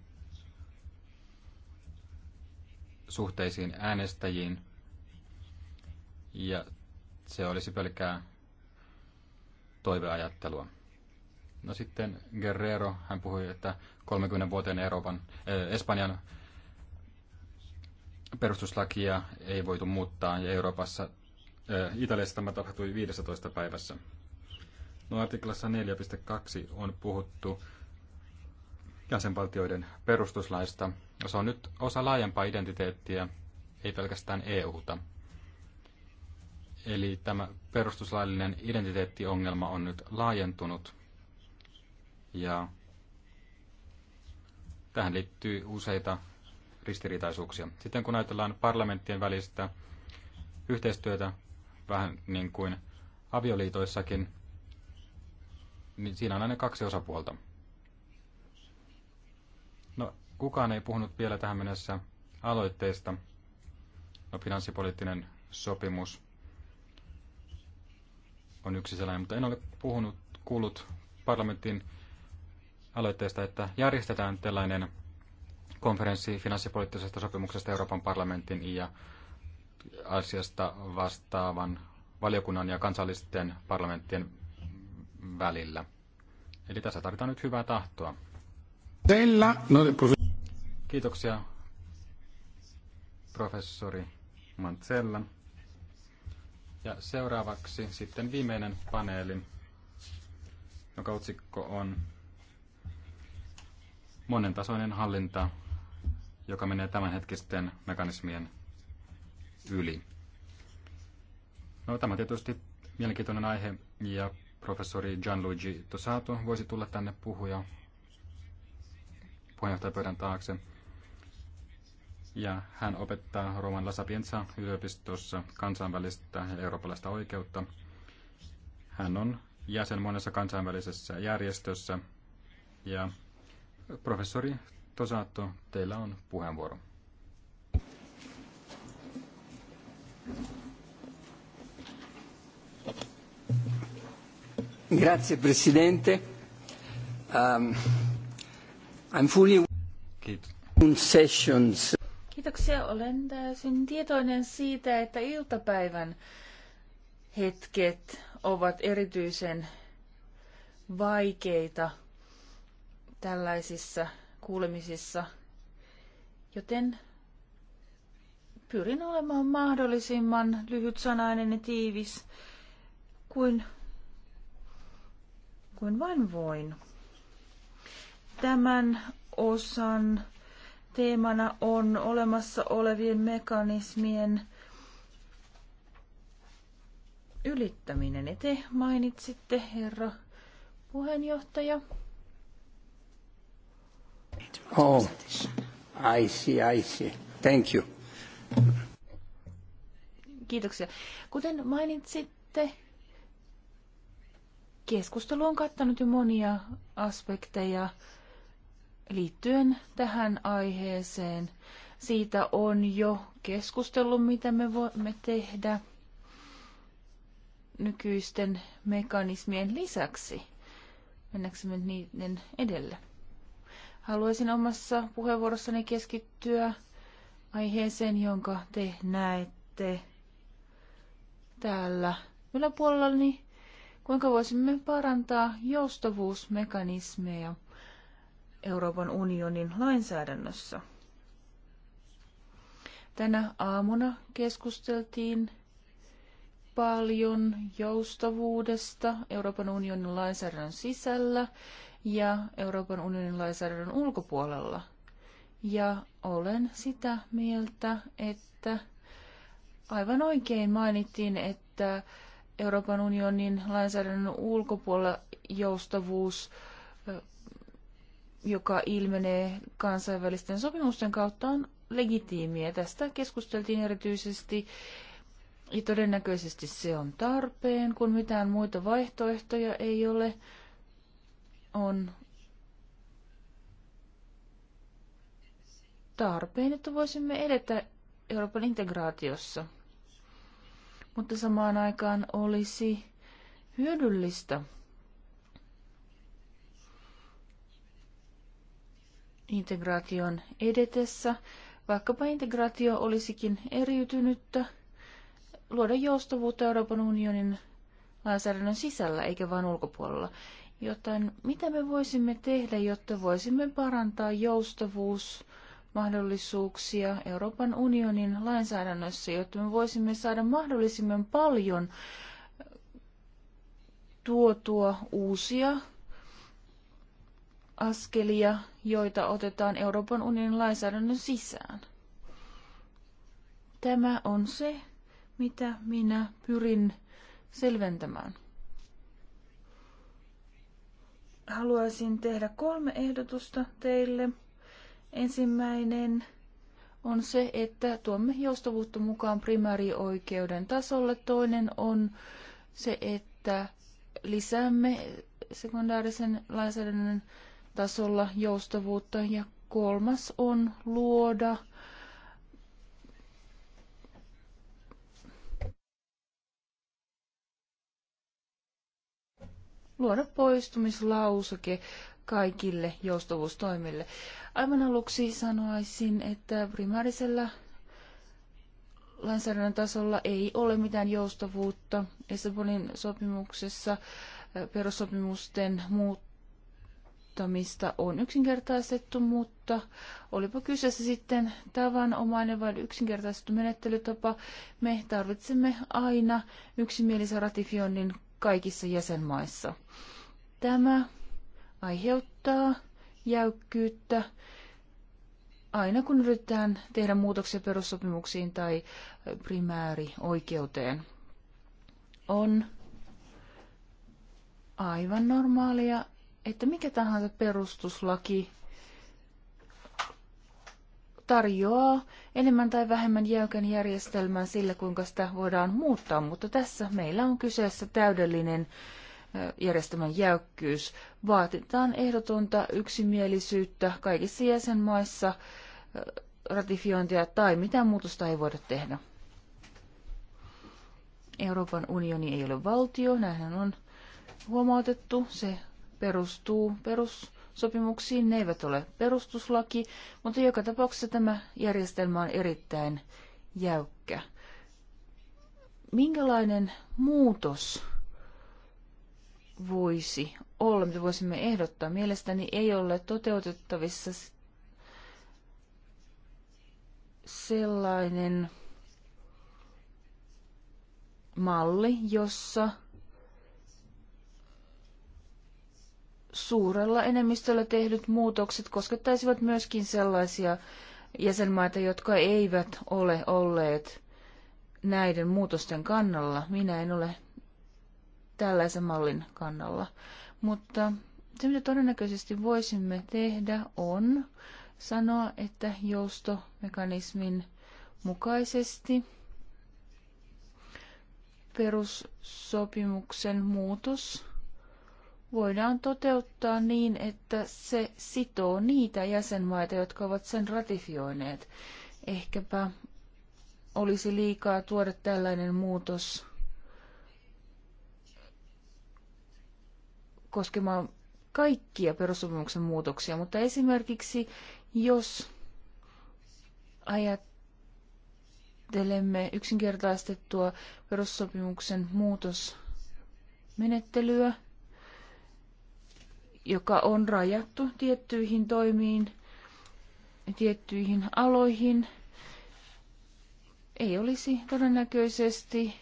suhteisiin äänestäjiin, ja se olisi pelkää toiveajattelua. No sitten Guerrero, hän puhui, että 30 vuoteen Euroopan, äh, Espanjan perustuslakia ei voitu muuttaa ja Euroopassa, äh, Italiassa tämä tapahtui 15 päivässä. No artiklassa 4.2 on puhuttu jäsenvaltioiden perustuslaista. Se on nyt osa laajempaa identiteettiä, ei pelkästään EUta. Eli tämä perustuslaillinen identiteettiongelma on nyt laajentunut ja tähän liittyy useita ristiriitaisuuksia. Sitten kun ajatellaan parlamenttien välistä yhteistyötä, vähän niin kuin avioliitoissakin, niin siinä on aina kaksi osapuolta. No, kukaan ei puhunut vielä tähän mennessä aloitteista. No, finanssipoliittinen sopimus on yksi sellainen, mutta en ole puhunut, kuullut parlamentin aloitteesta, että järjestetään tällainen konferenssi finanssipoliittisesta sopimuksesta Euroopan parlamentin ja asiasta vastaavan valiokunnan ja kansallisten parlamenttien välillä. Eli tässä tarvitaan nyt hyvää tahtoa. No, Kiitoksia professori Mantsella. Ja seuraavaksi sitten viimeinen paneeli, jonka otsikko on monentasoinen hallinta joka menee tämänhetkisten mekanismien yli. No, tämä on tietysti mielenkiintoinen aihe ja professori Gianluigi Tosato voisi tulla tänne puhuja puheenjohtajapöydän taakse. Ja hän opettaa Roman La Sapienza yliopistossa kansainvälistä ja eurooppalaista oikeutta. Hän on jäsen monessa kansainvälisessä järjestössä ja professori Tosaatto, teillä on puheenvuoro. Grazie Presidente. Um, I'm fully sessions. Kiitoksia. Olen täysin tietoinen siitä, että iltapäivän hetket ovat erityisen vaikeita tällaisissa kuulemisissa, joten pyrin olemaan mahdollisimman lyhytsanainen ja tiivis kuin, kuin vain voin. Tämän osan teemana on olemassa olevien mekanismien ylittäminen. Ja te mainitsitte, herra puheenjohtaja, Oh, I see, I see. Thank you. Kiitoksia. Kuten mainitsitte, keskustelu on kattanut jo monia aspekteja liittyen tähän aiheeseen. Siitä on jo keskustellut, mitä me voimme tehdä nykyisten mekanismien lisäksi. Mennäänkö me niiden edelle? Haluaisin omassa puheenvuorossani keskittyä aiheeseen, jonka te näette täällä yläpuolellani. Kuinka voisimme parantaa joustavuusmekanismeja Euroopan unionin lainsäädännössä? Tänä aamuna keskusteltiin paljon joustavuudesta Euroopan unionin lainsäädännön sisällä ja Euroopan unionin lainsäädännön ulkopuolella. Ja olen sitä mieltä, että aivan oikein mainittiin, että Euroopan unionin lainsäädännön ulkopuolella joustavuus, joka ilmenee kansainvälisten sopimusten kautta, on legitiimiä. Tästä keskusteltiin erityisesti ja todennäköisesti se on tarpeen, kun mitään muita vaihtoehtoja ei ole on tarpeen, että voisimme edetä Euroopan integraatiossa. Mutta samaan aikaan olisi hyödyllistä integraation edetessä, vaikkapa integraatio olisikin eriytynyttä, luoda joustavuutta Euroopan unionin lainsäädännön sisällä eikä vain ulkopuolella. Joten mitä me voisimme tehdä, jotta voisimme parantaa joustavuusmahdollisuuksia Euroopan unionin lainsäädännössä, jotta me voisimme saada mahdollisimman paljon tuotua uusia askelia, joita otetaan Euroopan unionin lainsäädännön sisään. Tämä on se, mitä minä pyrin selventämään haluaisin tehdä kolme ehdotusta teille. Ensimmäinen on se, että tuomme joustavuutta mukaan primäärioikeuden tasolle. Toinen on se, että lisäämme sekundaarisen lainsäädännön tasolla joustavuutta. Ja kolmas on luoda luoda poistumislauseke kaikille joustavuustoimille. Aivan aluksi sanoisin, että primäärisellä lainsäädännön tasolla ei ole mitään joustavuutta. Esponin sopimuksessa perussopimusten muuttamista on yksinkertaistettu, mutta olipa kyseessä sitten tavanomainen vai yksinkertaistettu menettelytapa, me tarvitsemme aina yksimielisen ratifioinnin kaikissa jäsenmaissa. Tämä aiheuttaa jäykkyyttä aina kun yritetään tehdä muutoksia perussopimuksiin tai primäärioikeuteen. On aivan normaalia, että mikä tahansa perustuslaki tarjoaa enemmän tai vähemmän jäykän järjestelmän sille, kuinka sitä voidaan muuttaa, mutta tässä meillä on kyseessä täydellinen järjestelmän jäykkyys. Vaatitaan ehdotonta yksimielisyyttä kaikissa jäsenmaissa, ratifiointia tai mitään muutosta ei voida tehdä. Euroopan unioni ei ole valtio, näinhän on huomautettu. Se perustuu perus sopimuksiin. Ne eivät ole perustuslaki, mutta joka tapauksessa tämä järjestelmä on erittäin jäykkä. Minkälainen muutos voisi olla, mitä voisimme ehdottaa? Mielestäni ei ole toteutettavissa sellainen malli, jossa – suurella enemmistöllä tehdyt muutokset koskettaisivat myöskin sellaisia jäsenmaita, jotka eivät ole olleet näiden muutosten kannalla. Minä en ole tällaisen mallin kannalla. Mutta se, mitä todennäköisesti voisimme tehdä, on sanoa, että joustomekanismin mukaisesti perussopimuksen muutos voidaan toteuttaa niin, että se sitoo niitä jäsenmaita, jotka ovat sen ratifioineet. Ehkäpä olisi liikaa tuoda tällainen muutos koskemaan kaikkia perussopimuksen muutoksia, mutta esimerkiksi jos ajattelemme yksinkertaistettua perussopimuksen muutosmenettelyä, joka on rajattu tiettyihin toimiin, tiettyihin aloihin, ei olisi todennäköisesti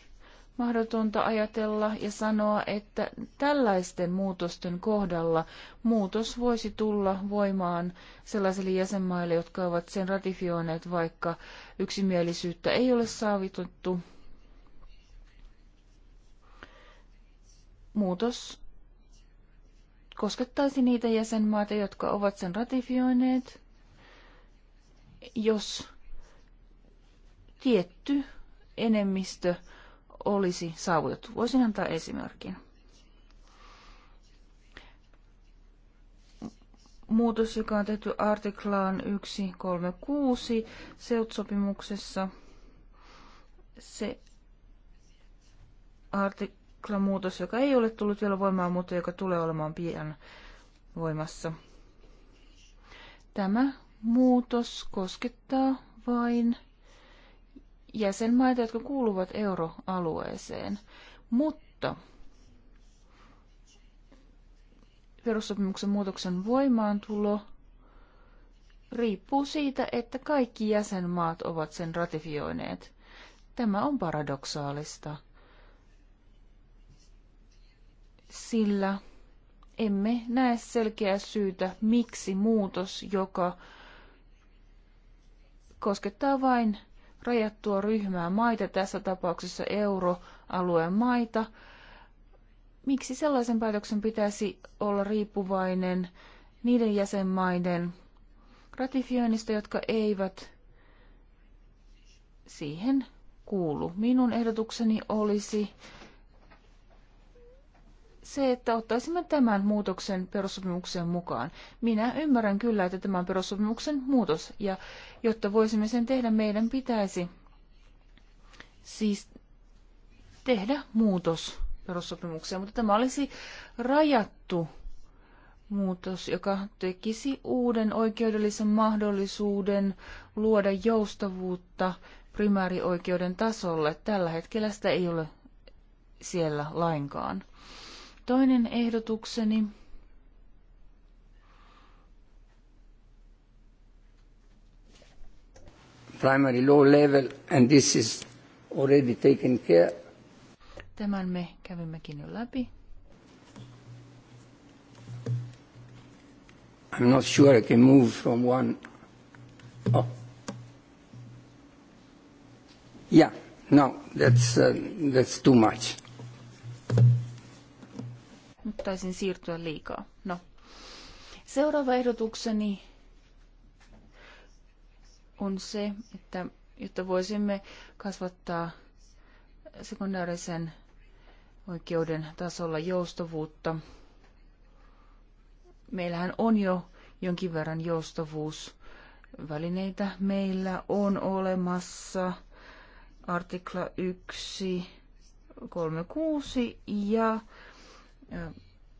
mahdotonta ajatella ja sanoa, että tällaisten muutosten kohdalla muutos voisi tulla voimaan sellaisille jäsenmaille, jotka ovat sen ratifioineet, vaikka yksimielisyyttä ei ole saavutettu. Muutos koskettaisi niitä jäsenmaita, jotka ovat sen ratifioineet, jos tietty enemmistö olisi saavutettu. Voisin antaa esimerkin. Muutos, joka on tehty artiklaan 136 seutsopimuksessa, se artik- Kla muutos, joka ei ole tullut vielä voimaan, mutta joka tulee olemaan pian voimassa. Tämä muutos koskettaa vain jäsenmaita, jotka kuuluvat euroalueeseen, mutta perussopimuksen muutoksen voimaantulo riippuu siitä, että kaikki jäsenmaat ovat sen ratifioineet. Tämä on paradoksaalista sillä emme näe selkeää syytä, miksi muutos, joka koskettaa vain rajattua ryhmää maita, tässä tapauksessa euroalueen maita, miksi sellaisen päätöksen pitäisi olla riippuvainen niiden jäsenmaiden ratifioinnista, jotka eivät siihen kuulu. Minun ehdotukseni olisi se, että ottaisimme tämän muutoksen perussopimuksen mukaan. Minä ymmärrän kyllä, että tämä on perussopimuksen muutos, ja jotta voisimme sen tehdä, meidän pitäisi siis tehdä muutos perussopimukseen, mutta tämä olisi rajattu muutos, joka tekisi uuden oikeudellisen mahdollisuuden luoda joustavuutta primäärioikeuden tasolle. Tällä hetkellä sitä ei ole siellä lainkaan. Toinen ehdotukseni primary law level and this is already taken care. Tämän me kävimmekin jo läpi. I'm not sure I can move from one. Oh. Yeah, no, that's, uh, that's too much. Nyt taisin siirtyä liikaa. No. Seuraava ehdotukseni on se, että jotta voisimme kasvattaa sekundaarisen oikeuden tasolla joustavuutta. Meillähän on jo jonkin verran joustavuusvälineitä. Meillä on olemassa artikla 1, 36 ja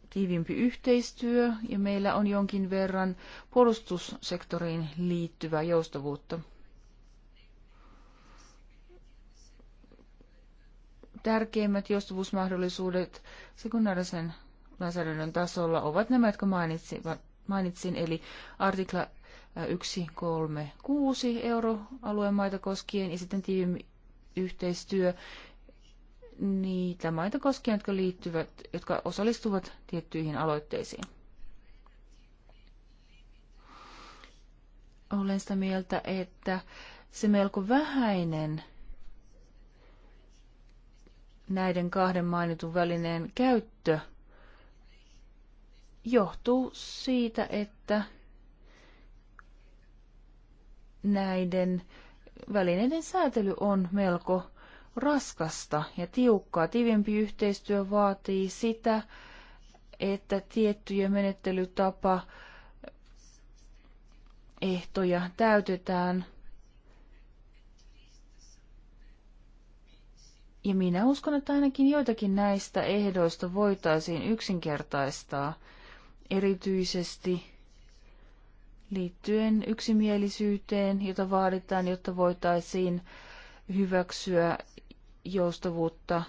tiiviimpi yhteistyö ja meillä on jonkin verran puolustussektoriin liittyvää joustavuutta. Tärkeimmät joustavuusmahdollisuudet sekundaarisen lainsäädännön tasolla ovat nämä, jotka mainitsin, eli artikla 136 euroalueen maita koskien ja sitten tiiviimpi yhteistyö niitä maita koskien, jotka liittyvät, jotka osallistuvat tiettyihin aloitteisiin. Olen sitä mieltä, että se melko vähäinen näiden kahden mainitun välineen käyttö johtuu siitä, että näiden välineiden säätely on melko raskasta ja tiukkaa. Tiivimpi yhteistyö vaatii sitä, että tiettyjä menettelytapa ehtoja täytetään. Ja minä uskon, että ainakin joitakin näistä ehdoista voitaisiin yksinkertaistaa, erityisesti liittyen yksimielisyyteen, jota vaaditaan, jotta voitaisiin hyväksyä joustavuutta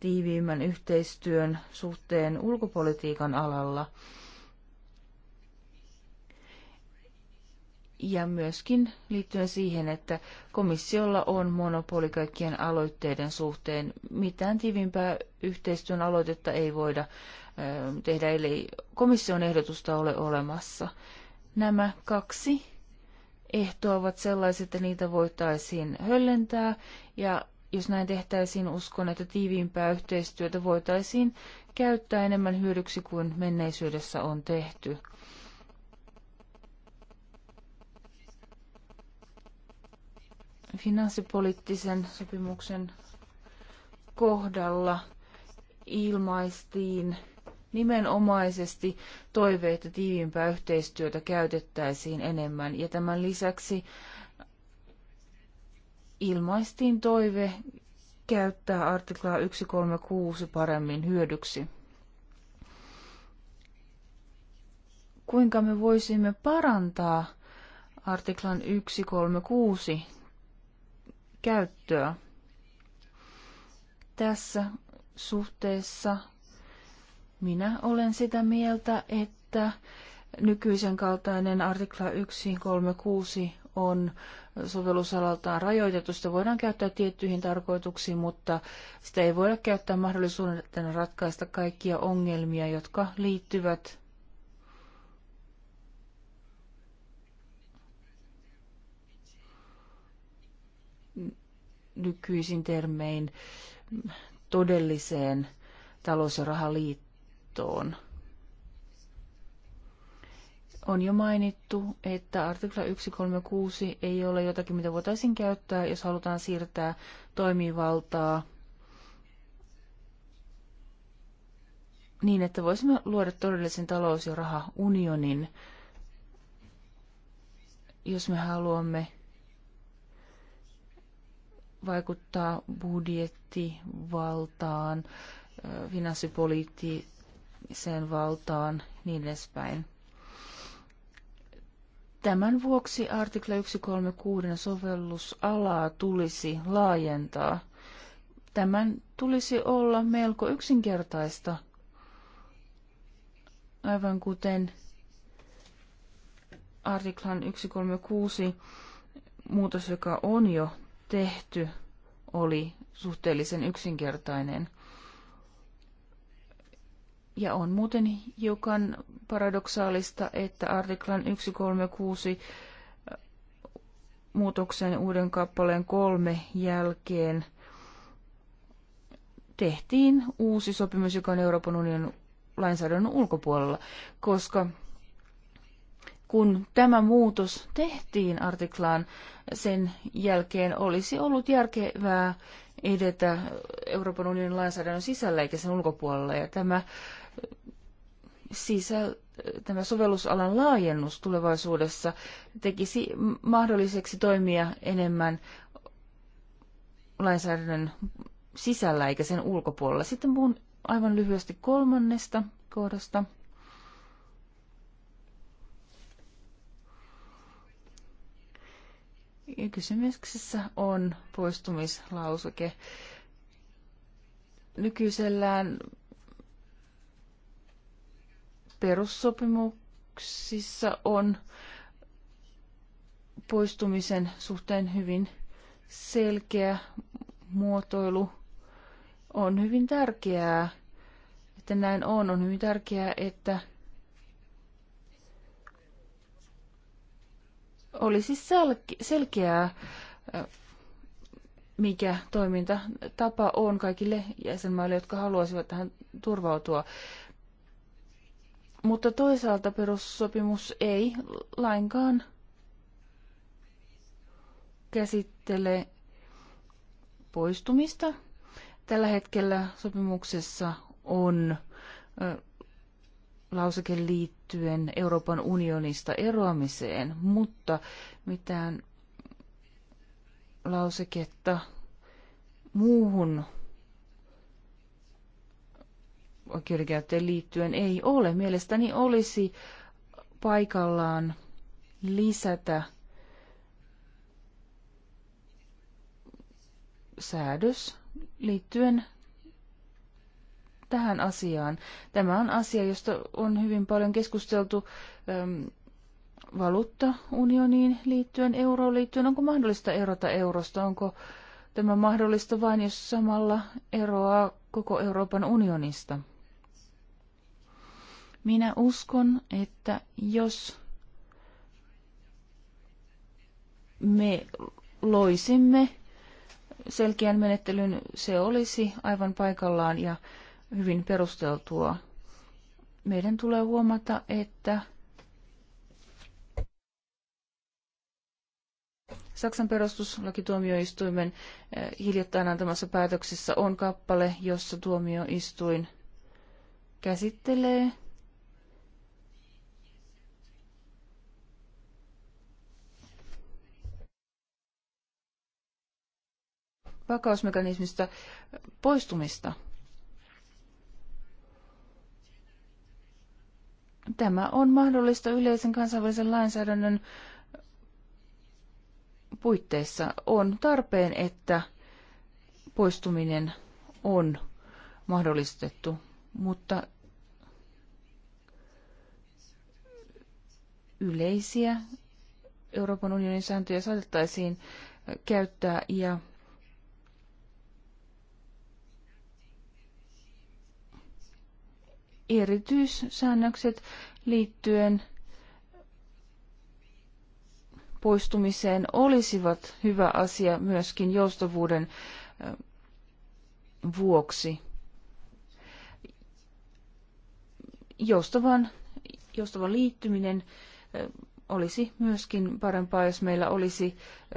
tiiviimmän yhteistyön suhteen ulkopolitiikan alalla. Ja myöskin liittyen siihen, että komissiolla on monopoli kaikkien aloitteiden suhteen. Mitään tiivimpää yhteistyön aloitetta ei voida tehdä, eli komission ehdotusta ole olemassa. Nämä kaksi ehtoa ovat sellaiset, että niitä voitaisiin höllentää ja jos näin tehtäisiin, uskon, että tiiviimpää yhteistyötä voitaisiin käyttää enemmän hyödyksi kuin menneisyydessä on tehty. Finanssipoliittisen sopimuksen kohdalla ilmaistiin nimenomaisesti toive, että tiiviimpää yhteistyötä käytettäisiin enemmän. Ja tämän lisäksi ilmaistiin toive käyttää artiklaa 136 paremmin hyödyksi. Kuinka me voisimme parantaa artiklan 136 käyttöä? Tässä suhteessa minä olen sitä mieltä, että nykyisen kaltainen artikla 136 on sovellusalaltaan rajoitettu. Sitä voidaan käyttää tiettyihin tarkoituksiin, mutta sitä ei voida käyttää mahdollisuuden ratkaista kaikkia ongelmia, jotka liittyvät nykyisin termein todelliseen talous- ja rahaliittoon kattoon. On jo mainittu, että artikla 136 ei ole jotakin, mitä voitaisiin käyttää, jos halutaan siirtää toimivaltaa niin, että voisimme luoda todellisen talous- ja rahaunionin, jos me haluamme vaikuttaa budjettivaltaan, finanssipoliitti, sen valtaan, niin edespäin. Tämän vuoksi artikla 136 sovellusalaa tulisi laajentaa. Tämän tulisi olla melko yksinkertaista, aivan kuten artiklan 136 muutos, joka on jo tehty, oli suhteellisen yksinkertainen – ja on muuten hiukan paradoksaalista, että artiklan 136 äh, muutoksen uuden kappaleen kolme jälkeen tehtiin uusi sopimus, joka on Euroopan unionin lainsäädännön ulkopuolella, koska kun tämä muutos tehtiin artiklaan, sen jälkeen olisi ollut järkevää edetä Euroopan unionin lainsäädännön sisällä eikä sen ulkopuolella. Ja tämä sisäl, äh, tämä sovellusalan laajennus tulevaisuudessa tekisi mahdolliseksi toimia enemmän lainsäädännön sisällä eikä sen ulkopuolella. Sitten puhun aivan lyhyesti kolmannesta kohdasta. Ja kysymyksessä on poistumislauseke. Nykyisellään perussopimuksissa on poistumisen suhteen hyvin selkeä muotoilu. On hyvin tärkeää, että näin on. On hyvin tärkeää, että olisi selkeää, mikä toimintatapa on kaikille jäsenmaille, jotka haluaisivat tähän turvautua. Mutta toisaalta perussopimus ei lainkaan käsittele poistumista. Tällä hetkellä sopimuksessa on lauseke liittyen Euroopan unionista eroamiseen, mutta mitään lauseketta muuhun oikeudenkäyttöön liittyen ei ole. Mielestäni olisi paikallaan lisätä säädös liittyen tähän asiaan. Tämä on asia, josta on hyvin paljon keskusteltu äm, valuuttaunioniin liittyen, euroon liittyen. Onko mahdollista erota eurosta? Onko tämä mahdollista vain, jos samalla eroaa koko Euroopan unionista? Minä uskon, että jos me loisimme selkeän menettelyn, se olisi aivan paikallaan ja hyvin perusteltua. Meidän tulee huomata, että Saksan perustuslakituomioistuimen eh, hiljattain antamassa päätöksessä on kappale, jossa tuomioistuin käsittelee vakausmekanismista poistumista. Tämä on mahdollista yleisen kansainvälisen lainsäädännön puitteissa. On tarpeen, että poistuminen on mahdollistettu, mutta yleisiä Euroopan unionin sääntöjä saatettaisiin käyttää ja erityissäännökset liittyen poistumiseen olisivat hyvä asia myöskin joustavuuden vuoksi. Joustavan, joustava liittyminen olisi myöskin parempaa, jos meillä olisi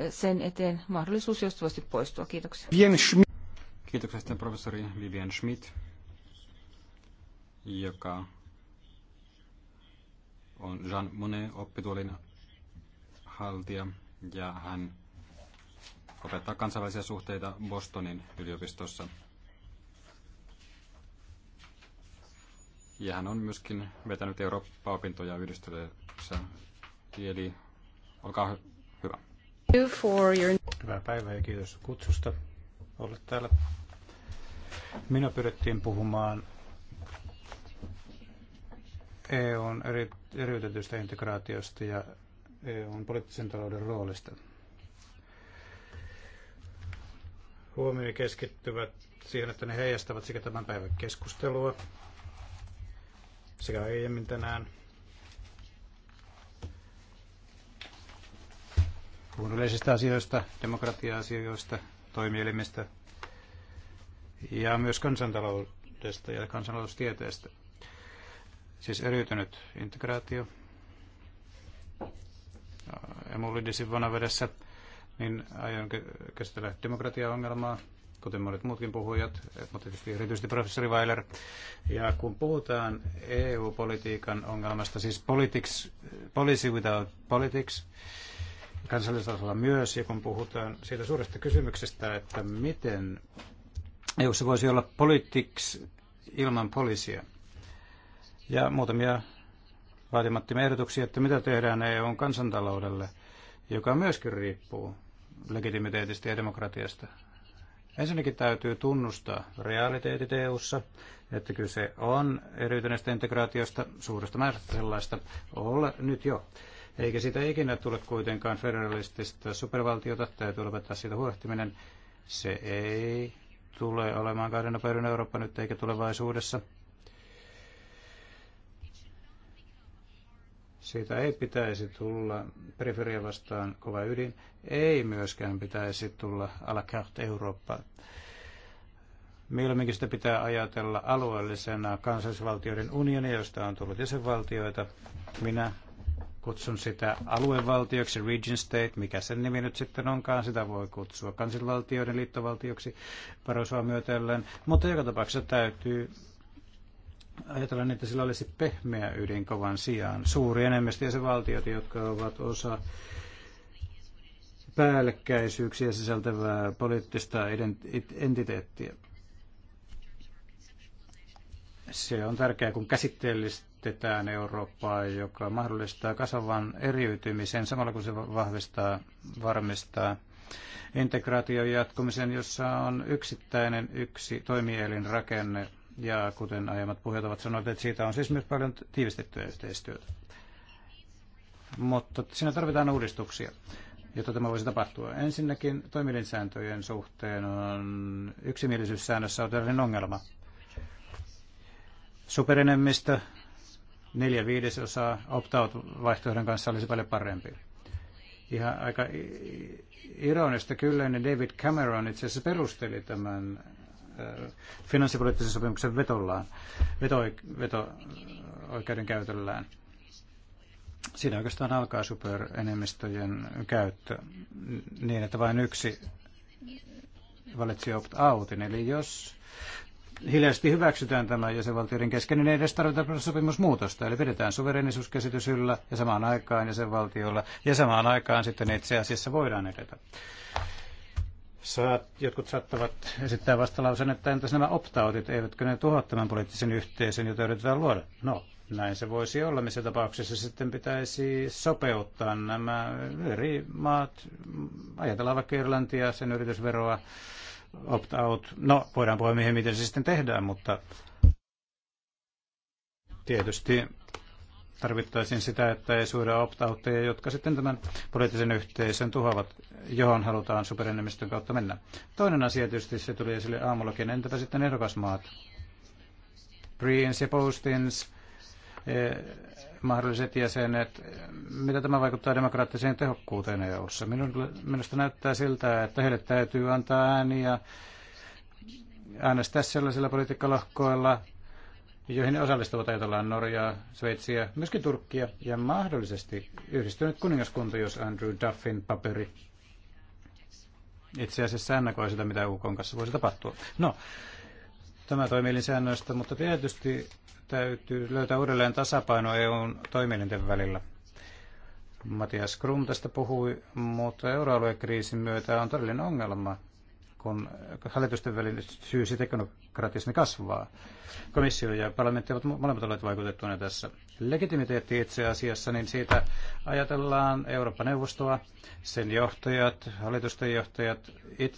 sen eteen mahdollisuus joustavasti poistua. Kiitoksia. Kiitoksia professori Vivian Schmidt joka on Jean Monnet oppituolin haltija ja hän opettaa kansainvälisiä suhteita Bostonin yliopistossa. Ja hän on myöskin vetänyt Eurooppa-opintoja yhdistyneessä. Eli olkaa hyvä. Hyvää päivää ja kiitos kutsusta olla täällä. Minä pyrittiin puhumaan EUn eri, eriytetystä integraatiosta ja EUn poliittisen talouden roolista. Huomioi keskittyvät siihen, että ne heijastavat sekä tämän päivän keskustelua sekä aiemmin tänään puhun yleisistä asioista, demokratia-asioista, toimielimistä ja myös kansantaloudesta ja kansantaloustieteestä. Siis eriytynyt integraatio Emulidisin vanavedessä, niin aion käsitellä demokratiaongelmaa, kuten monet muutkin puhujat, mutta tietysti erityisesti professori Weiler. Ja kun puhutaan EU-politiikan ongelmasta, siis politics, policy without politics, kansallisella myös, ja kun puhutaan siitä suuresta kysymyksestä, että miten EUssa voisi olla politics ilman poliisia, ja muutamia vaatimattomia ehdotuksia, että mitä tehdään EUn kansantaloudelle, joka myöskin riippuu legitimiteetistä ja demokratiasta. Ensinnäkin täytyy tunnustaa realiteetit EU:ssa, että kyse on eriytyneestä integraatiosta, suuresta määrästä sellaista, olla nyt jo. Eikä sitä ikinä tule kuitenkaan federalistista supervaltiota, täytyy lopettaa siitä huolehtiminen. Se ei tule olemaan kahden Eurooppa nyt eikä tulevaisuudessa. Siitä ei pitäisi tulla periferia vastaan kova ydin. Ei myöskään pitäisi tulla à la carte Eurooppa. Mieluummin sitä pitää ajatella alueellisena kansallisvaltioiden unionia, josta on tullut jäsenvaltioita. Minä kutsun sitä aluevaltioksi, region state, mikä sen nimi nyt sitten onkaan, sitä voi kutsua kansallisvaltioiden liittovaltioksi Parosoa myötellen, mutta joka tapauksessa täytyy ajatellaan, että sillä olisi pehmeä ydinkovan sijaan. Suuri enemmistö valtiot, jotka ovat osa päällekkäisyyksiä sisältävää poliittista entiteettiä. Se on tärkeää, kun käsitteellistetään Eurooppaa, joka mahdollistaa kasvavan eriytymisen samalla kun se vahvistaa, varmistaa integraation jatkumisen, jossa on yksittäinen yksi toimielin rakenne ja kuten aiemmat puheet ovat sanoneet, että siitä on siis myös paljon tiivistettyä yhteistyötä. Mutta siinä tarvitaan uudistuksia, jotta tämä voisi tapahtua. Ensinnäkin toimilinsääntöjen suhteen on yksimielisyyssäännössä on tällainen ongelma. Superenemmistö, neljä viidesosaa opt-out-vaihtoehdon kanssa olisi paljon parempi. Ihan aika ironista kyllä, niin David Cameron itse asiassa perusteli tämän Äh, finanssipoliittisen sopimuksen vetollaan, veto, veto käytöllään. Siinä oikeastaan alkaa superenemmistöjen käyttö niin, että vain yksi valitsi opt-outin. Eli jos hiljaisesti hyväksytään tämä jäsenvaltioiden kesken, niin ei edes tarvita sopimusmuutosta. Eli pidetään suverenisuuskäsitys yllä ja samaan aikaan jäsenvaltiolla ja samaan aikaan sitten itse asiassa voidaan edetä. Saat, jotkut saattavat esittää vastalauseen, että entäs nämä optautit, eivätkö ne tuhoa tämän poliittisen yhteisön, jota yritetään luoda? No, näin se voisi olla, missä tapauksessa sitten pitäisi sopeuttaa nämä eri maat. Ajatellaan vaikka Irlantia, sen yritysveroa, opt-out. No, voidaan puhua miten se sitten tehdään, mutta tietysti tarvittaisiin sitä, että ei suoda opt jotka sitten tämän poliittisen yhteisön tuhoavat, johon halutaan superenemmistön kautta mennä. Toinen asia tietysti, se tuli esille aamullakin, entäpä sitten ehdokasmaat? preens ja postins, eh, mahdolliset jäsenet, mitä tämä vaikuttaa demokraattiseen tehokkuuteen EU-ssa? Minusta näyttää siltä, että heille täytyy antaa ääniä äänestää sellaisilla politiikkalahkoilla, joihin osallistuvat ajatellaan Norjaa, Sveitsiä, myöskin Turkkia ja mahdollisesti yhdistynyt kuningaskunta, jos Andrew Duffin paperi itse asiassa ennakoi sitä, mitä UK kanssa voisi tapahtua. No, tämä toimielin säännöistä, mutta tietysti täytyy löytää uudelleen tasapaino EUn toimielinten välillä. Matias Krum tästä puhui, mutta euroaluekriisin myötä on todellinen ongelma kun hallitusten välinen syysi teknokratismi kasvaa. Komissio ja parlamentti ovat molemmat olleet vaikutettuina tässä. Legitimiteetti itse asiassa, niin siitä ajatellaan Euroopan neuvostoa sen johtajat, hallitusten johtajat it,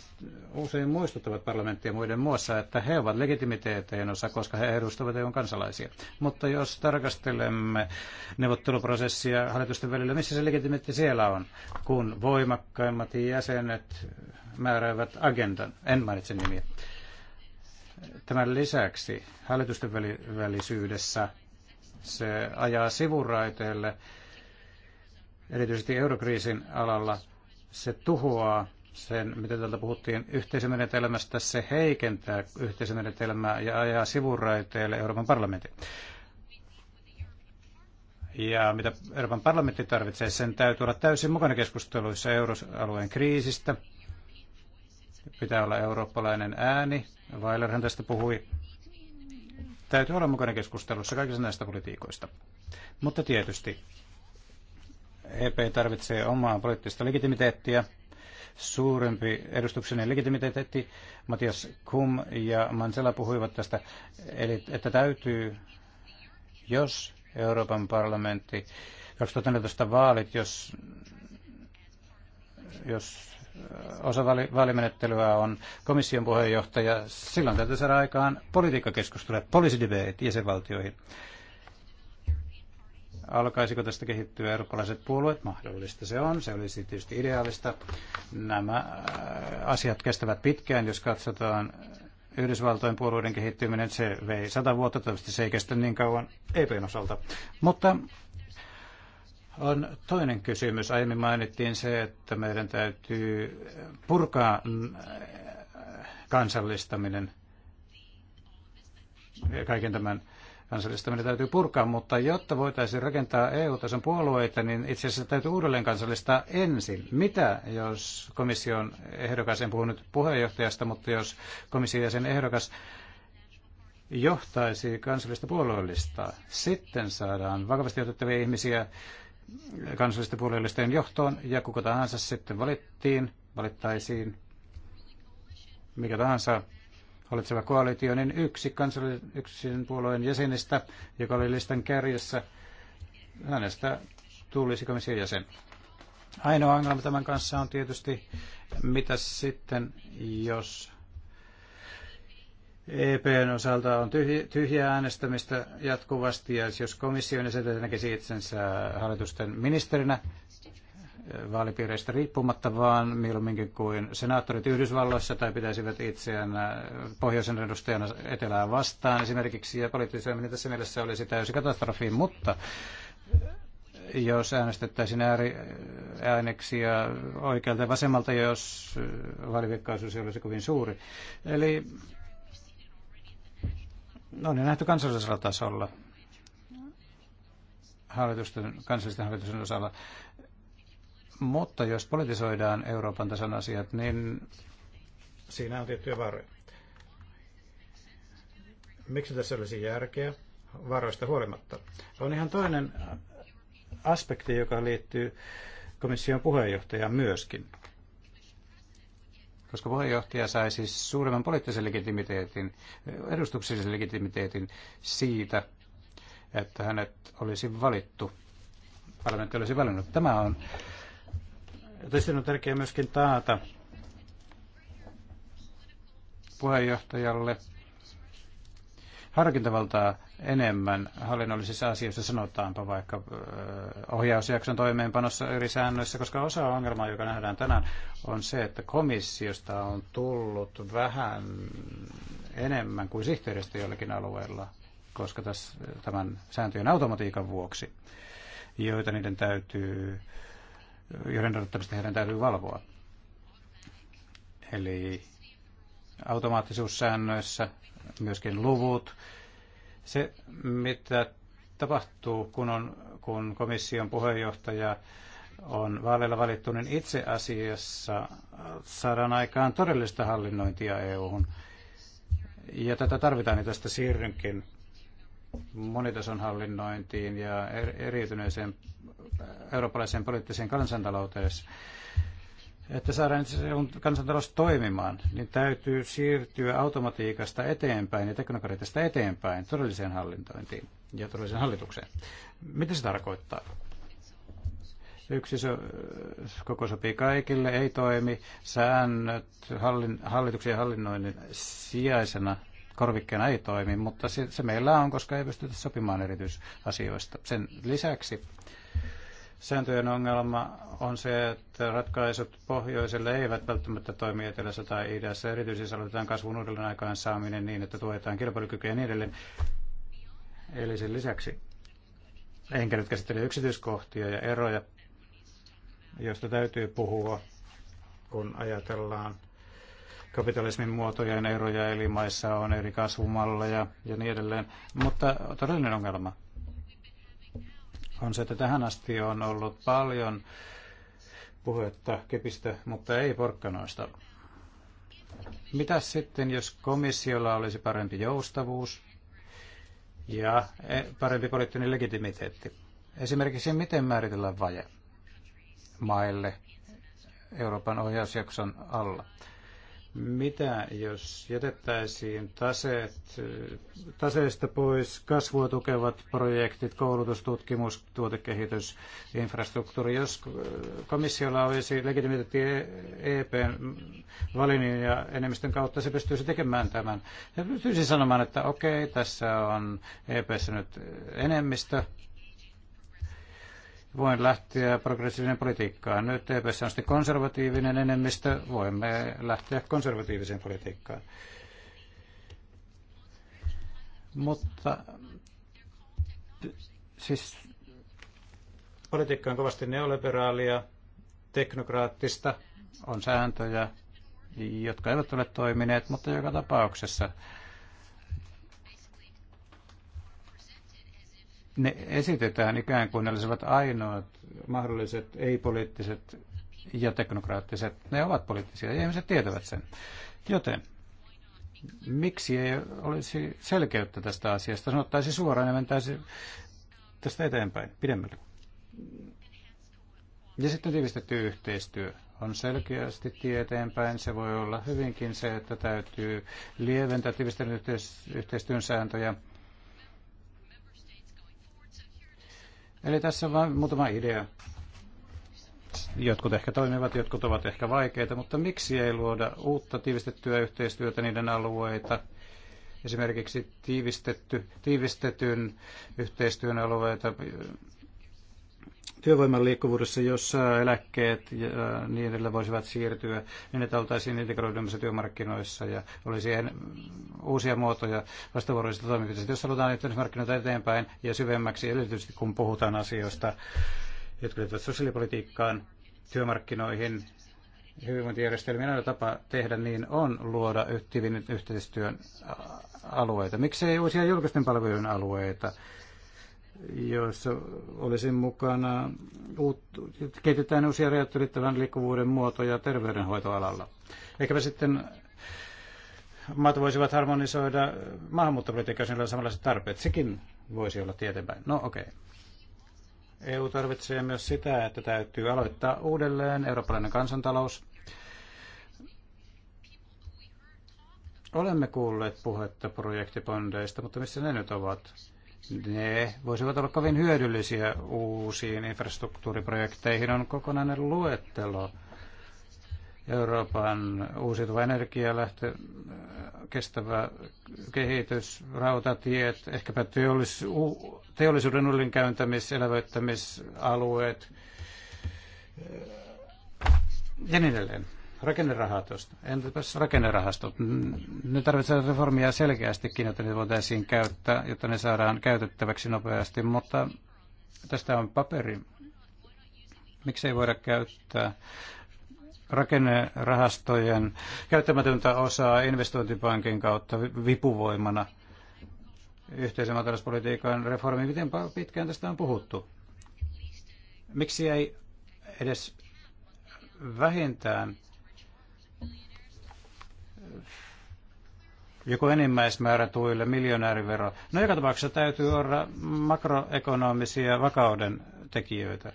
usein muistuttavat parlamenttia muiden muassa, että he ovat legitimiteeteen osa, koska he edustavat EUn kansalaisia. Mutta jos tarkastelemme neuvotteluprosessia hallitusten välillä, missä se legitimiteetti siellä on, kun voimakkaimmat jäsenet määräävät agendan. En mainitse nimiä. Tämän lisäksi hallitusten välisyydessä se ajaa sivuraiteelle, erityisesti eurokriisin alalla. Se tuhoaa sen, mitä täältä puhuttiin yhteisömenetelmästä, se heikentää yhteisömenetelmää ja ajaa sivuraiteelle Euroopan parlamentin. Ja mitä Euroopan parlamentti tarvitsee, sen täytyy olla täysin mukana keskusteluissa euroalueen kriisistä, Pitää olla eurooppalainen ääni. Weilerhän tästä puhui. Täytyy olla mukana keskustelussa kaikista näistä politiikoista. Mutta tietysti EP tarvitsee omaa poliittista legitimiteettiä, suurempi edustuksen legitimiteetti. Matias Kum ja Mansela puhuivat tästä, eli että täytyy, jos Euroopan parlamentti 2014 vaalit, jos, jos osa vaalimenettelyä on komission puheenjohtaja. Silloin täytyy saada aikaan politiikkakeskusteluja, policy debate jäsenvaltioihin. Alkaisiko tästä kehittyä eurooppalaiset puolueet? Mahdollista se on. Se olisi tietysti ideaalista. Nämä äh, asiat kestävät pitkään, jos katsotaan Yhdysvaltojen puolueiden kehittyminen. Se vei sata vuotta, toivottavasti se ei kestä niin kauan EPn osalta. Mutta on toinen kysymys. Aiemmin mainittiin se, että meidän täytyy purkaa mm, äh, kansallistaminen. Kaiken tämän kansallistaminen täytyy purkaa, mutta jotta voitaisiin rakentaa EU-tason puolueita, niin itse asiassa täytyy uudelleen kansallistaa ensin. Mitä, jos komission ehdokas, en puhu nyt puheenjohtajasta, mutta jos komission jäsen ehdokas johtaisi kansallista puolueellista, sitten saadaan vakavasti otettavia ihmisiä kansallisten puolueellisten johtoon ja kuka tahansa sitten valittiin, valittaisiin mikä tahansa hallitseva koalitio, niin yksi kansallisen puolueen jäsenistä, joka oli listan kärjessä, hänestä tulisi komission jäsen. Ainoa ongelma tämän kanssa on tietysti, mitä sitten, jos EPn osalta on tyhjää äänestämistä jatkuvasti, ja jos komission esitetään näkisi itsensä hallitusten ministerinä äh, vaalipiireistä riippumatta, vaan mieluumminkin kuin senaattorit Yhdysvalloissa tai pitäisivät itseään äh, pohjoisen edustajana etelää vastaan esimerkiksi, ja poliittisemmin niin tässä mielessä olisi täysi katastrofi, mutta äh, jos äänestettäisiin ääri, oikealta ja vasemmalta, jos vaalivikkaisuus olisi kovin suuri. Eli No, on jo nähty kansallisella tasolla hallitusten, kansallisten hallitusten osalla. Mutta jos politisoidaan Euroopan tason asiat, niin siinä on tiettyjä varoja. Miksi tässä olisi järkeä varoista huolimatta? On ihan toinen aspekti, joka liittyy komission puheenjohtajaan myöskin koska puheenjohtaja sai siis suuremman poliittisen legitimiteetin, edustuksellisen legitimiteetin siitä, että hänet olisi valittu, parlamentti olisi valinnut. Tämä on tietysti on tärkeää myöskin taata puheenjohtajalle harkintavaltaa enemmän hallinnollisissa asioissa, sanotaanpa vaikka ohjausjakson toimeenpanossa eri säännöissä, koska osa ongelmaa, joka nähdään tänään, on se, että komissiosta on tullut vähän enemmän kuin sihteeristä jollakin alueella, koska tässä, tämän sääntöjen automatiikan vuoksi, joita niiden täytyy, joiden odottamista heidän täytyy valvoa. Eli automaattisuussäännöissä myöskin luvut, se, mitä tapahtuu, kun, on, kun komission puheenjohtaja on vaaleilla valittu, niin itse asiassa saadaan aikaan todellista hallinnointia EU-hun. Ja tätä tarvitaan, niin tästä siirrynkin monitason hallinnointiin ja er, eriytyneeseen eurooppalaiseen poliittiseen kansantalouteen että saadaan kansantalous toimimaan, niin täytyy siirtyä automatiikasta eteenpäin ja teknokratiasta eteenpäin todelliseen hallintointiin ja todelliseen hallitukseen. Mitä se tarkoittaa? Yksi se äh, koko sopii kaikille, ei toimi. Säännöt hallin, hallituksen ja hallinnoinnin sijaisena korvikkeena ei toimi, mutta se, se meillä on, koska ei pystytä sopimaan erityisasioista. Sen lisäksi Sääntöjen ongelma on se, että ratkaisut pohjoiselle eivät välttämättä toimi etelässä tai idässä. Erityisesti aloitetaan kasvun uudelleen saaminen niin, että tuetaan kilpailukykyä ja niin edelleen. Eli sen lisäksi enkä nyt käsittele yksityiskohtia ja eroja, joista täytyy puhua, kun ajatellaan kapitalismin muotojen eroja, eli maissa on eri kasvumalleja ja niin edelleen. Mutta todellinen ongelma on se, että tähän asti on ollut paljon puhetta kepistä, mutta ei porkkanoista. Mitä sitten, jos komissiolla olisi parempi joustavuus ja e, parempi poliittinen legitimiteetti? Esimerkiksi miten määritellään vaje maille Euroopan ohjausjakson alla? Mitä jos jätettäisiin taseet, taseesta pois kasvua tukevat projektit, koulutus, tutkimus, tuotekehitys, infrastruktuuri? Jos komissiolla olisi legitimiteetti EPn valinnin ja enemmistön kautta, se pystyisi tekemään tämän. Se pystyisi sanomaan, että okei, tässä on EPssä nyt enemmistö, voin lähteä progressiivinen politiikkaan. Nyt EPS on sitten konservatiivinen enemmistö, voimme lähteä konservatiiviseen politiikkaan. Mutta siis politiikka on kovasti neoliberaalia, teknokraattista, on sääntöjä, jotka eivät ole toimineet, mutta joka tapauksessa ne esitetään ikään kuin ne olisivat ainoat mahdolliset ei-poliittiset ja teknokraattiset. Ne ovat poliittisia ja ihmiset tietävät sen. Joten miksi ei olisi selkeyttä tästä asiasta? Sanottaisi suoraan ja mentäisi tästä eteenpäin pidemmälle. Ja sitten tiivistetty yhteistyö on selkeästi tie eteenpäin. Se voi olla hyvinkin se, että täytyy lieventää tiivisten yhteistyön sääntöjä – Eli tässä on vain muutama idea. Jotkut ehkä toimivat, jotkut ovat ehkä vaikeita, mutta miksi ei luoda uutta tiivistettyä yhteistyötä niiden alueita? Esimerkiksi tiivistetty, tiivistetyn yhteistyön alueita työvoiman liikkuvuudessa, jossa eläkkeet ja niin edelleen voisivat siirtyä, niin että oltaisiin integroidumassa työmarkkinoissa ja olisi uusia muotoja vastavuoroisista toimenpiteistä, jos halutaan yhteismarkkinoita eteenpäin ja syvemmäksi, erityisesti kun puhutaan asioista, jotka liittyvät sosiaalipolitiikkaan, työmarkkinoihin, hyvinvointijärjestelmien aina tapa tehdä niin on luoda tiivin yhteistyön alueita. Miksei uusia julkisten palvelujen alueita? joissa olisin mukana, kehitetään uusia rajat liikkuvuuden muotoja terveydenhoitoalalla. Ehkäpä sitten maat voisivat harmonisoida jos niillä samanlaiset tarpeet. Sekin voisi olla tietenpäin. No okei. Okay. E EU tarvitsee myös sitä, että täytyy aloittaa uudelleen eurooppalainen kansantalous. Olemme kuulleet puhetta projektipondeista, mutta missä ne nyt ovat? Ne voisivat olla kovin hyödyllisiä uusiin infrastruktuuriprojekteihin. On kokonainen luettelo Euroopan uusiutuva energialähtö, kestävä kehitys, rautatiet, ehkäpä teollis, teollisuuden ja elävöittämisalueet ja niin edelleen. Rakennerahastosta. Entäpäs rakennerahastot? Ne tarvitsevat reformia selkeästikin, jotta ne voitaisiin käyttää, jotta ne saadaan käytettäväksi nopeasti, mutta tästä on paperi. Miksi ei voida käyttää rakennerahastojen käyttämätöntä osaa investointipankin kautta vipuvoimana yhteisen maatalouspolitiikan reformi? Miten pitkään tästä on puhuttu? Miksi ei edes vähintään joku enimmäismäärä tuille, miljonäärivero. No joka tapauksessa täytyy olla makroekonomisia vakauden tekijöitä.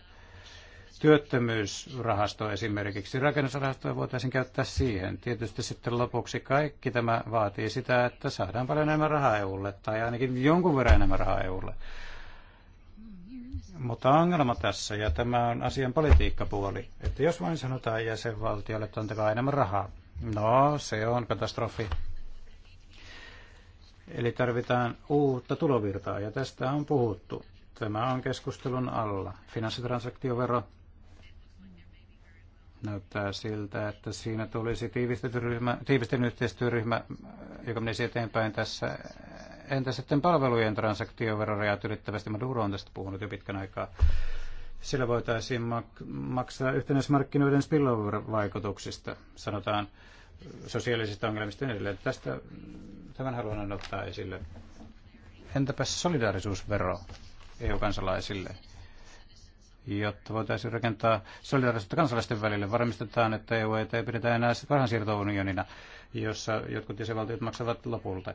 Työttömyysrahasto esimerkiksi, rakennusrahastoja voitaisiin käyttää siihen. Tietysti sitten lopuksi kaikki tämä vaatii sitä, että saadaan paljon enemmän rahaa EUlle, tai ainakin jonkun verran enemmän rahaa EUlle. Mutta ongelma tässä, ja tämä on asian politiikkapuoli, että jos vain sanotaan jäsenvaltiolle, että antakaa enemmän rahaa, No, se on katastrofi. Eli tarvitaan uutta tulovirtaa, ja tästä on puhuttu. Tämä on keskustelun alla. Finanssitransaktiovero näyttää siltä, että siinä tulisi tiivistetyn yhteistyöryhmä, joka menisi eteenpäin tässä. Entä sitten palvelujen transaktioverorajat ylittävästi? Maduro on tästä puhunut jo pitkän aikaa sillä voitaisiin mak- maksaa yhtenäismarkkinoiden spillover-vaikutuksista, sanotaan sosiaalisista ongelmista ja niin edelleen. Tästä mm, tämän haluan ottaa esille. Entäpä solidaarisuusvero EU-kansalaisille, jotta voitaisiin rakentaa solidaarisuutta kansalaisten välille? Varmistetaan, että EU e ei pidetä enää rahansiirtounionina, jossa jotkut jäsenvaltiot maksavat lopulta.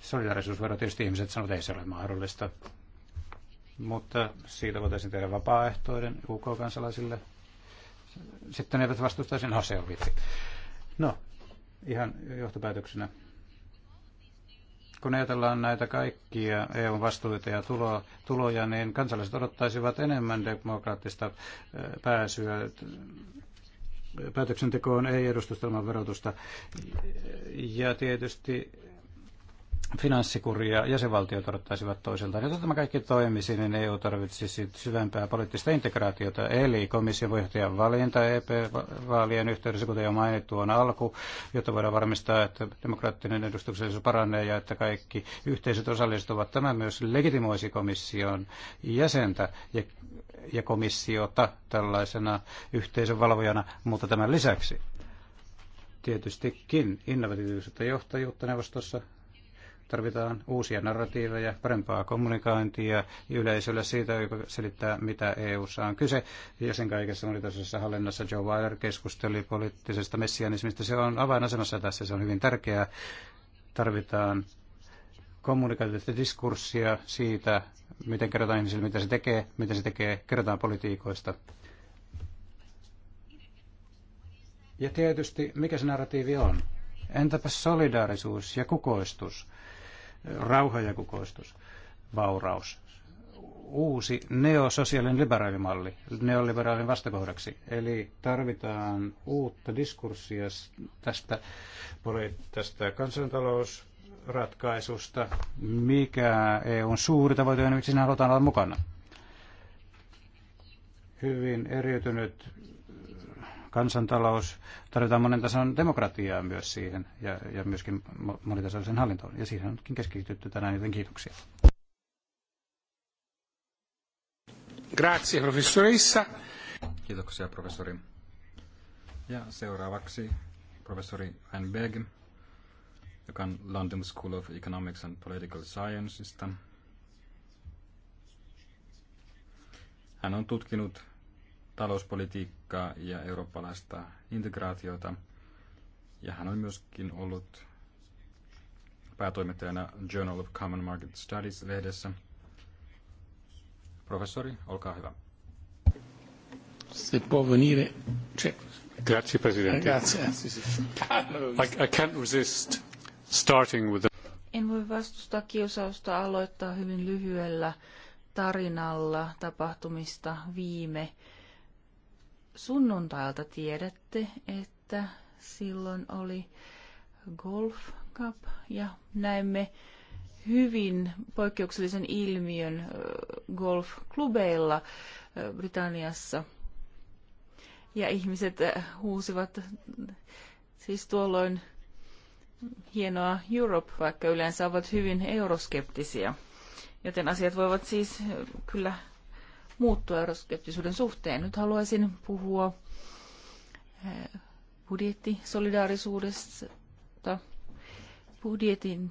Solidaarisuusvero tietysti ihmiset sanovat, että ei se ole mahdollista mutta siitä voitaisiin tehdä vapaaehtoinen UK-kansalaisille. Sitten ne eivät vastustaisi, no se on vitsi. No, ihan johtopäätöksenä. Kun ajatellaan näitä kaikkia EUn vastuita ja tuloja, niin kansalaiset odottaisivat enemmän demokraattista pääsyä päätöksentekoon ei edustustelman verotusta. Ja tietysti finanssikuria jäsenvaltiot odottaisivat toisiltaan. Jotta tämä kaikki toimisi, niin EU tarvitsisi syvempää poliittista integraatiota, eli komission voihtajan valinta EP-vaalien yhteydessä, kuten jo mainittu, on alku, jotta voidaan varmistaa, että demokraattinen edustuksellisuus paranee ja että kaikki yhteisöt osallistuvat. Tämä myös legitimoisi komission jäsentä ja, ja komissiota tällaisena yhteisön valvojana, mutta tämän lisäksi tietystikin innovatiivisuutta johtajuutta neuvostossa Tarvitaan uusia narratiiveja, parempaa kommunikointia yleisölle siitä, joka selittää, mitä EU:ssa on kyse. Ja sen kaikessa monitasoisessa hallinnassa Joe Weiler keskusteli poliittisesta messianismista. Se on avainasemassa tässä, se on hyvin tärkeää. Tarvitaan kommunikaatiivista diskurssia siitä, miten kerrotaan ihmisille, mitä se tekee, miten se tekee, kerrotaan politiikoista. Ja tietysti, mikä se narratiivi on? Entäpä solidaarisuus ja kukoistus? rauha ja kukoistus, vauraus. Uusi neososiaalinen liberaalimalli neoliberaalin vastakohdaksi. Eli tarvitaan uutta diskurssia tästä, tästä kansantalousratkaisusta, mikä EUn suuri tavoite on, miksi siinä halutaan olla mukana. Hyvin eriytynyt kansantalous, tarvitaan monen tason demokratiaa myös siihen ja, ja myöskin monitasoisen hallintoon. Ja siihen onkin keskitytty tänään, joten kiitoksia. Grazie, professorissa. Kiitoksia, professori. Ja seuraavaksi professori Anne Berg, joka on London School of Economics and Political Sciencesista. Hän on tutkinut talouspolitiikkaa ja eurooppalaista integraatiota. Ja hän on myöskin ollut päätoimittajana Journal of Common Market Studies-lehdessä. Professori, olkaa hyvä. Se può venire. Grazie Presidente. Grazie. I, I can't resist starting with the... En voi vastustaa kiusausta aloittaa hyvin lyhyellä tarinalla tapahtumista viime sunnuntailta tiedätte, että silloin oli Golf Cup ja näimme hyvin poikkeuksellisen ilmiön golfklubeilla Britanniassa. Ja ihmiset huusivat siis tuolloin hienoa Europe, vaikka yleensä ovat hyvin euroskeptisiä. Joten asiat voivat siis kyllä muuttua euroskeptisyyden suhteen. Nyt haluaisin puhua eh, budjettisolidaarisuudesta. Budjetin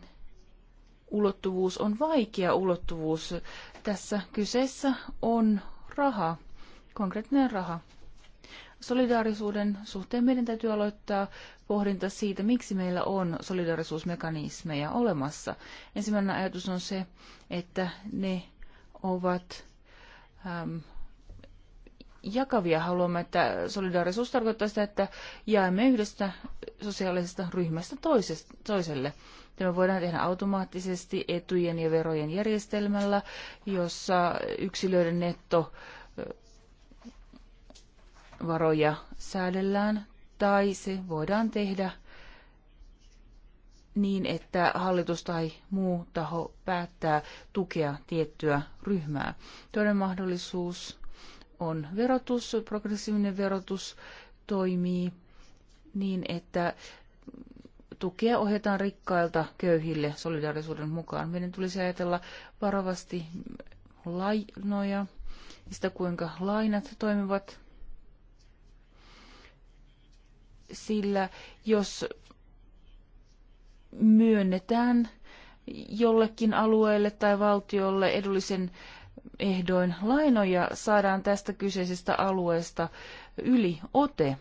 ulottuvuus on vaikea ulottuvuus. Tässä kyseessä on raha, konkreettinen raha. Solidaarisuuden suhteen meidän täytyy aloittaa pohdinta siitä, miksi meillä on solidaarisuusmekanismeja olemassa. Ensimmäinen ajatus on se, että ne ovat äm, jakavia. Haluamme, että solidaarisuus tarkoittaa sitä, että jaamme yhdestä sosiaalisesta ryhmästä toisesta, toiselle. Tämä voidaan tehdä automaattisesti etujen ja verojen järjestelmällä, jossa yksilöiden netto varoja säädellään, tai se voidaan tehdä – niin, että hallitus tai muu taho päättää tukea tiettyä ryhmää. Toinen mahdollisuus on verotus. Progressiivinen verotus toimii niin, että tukea ohjataan rikkailta köyhille solidaarisuuden mukaan. Meidän tulisi ajatella varovasti lainoja sitä, kuinka lainat toimivat. Sillä jos myönnetään jollekin alueelle tai valtiolle edullisen ehdoin lainoja, saadaan tästä kyseisestä alueesta yli ote.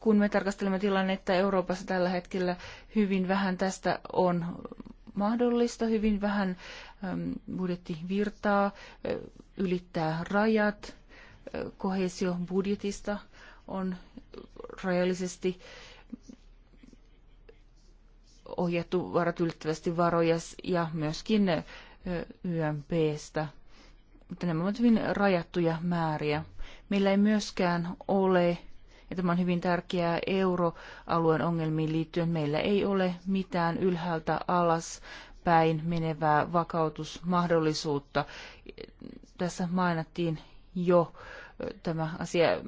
Kun me tarkastelemme tilannetta Euroopassa tällä hetkellä, hyvin vähän tästä on mahdollista, hyvin vähän budjettivirtaa, ylittää rajat, kohesio budjetista on rajallisesti ohjattu varat yllättävästi varoja ja myöskin YMPstä. Mutta nämä ovat hyvin rajattuja määriä. Meillä ei myöskään ole, ja tämä on hyvin tärkeää euroalueen ongelmiin liittyen, meillä ei ole mitään ylhäältä alas päin menevää vakautusmahdollisuutta. Tässä mainittiin jo tämä asia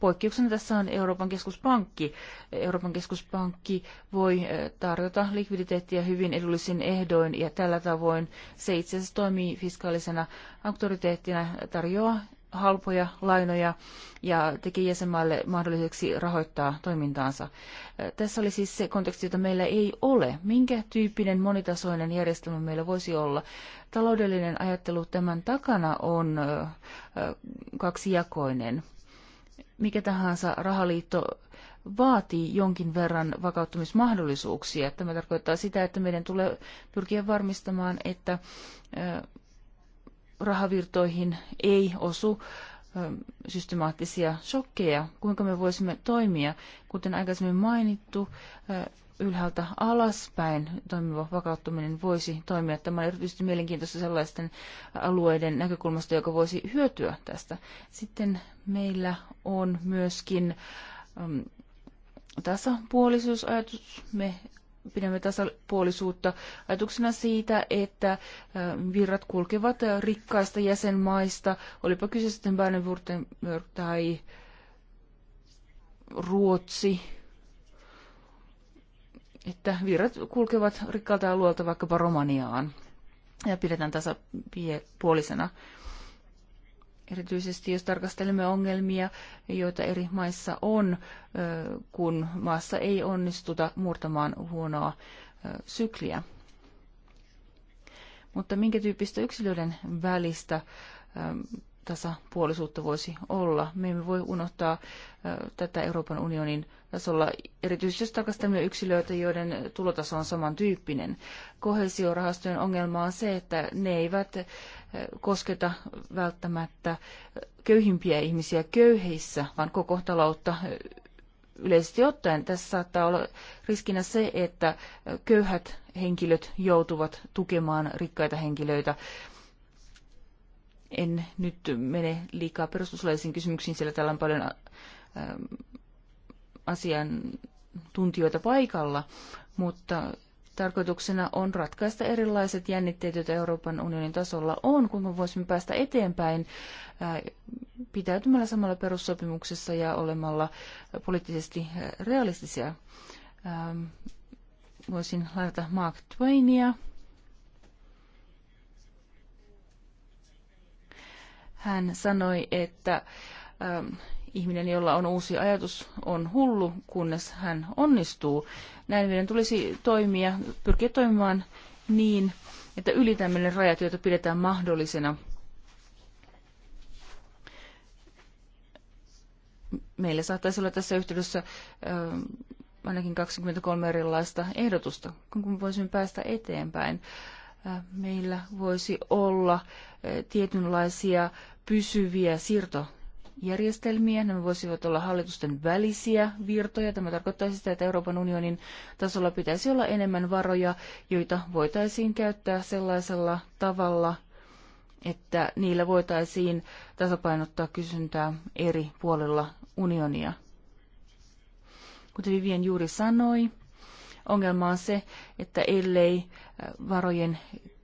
Poikkeuksena tässä on Euroopan keskuspankki. Euroopan keskuspankki voi eh, tarjota likviditeettiä hyvin edullisin ehdoin ja tällä tavoin se itse asiassa toimii fiskaalisena auktoriteettina, tarjoaa halpoja lainoja ja teki jäsenmaille mahdolliseksi rahoittaa toimintaansa. Eh, tässä oli siis se konteksti, jota meillä ei ole. Minkä tyyppinen monitasoinen järjestelmä meillä voisi olla? Taloudellinen ajattelu tämän takana on eh, kaksijakoinen mikä tahansa rahaliitto vaatii jonkin verran vakauttamismahdollisuuksia. Tämä tarkoittaa sitä, että meidän tulee pyrkiä varmistamaan, että rahavirtoihin ei osu systemaattisia shokkeja, kuinka me voisimme toimia. Kuten aikaisemmin mainittu, ylhäältä alaspäin toimiva vakauttuminen voisi toimia. Tämä on erityisesti mielenkiintoista sellaisten alueiden näkökulmasta, joka voisi hyötyä tästä. Sitten meillä on myöskin äm, mm, tasapuolisuusajatus. Me pidämme tasapuolisuutta ajatuksena siitä, että mm, virrat kulkevat rikkaista jäsenmaista, olipa kyse sitten Baden-Württemberg tai Ruotsi, että virrat kulkevat rikkaalta alueelta vaikkapa Romaniaan ja pidetään tasapuolisena. Erityisesti jos tarkastelemme ongelmia, joita eri maissa on, kun maassa ei onnistuta murtamaan huonoa sykliä. Mutta minkä tyyppistä yksilöiden välistä tasapuolisuutta voisi olla? Me emme voi unohtaa tätä Euroopan unionin tasolla, erityisesti jos tarkastelemme yksilöitä, joiden tulotaso on samantyyppinen. Kohesiorahastojen ongelma on se, että ne eivät eh, kosketa välttämättä eh, köyhimpiä ihmisiä köyheissä, vaan koko taloutta eh, yleisesti ottaen. Tässä saattaa olla riskinä se, että köyhät henkilöt joutuvat tukemaan rikkaita henkilöitä en nyt mene liikaa perustuslaisiin kysymyksiin, sillä täällä on paljon asiantuntijoita paikalla, mutta tarkoituksena on ratkaista erilaiset jännitteet, joita Euroopan unionin tasolla on, me voisimme päästä eteenpäin äh, pitäytymällä samalla perussopimuksessa ja olemalla poliittisesti realistisia. Ähm, voisin laita Mark Twainia. Hän sanoi, että ähm, ihminen, jolla on uusi ajatus, on hullu, kunnes hän onnistuu. Näin meidän tulisi toimia, pyrkiä toimimaan niin, että ylitämme rajat, joita pidetään mahdollisena. Meillä saattaisi olla tässä yhteydessä äh, ainakin 23 erilaista ehdotusta, kun me voisimme päästä eteenpäin. Äh, meillä voisi olla äh, tietynlaisia pysyviä siirto järjestelmiä. Nämä voisivat olla hallitusten välisiä virtoja. Tämä tarkoittaisi sitä, että Euroopan unionin tasolla pitäisi olla enemmän varoja, joita voitaisiin käyttää sellaisella tavalla, että niillä voitaisiin tasapainottaa kysyntää eri puolilla unionia. Kuten Vivien juuri sanoi, ongelma on se, että ellei varojen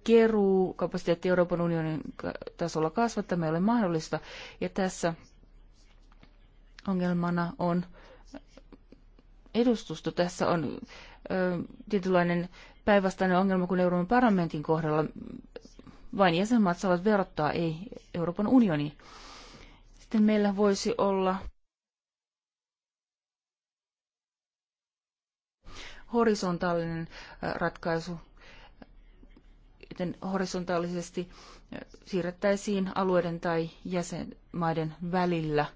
keruu kapasiteetti Euroopan unionin tasolla kasvattaa, ei ole mahdollista. Ja tässä ongelmana on edustusto. Tässä on ö, tietynlainen päinvastainen ongelma kuin Euroopan parlamentin kohdalla. Vain jäsenmaat saavat verottaa, ei Euroopan unioni. Sitten meillä voisi olla horisontaalinen ratkaisu, joten horisontaalisesti siirrettäisiin alueiden tai jäsenmaiden välillä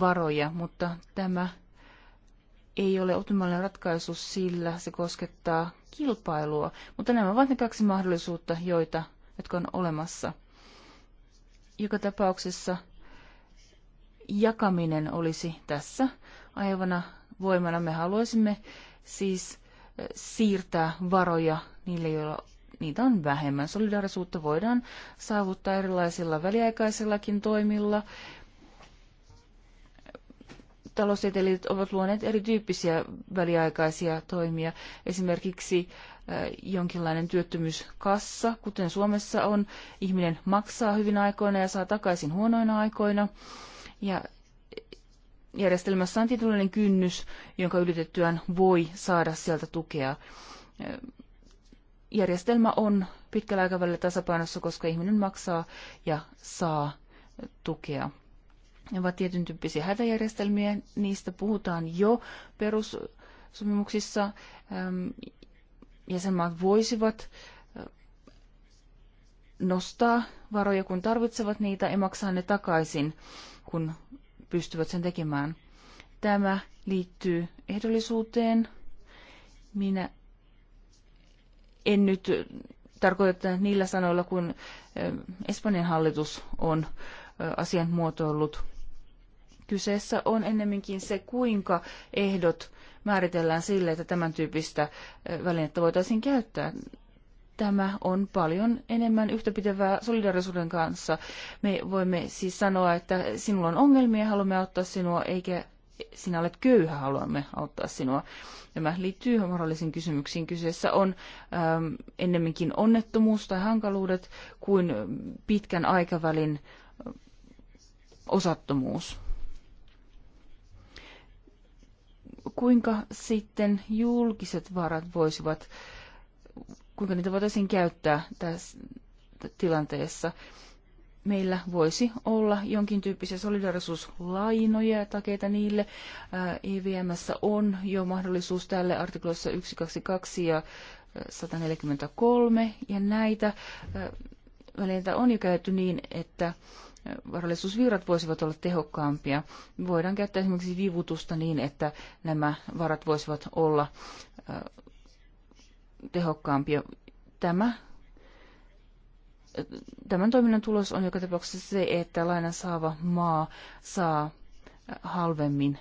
varoja, mutta tämä ei ole optimaalinen ratkaisu, sillä se koskettaa kilpailua. Mutta nämä ovat ne kaksi mahdollisuutta, joita, jotka on olemassa. Joka tapauksessa jakaminen olisi tässä aivana voimana. Me haluaisimme siis eh, siirtää varoja niille, joilla niitä on vähemmän. Solidaarisuutta voidaan saavuttaa erilaisilla väliaikaisillakin toimilla, taloustieteilijät ovat luoneet erityyppisiä väliaikaisia toimia. Esimerkiksi jonkinlainen työttömyyskassa, kuten Suomessa on. Ihminen maksaa hyvin aikoina ja saa takaisin huonoina aikoina. Ja järjestelmässä on tietynlainen kynnys, jonka ylitettyään voi saada sieltä tukea. Järjestelmä on pitkällä aikavälillä tasapainossa, koska ihminen maksaa ja saa tukea. Ne ovat tietyn tyyppisiä hätäjärjestelmiä, niistä puhutaan jo perussopimuksissa. Jäsenmaat voisivat äh, nostaa varoja, kun tarvitsevat niitä, ja maksaa ne takaisin, kun pystyvät sen tekemään. Tämä liittyy ehdollisuuteen. Minä en nyt tarkoittaa niillä sanoilla, kun äh, Espanjan hallitus on äh, asian muotoillut. Kyseessä on ennemminkin se, kuinka ehdot määritellään sille, että tämän tyyppistä välinettä voitaisiin käyttää. Tämä on paljon enemmän yhtäpitävää solidarisuuden kanssa. Me voimme siis sanoa, että sinulla on ongelmia, haluamme auttaa sinua, eikä sinä olet köyhä, haluamme auttaa sinua. Tämä liittyy moraalisiin kysymyksiin. Kyseessä on ähm, ennemminkin onnettomuus tai hankaluudet kuin pitkän aikavälin osattomuus. kuinka sitten julkiset varat voisivat, kuinka niitä voitaisiin käyttää tässä tilanteessa. Meillä voisi olla jonkin tyyppisiä solidarisuuslainoja ja takeita niille. EVMssä e on jo mahdollisuus tälle artikloissa 122 ja 143, ja näitä välineitä on jo käyty niin, että varallisuusvirrat voisivat olla tehokkaampia. Voidaan käyttää esimerkiksi vivutusta niin, että nämä varat voisivat olla tehokkaampia. Tämä, tämän toiminnan tulos on joka tapauksessa se, että lainan saava maa saa halvemmin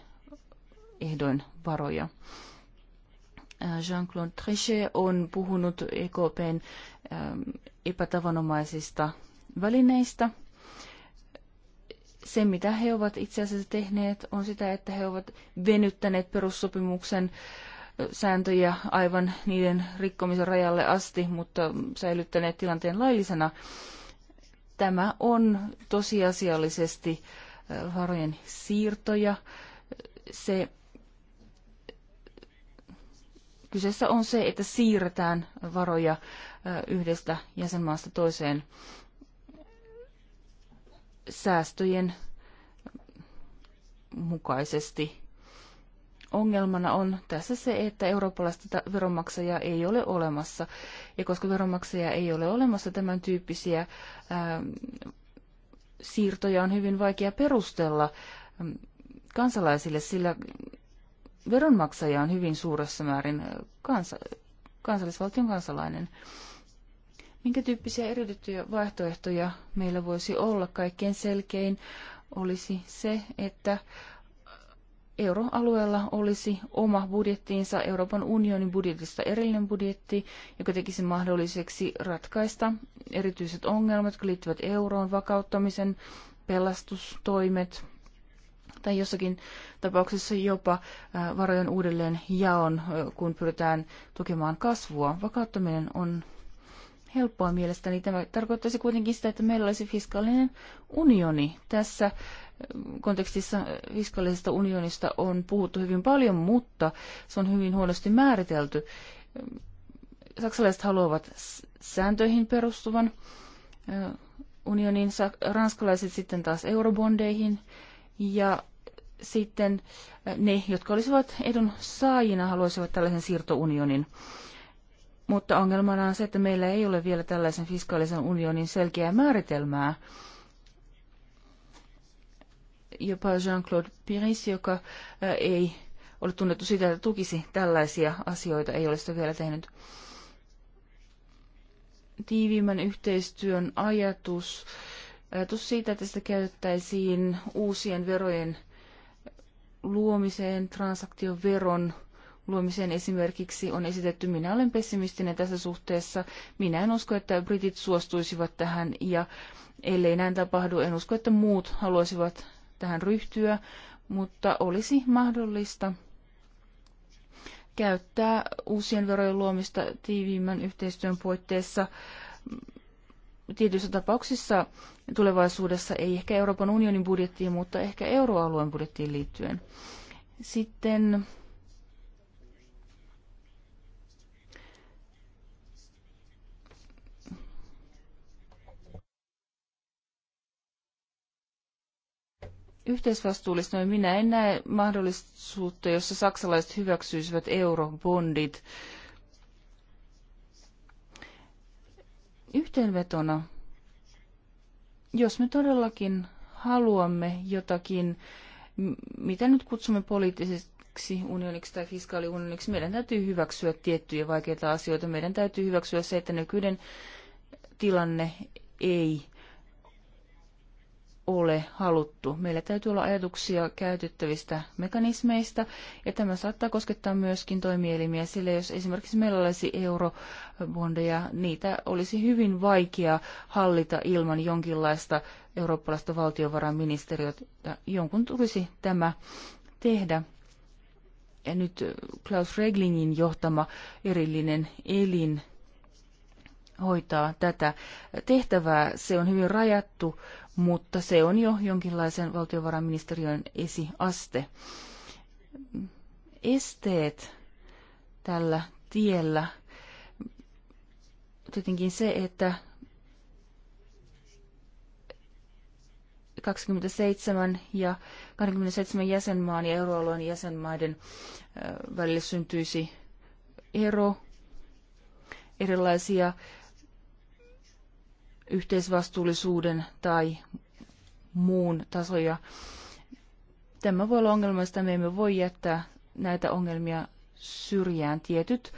ehdoin varoja. Jean-Claude Trichet on puhunut EKPn epätavanomaisista välineistä – se, mitä he ovat itse asiassa tehneet, on sitä, että he ovat venyttäneet perussopimuksen sääntöjä aivan niiden rikkomisen rajalle asti, mutta säilyttäneet tilanteen laillisena. Tämä on tosiasiallisesti varojen siirtoja. Se kyseessä on se, että siirretään varoja yhdestä jäsenmaasta toiseen säästöjen mukaisesti. Ongelmana on tässä se, että eurooppalaista veronmaksajaa ei ole olemassa. Ja koska veronmaksajaa ei ole olemassa, tämän tyyppisiä ää, ähm, siirtoja on hyvin vaikea perustella ähm, kansalaisille, sillä veronmaksaja on hyvin suuressa määrin kansa, kansallisvaltion kansalainen. Minkä tyyppisiä eriytettyjä vaihtoehtoja meillä voisi olla? Kaikkein selkein olisi se, että euroalueella olisi oma budjettiinsa, Euroopan unionin budjetista erillinen budjetti, joka tekisi mahdolliseksi ratkaista erityiset ongelmat, jotka liittyvät euroon, vakauttamisen, pelastustoimet tai jossakin tapauksessa jopa varojen uudelleen jaon, kun pyritään tukemaan kasvua. Vakauttaminen on helppoa mielestäni. Tämä tarkoittaisi kuitenkin sitä, että meillä olisi fiskaalinen unioni. Tässä äh, kontekstissa fiskaalisesta unionista on puhuttu hyvin paljon, mutta se on hyvin huonosti määritelty. Saksalaiset haluavat sääntöihin perustuvan äh, unionin, ranskalaiset sitten taas eurobondeihin ja sitten äh, ne, jotka olisivat edun saajina, haluaisivat tällaisen siirtounionin mutta ongelmana on se, että meillä ei ole vielä tällaisen fiskaalisen unionin selkeää määritelmää. Jopa Jean-Claude Piris, joka äh, ei ole tunnettu sitä, että tukisi tällaisia asioita, ei ole sitä vielä tehnyt. Tiiviimmän yhteistyön ajatus, ajatus siitä, että sitä käytettäisiin uusien verojen luomiseen, transaktioveron veron luomiseen esimerkiksi on esitetty. Minä olen pessimistinen tässä suhteessa. Minä en usko, että britit suostuisivat tähän ja ellei näin tapahdu, en usko, että muut haluaisivat tähän ryhtyä, mutta olisi mahdollista käyttää uusien verojen luomista tiiviimmän yhteistyön puitteissa tietyissä tapauksissa tulevaisuudessa, ei ehkä Euroopan unionin budjettiin, mutta ehkä euroalueen budjettiin liittyen. Sitten yhteisvastuullista, niin minä en näe mahdollisuutta, jossa saksalaiset hyväksyisivät eurobondit. Yhteenvetona, jos me todellakin haluamme jotakin, mitä nyt kutsumme poliittiseksi unioniksi tai fiskaaliunioniksi, meidän täytyy hyväksyä tiettyjä vaikeita asioita. Meidän täytyy hyväksyä se, että nykyinen tilanne ei ole haluttu. Meillä täytyy olla ajatuksia käytettävistä mekanismeista, ja tämä saattaa koskettaa myöskin toimielimiä, sillä jos esimerkiksi meillä olisi eurobondeja, niitä olisi hyvin vaikea hallita ilman jonkinlaista eurooppalaista valtiovarainministeriötä. Jonkun tulisi tämä tehdä. Ja nyt Klaus Reglingin johtama erillinen elin hoitaa tätä tehtävää. Se on hyvin rajattu, mutta se on jo jonkinlaisen valtiovarainministeriön esiaste. Esteet tällä tiellä. Tietenkin se, että 27 ja 27 jäsenmaan ja euroalueen jäsenmaiden välille syntyisi ero, erilaisia yhteisvastuullisuuden tai muun tasoja. Tämä voi olla ongelma, me emme voi jättää näitä ongelmia syrjään. Tietyt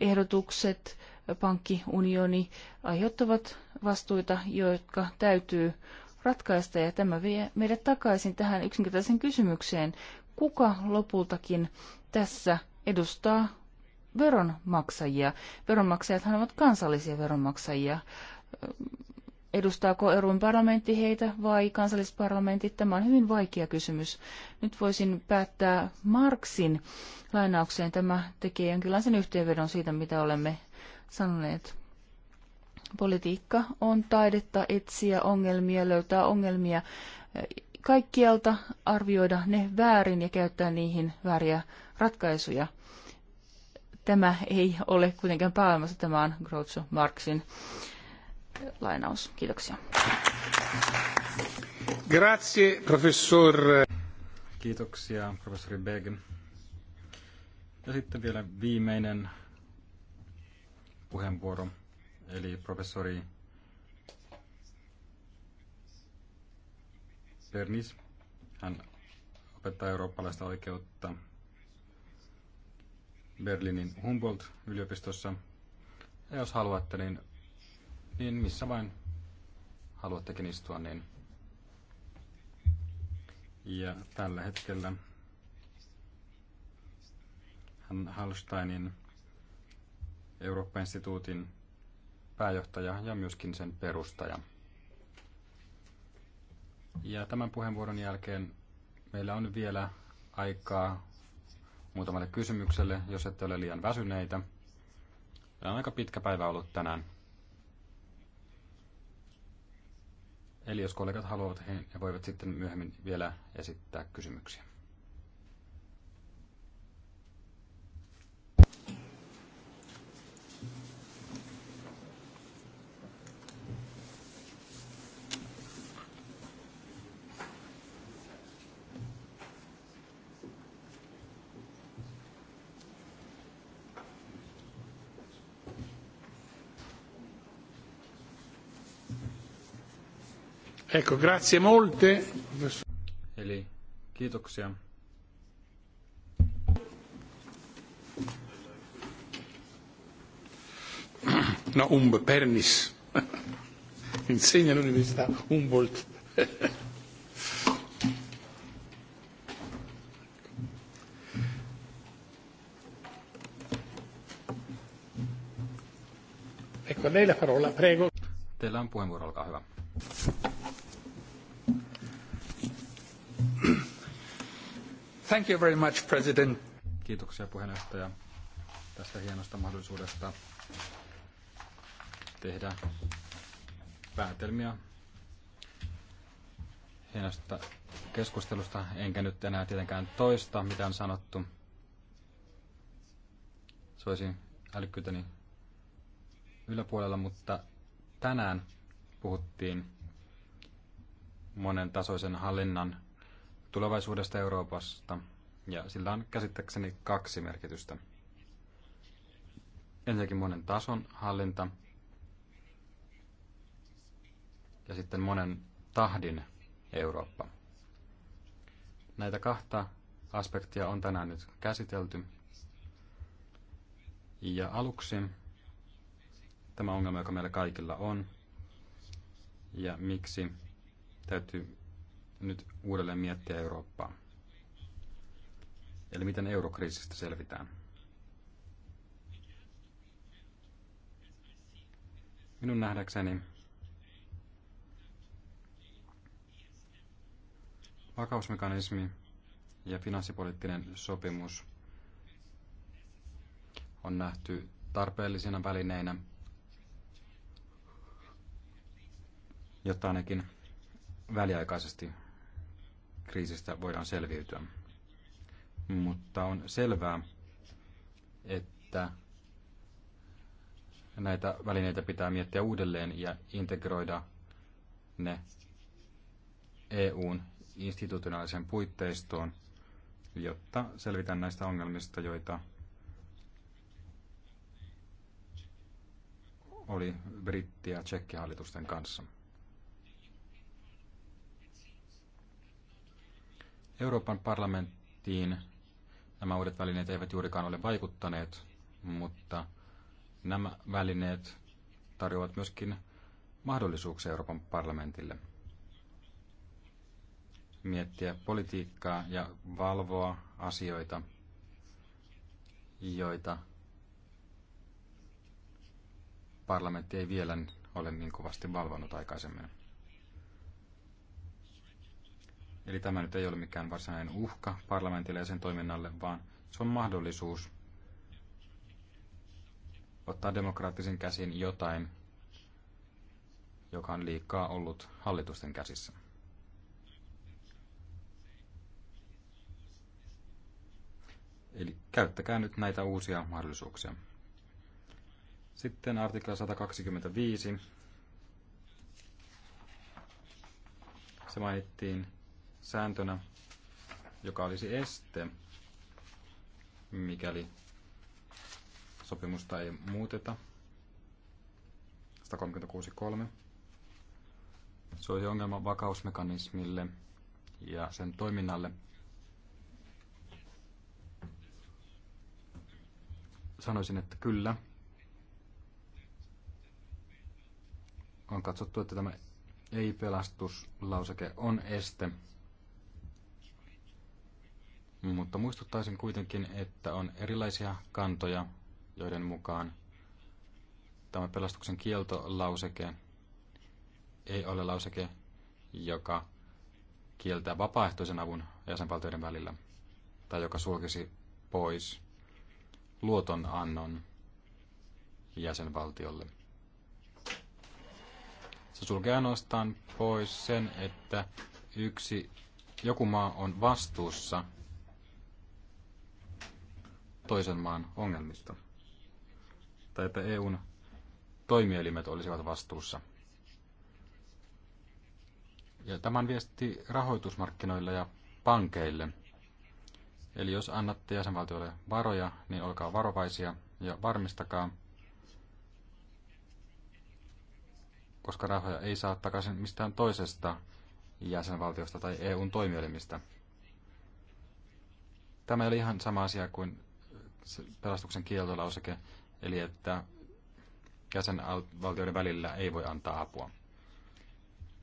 ehdotukset, pankkiunioni aiheuttavat vastuita, jotka täytyy ratkaista, ja tämä vie meidät takaisin tähän yksinkertaisen kysymykseen, kuka lopultakin tässä edustaa veronmaksajia. Veronmaksajathan ovat kansallisia veronmaksajia. Edustaako Euroopan parlamentti heitä vai kansallisparlamentit? Tämä on hyvin vaikea kysymys. Nyt voisin päättää Marksin lainaukseen. Tämä tekee jonkinlaisen yhteenvedon siitä, mitä olemme sanoneet. Politiikka on taidetta etsiä ongelmia, löytää ongelmia eh, kaikkialta, arvioida ne väärin ja käyttää niihin vääriä ratkaisuja. Tämä ei ole kuitenkaan pääomassa, tämä on Groucho Marxin Lainaus. Kiitoksia. Grazie, professor. Kiitoksia, professori Beg. Ja sitten vielä viimeinen puheenvuoro, eli professori Pernis. Hän opettaa eurooppalaista oikeutta Berliinin Humboldt-yliopistossa. Ja jos haluatte, niin niin missä vain haluattekin istua, niin. Ja tällä hetkellä hän Hallsteinin Eurooppa-instituutin pääjohtaja ja myöskin sen perustaja. Ja tämän puheenvuoron jälkeen meillä on vielä aikaa muutamalle kysymykselle, jos ette ole liian väsyneitä. Tämä on aika pitkä päivä ollut tänään. Eli jos kollegat haluavat, he voivat sitten myöhemmin vielä esittää kysymyksiä. Ecco, grazie molte. Eli kiitoksia. No, un pernis. Insegna all'università Humboldt. ecco, lei la parola, prego. Teillä on puheenvuoro, olkaa hyvä. Thank you very much, President. Kiitoksia puheenjohtaja tästä hienosta mahdollisuudesta tehdä päätelmiä hienosta keskustelusta, enkä nyt enää tietenkään toista, mitä on sanottu. Se olisi älykkyyteni yläpuolella, mutta tänään puhuttiin monen tasoisen hallinnan tulevaisuudesta Euroopasta, ja sillä on käsittääkseni kaksi merkitystä. Ensinnäkin monen tason hallinta, ja sitten monen tahdin Eurooppa. Näitä kahta aspektia on tänään nyt käsitelty. Ja aluksi tämä ongelma, joka meillä kaikilla on, ja miksi täytyy nyt uudelleen miettiä Eurooppaa. Eli miten eurokriisistä selvitään. Minun nähdäkseni vakausmekanismi ja finanssipoliittinen sopimus on nähty tarpeellisina välineinä, jotta ainakin väliaikaisesti kriisistä voidaan selviytyä. Mutta on selvää, että näitä välineitä pitää miettiä uudelleen ja integroida ne EUn institutionaaliseen puitteistoon, jotta selvitään näistä ongelmista, joita oli britti- ja tsekkihallitusten kanssa. Euroopan parlamenttiin nämä uudet välineet eivät juurikaan ole vaikuttaneet, mutta nämä välineet tarjoavat myöskin mahdollisuuksia Euroopan parlamentille miettiä politiikkaa ja valvoa asioita, joita parlamentti ei vielä ole niin kovasti valvonut aikaisemmin. Eli tämä nyt ei ole mikään varsinainen uhka parlamentille ja sen toiminnalle, vaan se on mahdollisuus ottaa demokraattisen käsin jotain, joka on liikaa ollut hallitusten käsissä. Eli käyttäkää nyt näitä uusia mahdollisuuksia. Sitten artikla 125. Se mainittiin sääntönä, joka olisi este, mikäli sopimusta ei muuteta. 136.3. Se olisi ongelma vakausmekanismille ja sen toiminnalle. Sanoisin, että kyllä. On katsottu, että tämä ei-pelastuslauseke on este mutta muistuttaisin kuitenkin, että on erilaisia kantoja, joiden mukaan tämä pelastuksen kieltolauseke ei ole lauseke, joka kieltää vapaaehtoisen avun jäsenvaltioiden välillä tai joka sulkisi pois luotonannon jäsenvaltiolle. Se sulkee ainoastaan pois sen, että yksi, joku maa on vastuussa toisen maan ongelmista. Tai että EUn toimielimet olisivat vastuussa. Ja tämän viesti rahoitusmarkkinoille ja pankeille. Eli jos annatte jäsenvaltioille varoja, niin olkaa varovaisia ja varmistakaa, koska rahoja ei saa takaisin mistään toisesta jäsenvaltiosta tai EUn toimielimistä. Tämä oli ihan sama asia kuin pelastuksen kieltolauseke, eli että jäsenvaltioiden välillä ei voi antaa apua.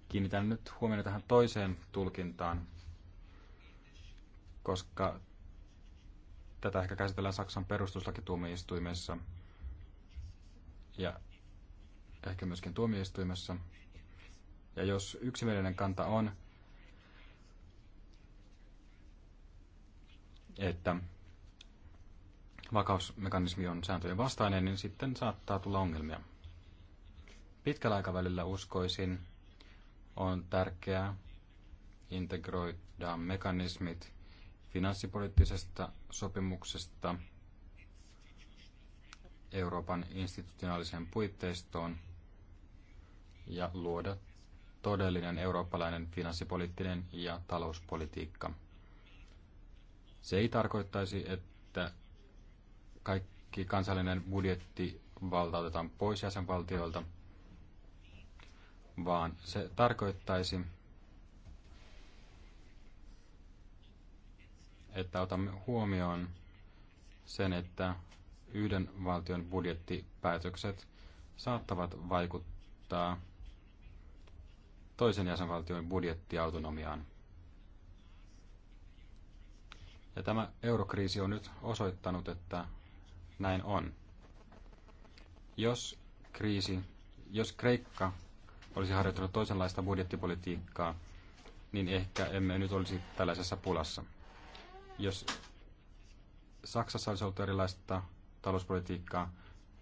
Kiinnitän nyt huomiota tähän toiseen tulkintaan, koska tätä ehkä käsitellään Saksan perustuslakituomioistuimessa ja ehkä myöskin tuomioistuimessa. Ja jos yksimielinen kanta on, että vakausmekanismi on sääntöjen vastainen, niin sitten saattaa tulla ongelmia. Pitkällä aikavälillä uskoisin on tärkeää integroida mekanismit finanssipoliittisesta sopimuksesta Euroopan institutionaaliseen puitteistoon ja luoda todellinen eurooppalainen finanssipoliittinen ja talouspolitiikka. Se ei tarkoittaisi, että kaikki kansallinen budjetti valtautetaan pois jäsenvaltioilta, vaan se tarkoittaisi, että otamme huomioon sen, että yhden valtion budjettipäätökset saattavat vaikuttaa toisen jäsenvaltion budjettiautonomiaan. Ja tämä eurokriisi on nyt osoittanut, että näin on. Jos kriisi, jos Kreikka olisi harjoittanut toisenlaista budjettipolitiikkaa, niin ehkä emme nyt olisi tällaisessa pulassa. Jos Saksassa olisi ollut erilaista talouspolitiikkaa,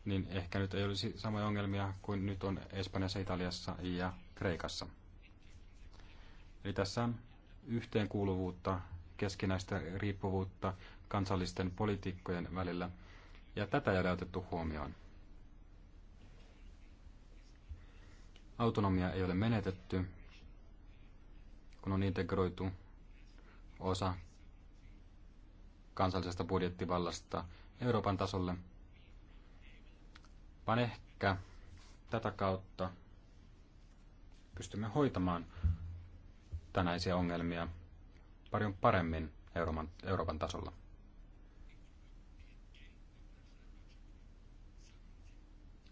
niin ehkä nyt ei olisi samoja ongelmia kuin nyt on Espanjassa, Italiassa ja Kreikassa. Eli tässä on yhteenkuuluvuutta, keskinäistä riippuvuutta kansallisten poliitikkojen välillä – ja tätä ei ole otettu huomioon. Autonomia ei ole menetetty, kun on integroitu osa kansallisesta budjettivallasta Euroopan tasolle, vaan ehkä tätä kautta pystymme hoitamaan tänäisiä ongelmia paljon paremmin Euroopan, Euroopan tasolla.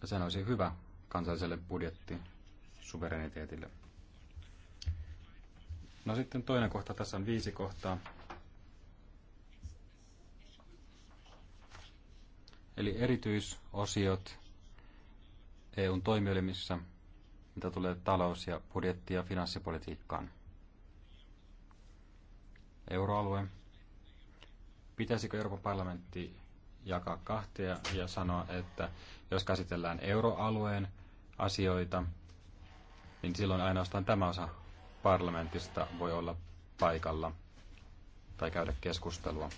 Ja sehän olisi hyvä kansalliselle suvereniteetille. No sitten toinen kohta, tässä on viisi kohtaa. Eli erityisosiot EUn toimielimissä, mitä tulee talous- ja budjetti- ja finanssipolitiikkaan. Euroalue. Pitäisikö Euroopan parlamentti jakaa kahtia ja sanoa, että jos käsitellään euroalueen asioita, niin silloin ainoastaan tämä osa parlamentista voi olla paikalla tai käydä keskustelua.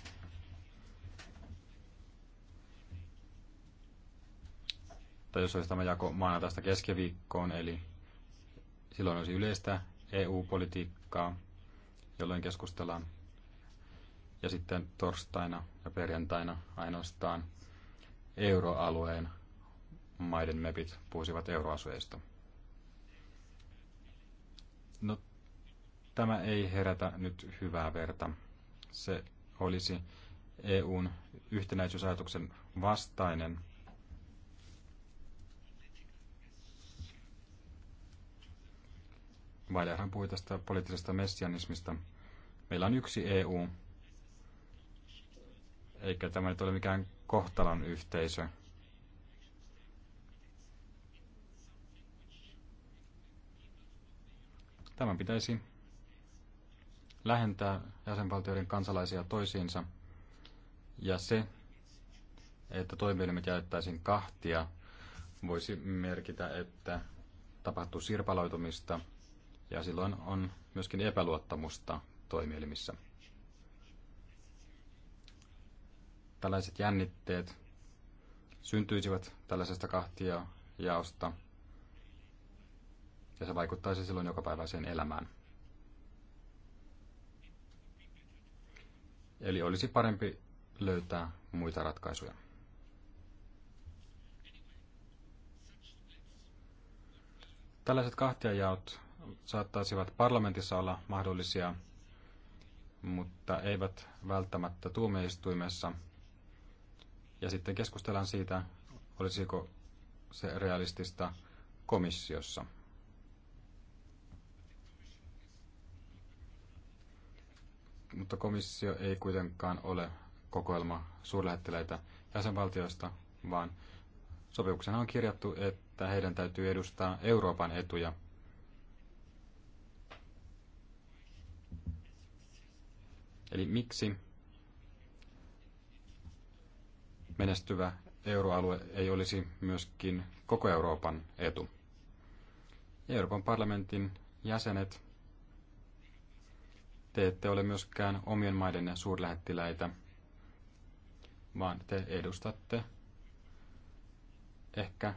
Tai jos olisi tämä jako maanantaista keskiviikkoon, eli silloin olisi yleistä EU-politiikkaa, jolloin keskustellaan ja sitten torstaina ja perjantaina ainoastaan euroalueen maiden mepit puhuisivat euroasueista. No, tämä ei herätä nyt hyvää verta. Se olisi EUn yhtenäisyysajatuksen vastainen. Vailjahan puhui tästä poliittisesta messianismista. Meillä on yksi EU, eikä tämä nyt ole mikään kohtalon yhteisö. Tämä pitäisi lähentää jäsenvaltioiden kansalaisia toisiinsa ja se, että toimielimet jaettaisiin kahtia, voisi merkitä, että tapahtuu sirpaloitumista ja silloin on myöskin epäluottamusta toimielimissä. tällaiset jännitteet syntyisivät tällaisesta kahtia jaosta, ja se vaikuttaisi silloin jokapäiväiseen elämään. Eli olisi parempi löytää muita ratkaisuja. Tällaiset kahtiajaot saattaisivat parlamentissa olla mahdollisia, mutta eivät välttämättä tuomioistuimessa – ja sitten keskustellaan siitä, olisiko se realistista komissiossa. Mutta komissio ei kuitenkaan ole kokoelma suurlähettiläitä jäsenvaltioista, vaan sopimuksena on kirjattu, että heidän täytyy edustaa Euroopan etuja. Eli miksi menestyvä euroalue ei olisi myöskin koko Euroopan etu. Euroopan parlamentin jäsenet, te ette ole myöskään omien maiden suurlähettiläitä, vaan te edustatte ehkä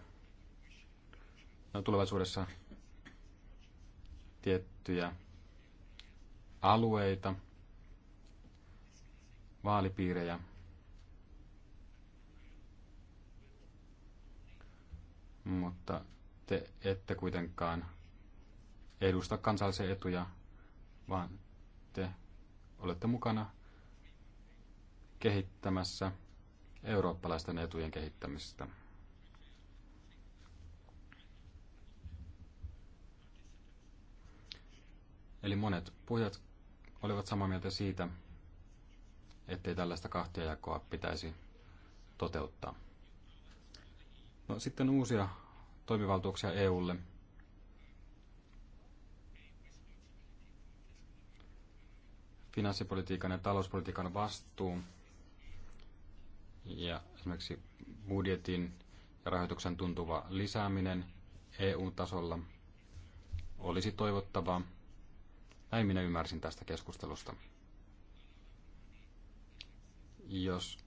no, tulevaisuudessa tiettyjä alueita, vaalipiirejä, mutta te ette kuitenkaan edusta kansallisia etuja, vaan te olette mukana kehittämässä eurooppalaisten etujen kehittämistä. Eli monet puhujat olivat samaa mieltä siitä, ettei tällaista kahtiajakoa pitäisi toteuttaa. No sitten uusia toimivaltuuksia EUlle. Finanssipolitiikan ja talouspolitiikan vastuu ja esimerkiksi budjetin ja rahoituksen tuntuva lisääminen EU-tasolla olisi toivottavaa. Näin minä ymmärsin tästä keskustelusta. Jos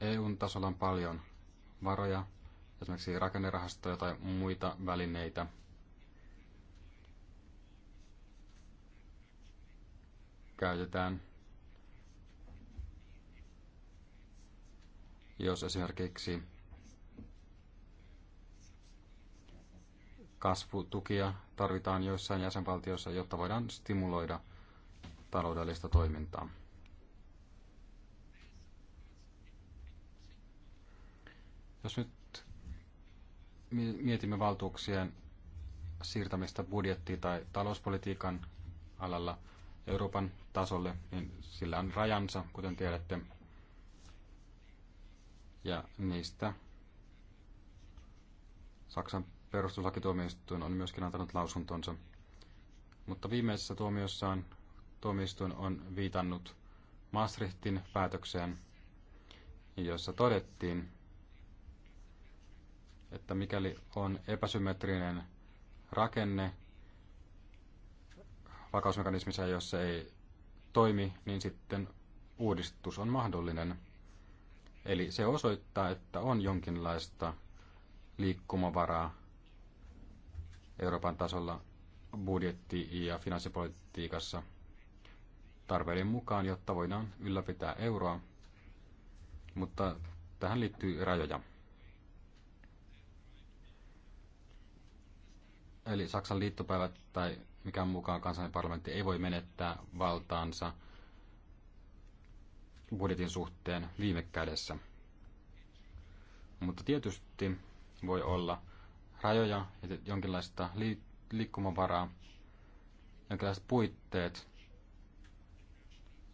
EUn tasolla on paljon varoja, esimerkiksi rakennerahastoja tai muita välineitä. Käytetään, jos esimerkiksi kasvutukia tarvitaan joissain jäsenvaltioissa, jotta voidaan stimuloida taloudellista toimintaa. Jos nyt mietimme valtuuksien siirtämistä budjetti- tai talouspolitiikan alalla Euroopan tasolle, niin sillä on rajansa, kuten tiedätte. Ja niistä Saksan perustuslakituomioistuin on myöskin antanut lausuntonsa. Mutta viimeisessä tuomiossaan tuomioistuin on viitannut Maastrichtin päätökseen, jossa todettiin, että mikäli on epäsymmetrinen rakenne vakausmekanismissa, jos se ei toimi, niin sitten uudistus on mahdollinen. Eli se osoittaa, että on jonkinlaista liikkumavaraa Euroopan tasolla budjetti- ja finanssipolitiikassa tarpeiden mukaan, jotta voidaan ylläpitää euroa, mutta tähän liittyy rajoja. Eli Saksan liittopäivät tai mikään mukaan kansallinen parlamentti ei voi menettää valtaansa budjetin suhteen viime kädessä. Mutta tietysti voi olla rajoja ja jonkinlaista liikkumavaraa, jonkinlaiset puitteet,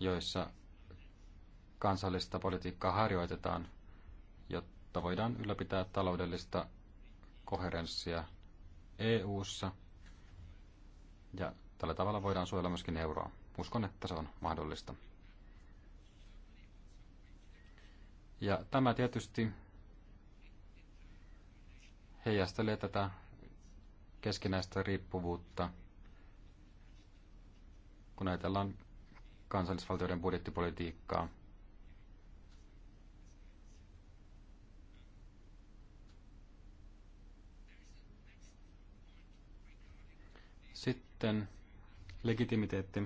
joissa kansallista politiikkaa harjoitetaan, jotta voidaan ylläpitää taloudellista koherenssia – EU:ssa ja tällä tavalla voidaan suojella myöskin euroa. Uskon, että se on mahdollista. Ja tämä tietysti heijastelee tätä keskinäistä riippuvuutta, kun ajatellaan kansallisvaltioiden budjettipolitiikkaa Sitten legitimiteetti,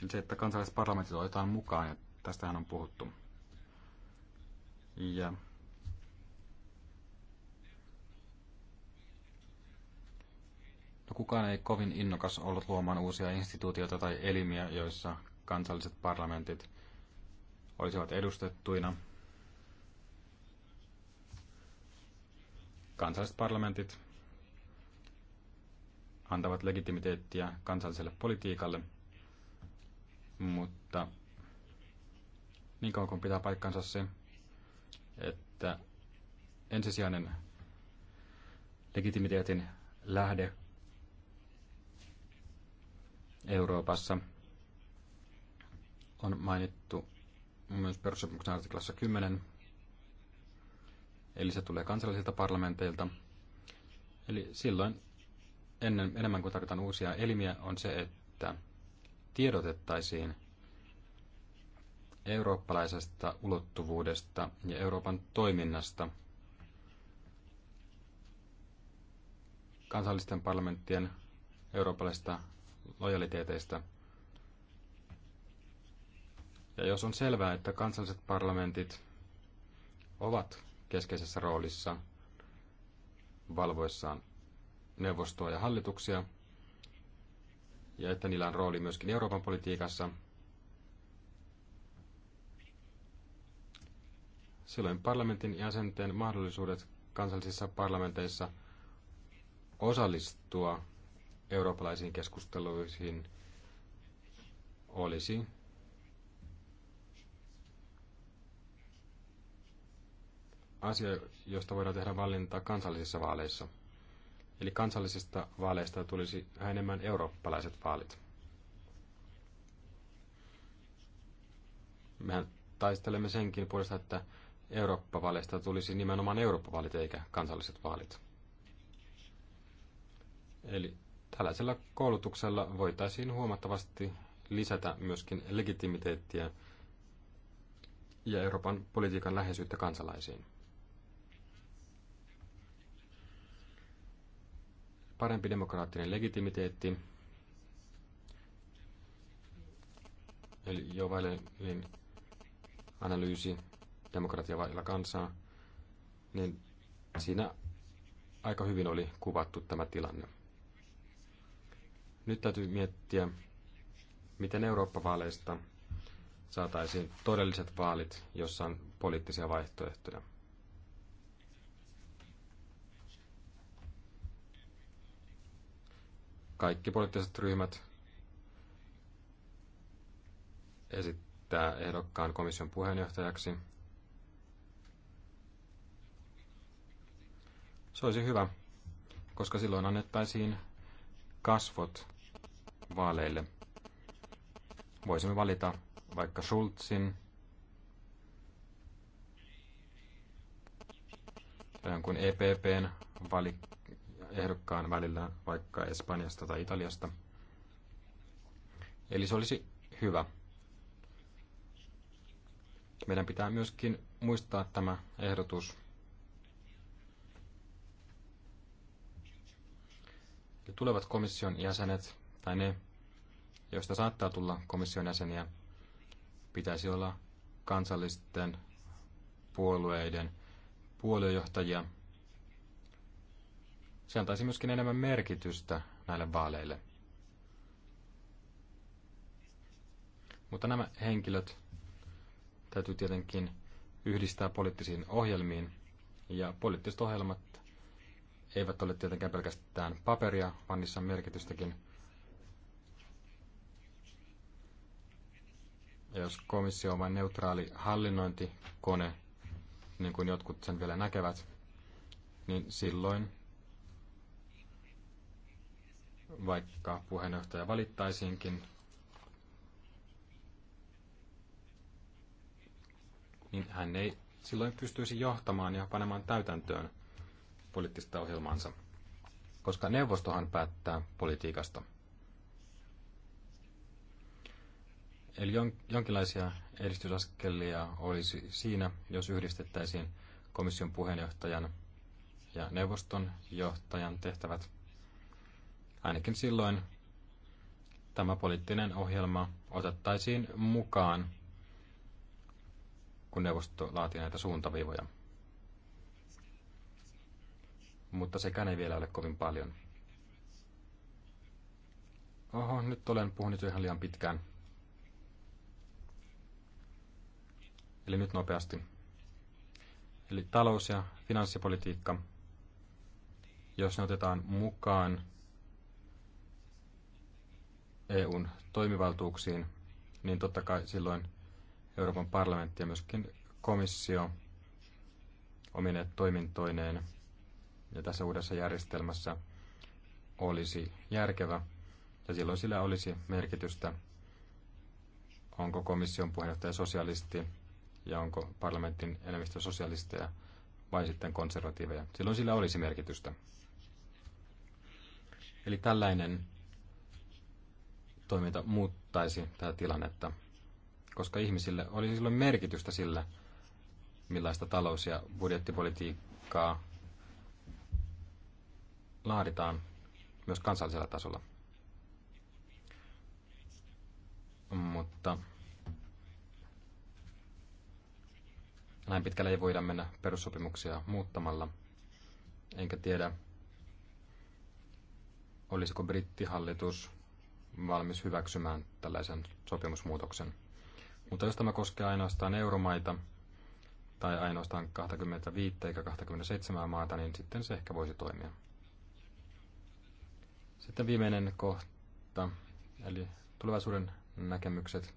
eli se, että kansalliset parlamentit otetaan mukaan, ja tästähän on puhuttu. Ja No kukaan ei kovin innokas ollut luomaan uusia instituutioita tai elimiä, joissa kansalliset parlamentit olisivat edustettuina. Kansalliset parlamentit antavat legitimiteettiä kansalliselle politiikalle, mutta niin kauan kuin pitää paikkansa se, että ensisijainen legitimiteetin lähde Euroopassa on mainittu myös perussopimuksen artiklassa 10, eli se tulee kansallisilta parlamenteilta. Eli silloin ennen, enemmän kuin tarvitaan uusia elimiä, on se, että tiedotettaisiin eurooppalaisesta ulottuvuudesta ja Euroopan toiminnasta kansallisten parlamenttien eurooppalaisista lojaliteeteista. Ja jos on selvää, että kansalliset parlamentit ovat keskeisessä roolissa valvoissaan neuvostoa ja hallituksia, ja että niillä on rooli myöskin Euroopan politiikassa. Silloin parlamentin jäsenten mahdollisuudet kansallisissa parlamenteissa osallistua eurooppalaisiin keskusteluihin olisi asia, josta voidaan tehdä valinta kansallisissa vaaleissa. Eli kansallisista vaaleista tulisi yhä enemmän eurooppalaiset vaalit. Mehän taistelemme senkin puolesta, että Eurooppa-vaaleista tulisi nimenomaan Eurooppa-vaalit eikä kansalliset vaalit. Eli tällaisella koulutuksella voitaisiin huomattavasti lisätä myöskin legitimiteettiä ja Euroopan politiikan läheisyyttä kansalaisiin. parempi demokraattinen legitimiteetti. Eli Jovailin analyysi demokratia vailla kansaa, niin siinä aika hyvin oli kuvattu tämä tilanne. Nyt täytyy miettiä, miten Eurooppa-vaaleista saataisiin todelliset vaalit, jossa on poliittisia vaihtoehtoja. kaikki poliittiset ryhmät esittää ehdokkaan komission puheenjohtajaksi. Se olisi hyvä, koska silloin annettaisiin kasvot vaaleille. Voisimme valita vaikka Schulzin tai jonkun EPPn valikko ehdokkaan välillä, vaikka Espanjasta tai Italiasta. Eli se olisi hyvä. Meidän pitää myöskin muistaa tämä ehdotus. Eli tulevat komission jäsenet, tai ne, joista saattaa tulla komission jäseniä, pitäisi olla kansallisten puolueiden puoluejohtajia – se antaisi myöskin enemmän merkitystä näille vaaleille. Mutta nämä henkilöt täytyy tietenkin yhdistää poliittisiin ohjelmiin, ja poliittiset ohjelmat eivät ole tietenkään pelkästään paperia, vaan niissä on merkitystäkin. Ja jos komissio on vain neutraali hallinnointikone, niin kuin jotkut sen vielä näkevät, niin silloin vaikka puheenjohtaja valittaisiinkin, niin hän ei silloin pystyisi johtamaan ja panemaan täytäntöön poliittista ohjelmaansa, koska neuvostohan päättää politiikasta. Eli jonkinlaisia edistysaskelia olisi siinä, jos yhdistettäisiin komission puheenjohtajan ja neuvoston johtajan tehtävät ainakin silloin tämä poliittinen ohjelma otettaisiin mukaan, kun neuvosto laati näitä suuntaviivoja. Mutta sekään ei vielä ole kovin paljon. Oho, nyt olen puhunut ihan liian pitkään. Eli nyt nopeasti. Eli talous- ja finanssipolitiikka, jos ne otetaan mukaan EUn toimivaltuuksiin, niin totta kai silloin Euroopan parlamentti ja myöskin komissio omine toimintoineen ja tässä uudessa järjestelmässä olisi järkevä ja silloin sillä olisi merkitystä, onko komission puheenjohtaja sosialisti ja onko parlamentin enemmistö sosialisteja vai sitten konservatiiveja. Silloin sillä olisi merkitystä. Eli tällainen toiminta muuttaisi tätä tilannetta, koska ihmisille oli silloin merkitystä sillä, millaista talous- ja budjettipolitiikkaa laaditaan myös kansallisella tasolla. Mutta näin pitkälle ei voida mennä perussopimuksia muuttamalla. Enkä tiedä, olisiko brittihallitus valmis hyväksymään tällaisen sopimusmuutoksen. Mutta jos tämä koskee ainoastaan euromaita tai ainoastaan 25 eikä 27 maata, niin sitten se ehkä voisi toimia. Sitten viimeinen kohta, eli tulevaisuuden näkemykset.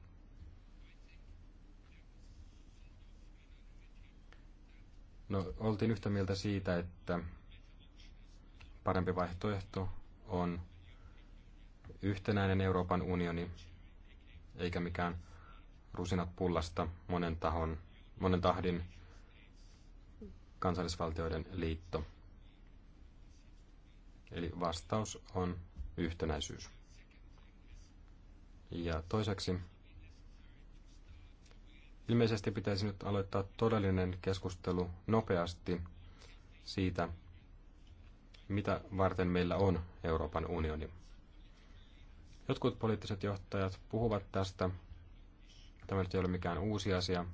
No, oltiin yhtä mieltä siitä, että parempi vaihtoehto on yhtenäinen Euroopan unioni, eikä mikään rusinat pullasta monen, tahon, monen tahdin kansallisvaltioiden liitto. Eli vastaus on yhtenäisyys. Ja toiseksi, ilmeisesti pitäisi nyt aloittaa todellinen keskustelu nopeasti siitä, mitä varten meillä on Euroopan unioni. Jotkut poliittiset johtajat puhuvat tästä. Tämä nyt ei ole mikään uusi asia.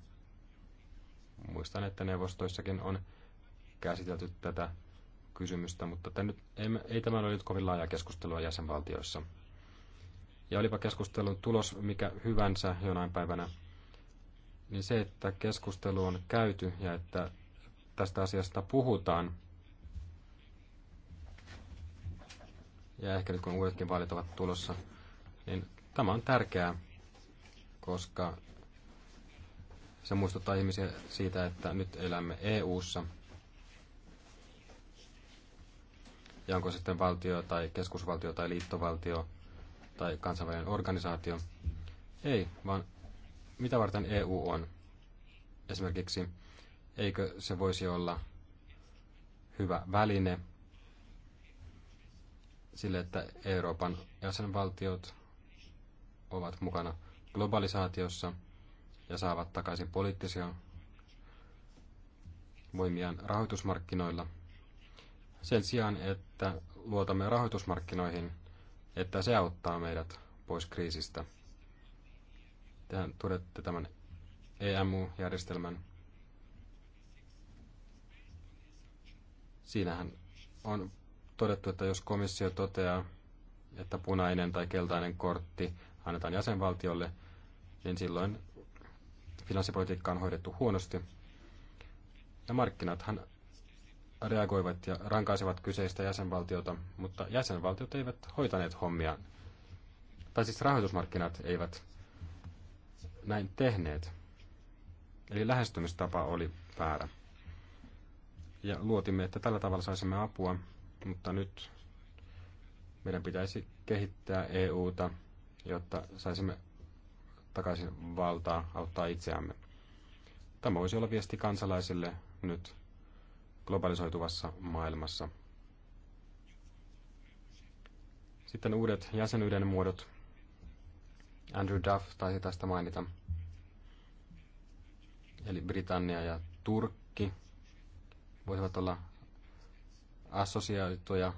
Muistan, että neuvostoissakin on käsitelty tätä kysymystä, mutta tämän nyt, ei, ei tämä ole nyt kovin laaja keskustelua jäsenvaltioissa. Ja olipa keskustelun tulos mikä hyvänsä jonain päivänä, niin se, että keskustelu on käyty ja että tästä asiasta puhutaan, ja ehkä nyt kun uudetkin vaalit ovat tulossa, niin tämä on tärkeää, koska se muistuttaa ihmisiä siitä, että nyt elämme EU-ssa. Ja onko sitten valtio tai keskusvaltio tai liittovaltio tai kansainvälinen organisaatio. Ei, vaan mitä varten EU on? Esimerkiksi, eikö se voisi olla hyvä väline sille, että Euroopan jäsenvaltiot ovat mukana globalisaatiossa ja saavat takaisin poliittisia voimiaan rahoitusmarkkinoilla. Sen sijaan, että luotamme rahoitusmarkkinoihin, että se auttaa meidät pois kriisistä. tähän todette tämän EMU-järjestelmän. Siinähän on todettu, että jos komissio toteaa, että punainen tai keltainen kortti annetaan jäsenvaltiolle, niin silloin finanssipolitiikka on hoidettu huonosti. Ja markkinathan reagoivat ja rankaisevat kyseistä jäsenvaltiota, mutta jäsenvaltiot eivät hoitaneet hommiaan. Tai siis rahoitusmarkkinat eivät näin tehneet. Eli lähestymistapa oli väärä. Ja luotimme, että tällä tavalla saisimme apua, mutta nyt meidän pitäisi kehittää EUta jotta saisimme takaisin valtaa auttaa itseämme. Tämä voisi olla viesti kansalaisille nyt globalisoituvassa maailmassa. Sitten uudet jäsenyyden muodot. Andrew Duff taisi tästä mainita. Eli Britannia ja Turkki voisivat olla assosioituja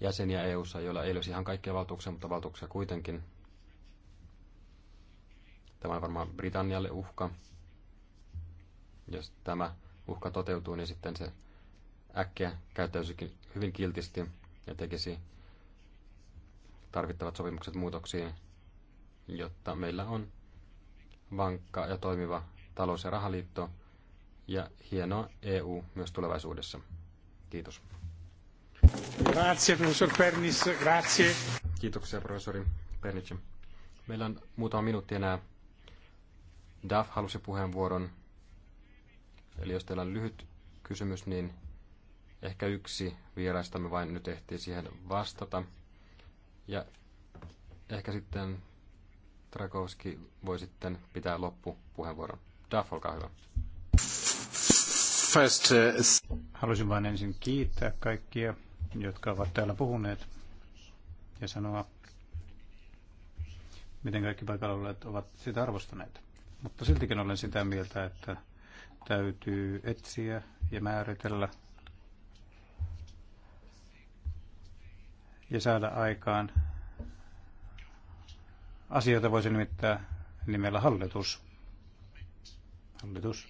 jäseniä EU-ssa, joilla ei olisi ihan kaikkia valtuuksia, mutta valtuuksia kuitenkin. Tämä on varmaan Britannialle uhka. Jos tämä uhka toteutuu, niin sitten se äkkiä käyttäytyisikin hyvin kiltisti ja tekisi tarvittavat sopimukset muutoksiin, jotta meillä on vankka ja toimiva talous- ja rahaliitto ja hienoa EU myös tulevaisuudessa. Kiitos. Grazie, professor Pernis. Grazie. Kiitoksia, professori Pernic. Meillä on muutama minuutti enää. Daf halusi puheenvuoron. Eli jos teillä on lyhyt kysymys, niin ehkä yksi vieraistamme vain nyt ehtii siihen vastata. Ja ehkä sitten Trakowski voi sitten pitää loppupuheenvuoron. Duff, olkaa hyvä. First, uh, Haluaisin vain ensin kiittää kaikkia jotka ovat täällä puhuneet ja sanoa, miten kaikki paikalla olleet ovat sitä arvostaneet. Mutta siltikin olen sitä mieltä, että täytyy etsiä ja määritellä ja saada aikaan. Asioita voisi nimittää nimellä hallitus. Hallitus.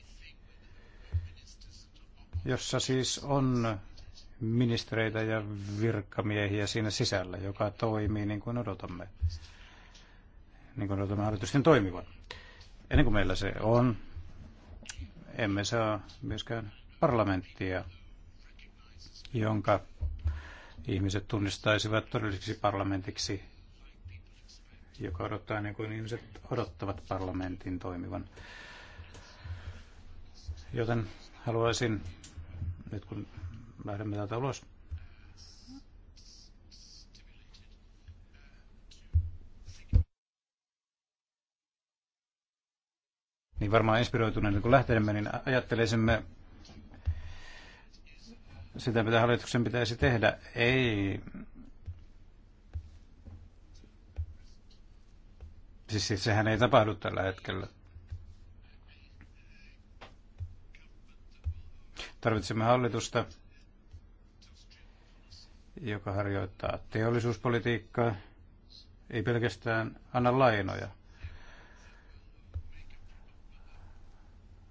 Jossa siis on ministereitä ja virkamiehiä siinä sisällä, joka toimii niin kuin odotamme, niin kuin odotamme hallitusten toimivan. Ennen kuin meillä se on, emme saa myöskään parlamenttia, jonka ihmiset tunnistaisivat todelliseksi parlamentiksi, joka odottaa niin kuin ihmiset odottavat parlamentin toimivan. Joten haluaisin, nyt kun lähdemme täältä ulos. Niin varmaan inspiroituneena kun lähdemme, niin ajattelisimme sitä, mitä hallituksen pitäisi tehdä. Ei Siis, siis sehän ei tapahdu tällä hetkellä. Tarvitsemme hallitusta, joka harjoittaa teollisuuspolitiikkaa, ei pelkästään anna lainoja.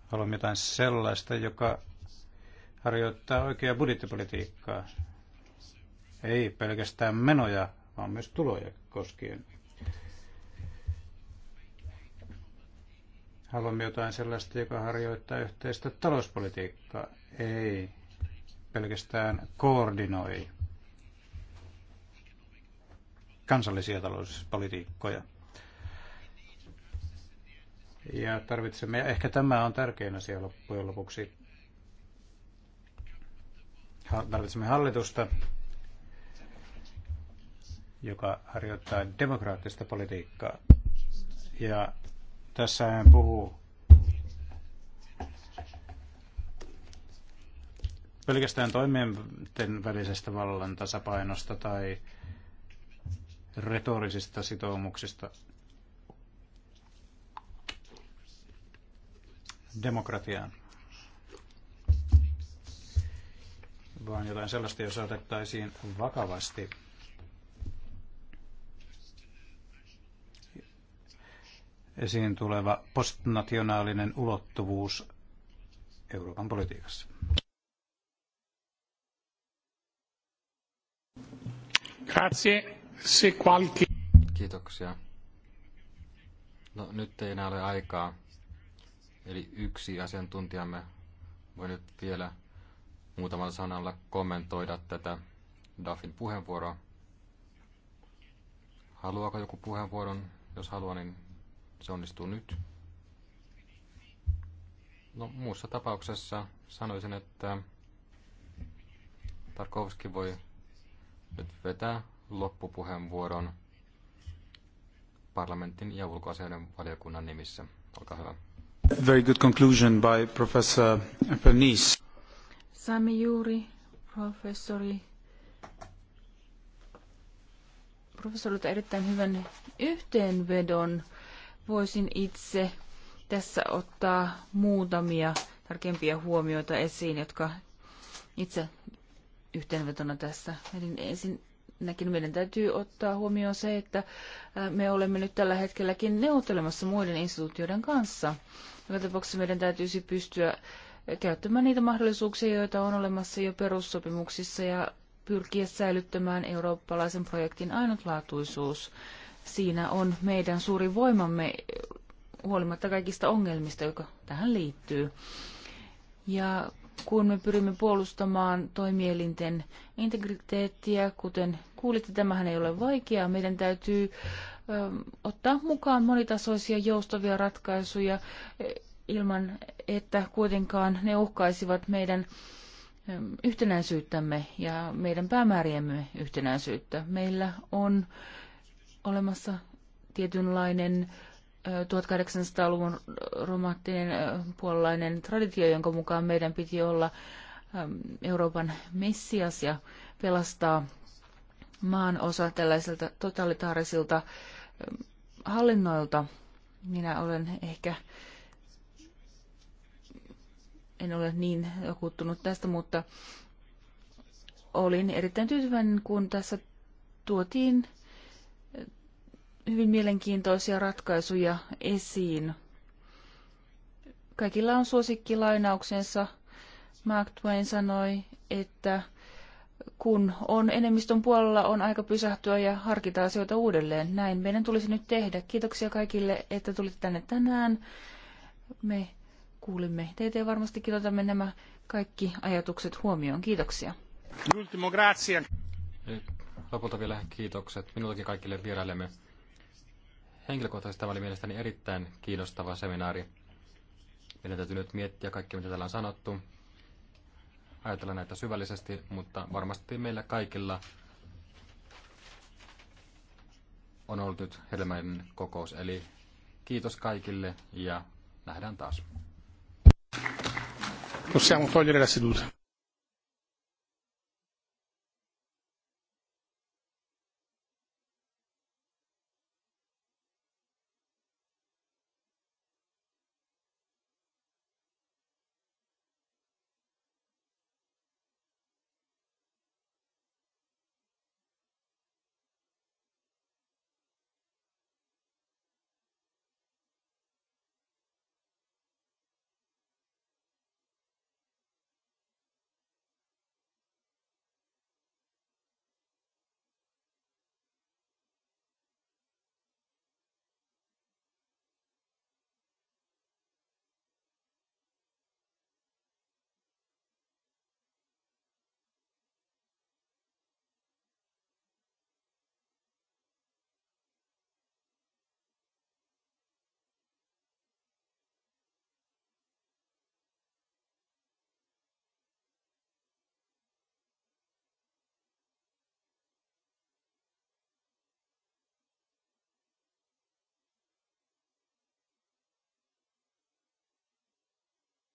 Haluamme jotain sellaista, joka harjoittaa oikeaa budjettipolitiikkaa. Ei pelkästään menoja, vaan myös tuloja koskien. Haluamme jotain sellaista, joka harjoittaa yhteistä talouspolitiikkaa. Ei pelkästään koordinoi kansallisia talouspolitiikkoja. Ja tarvitsemme, ja ehkä tämä on tärkein asia loppujen lopuksi, tarvitsemme hallitusta, joka harjoittaa demokraattista politiikkaa. Ja tässä hän puhuu pelkästään toimien välisestä vallan tasapainosta tai retorisista sitoumuksista demokratiaan, vaan jotain sellaista, jos otettaisiin vakavasti. esiin tuleva postnationaalinen ulottuvuus Euroopan politiikassa. Grazie se qualche... Kiitoksia. No nyt ei enää ole aikaa. Eli yksi asiantuntijamme voi nyt vielä muutamalla sanalla kommentoida tätä Duffin puheenvuoroa. Haluaako joku puheenvuoron? Jos haluaa, niin se onnistuu nyt. No muussa tapauksessa sanoisin, että Tarkovski voi nyt vetää loppupuheenvuoron parlamentin ja ulkoasioiden valiokunnan nimissä. Olkaa hyvä. Very good conclusion by Professor Pernice. Saimme juuri professori professorilta erittäin hyvän yhteenvedon. Voisin itse tässä ottaa muutamia tarkempia huomioita esiin, jotka itse yhteenvetona tässä vedin ensin ensinnäkin meidän täytyy ottaa huomioon se, että me olemme nyt tällä hetkelläkin neuvottelemassa muiden instituutioiden kanssa. Joka tapauksessa meidän täytyisi pystyä käyttämään niitä mahdollisuuksia, joita on olemassa jo perussopimuksissa ja pyrkiä säilyttämään eurooppalaisen projektin ainutlaatuisuus. Siinä on meidän suuri voimamme huolimatta kaikista ongelmista, joka tähän liittyy. Ja kun me pyrimme puolustamaan toimielinten integriteettiä, kuten kuulitte, tämähän ei ole vaikeaa. Meidän täytyy ö, ähm, ottaa mukaan monitasoisia joustavia ratkaisuja eh, ilman, että kuitenkaan ne uhkaisivat meidän ähm, yhtenäisyyttämme ja meidän päämääriemme yhtenäisyyttä. Meillä on olemassa tietynlainen ö, 1800-luvun romanttinen puolalainen traditio, jonka mukaan meidän piti olla Euroopan messias ja pelastaa maan osa tällaisilta totalitaarisilta hallinnoilta. Minä olen ehkä, en ole niin kuttunut tästä, mutta olin erittäin tyytyväinen, kun tässä tuotiin hyvin mielenkiintoisia ratkaisuja esiin. Kaikilla on suosikkilainauksensa. Mark Twain sanoi, että kun on enemmistön puolella, on aika pysähtyä ja harkita asioita uudelleen. Näin meidän tulisi nyt tehdä. Kiitoksia kaikille, että tulitte tänne tänään. Me kuulimme teitä ja varmastikin otamme nämä kaikki ajatukset huomioon. Kiitoksia. Ultimo grazie. Lopulta vielä kiitokset minultakin kaikille vierailemme henkilökohtaisesti tämä oli mielestäni erittäin kiinnostava seminaari. Meidän täytyy nyt miettiä kaikki, mitä täällä on sanottu, ajatella näitä syvällisesti, mutta varmasti meillä kaikilla on ollut nyt hedelmäinen kokous. Eli kiitos kaikille ja nähdään taas. Possiamo togliere la seduta.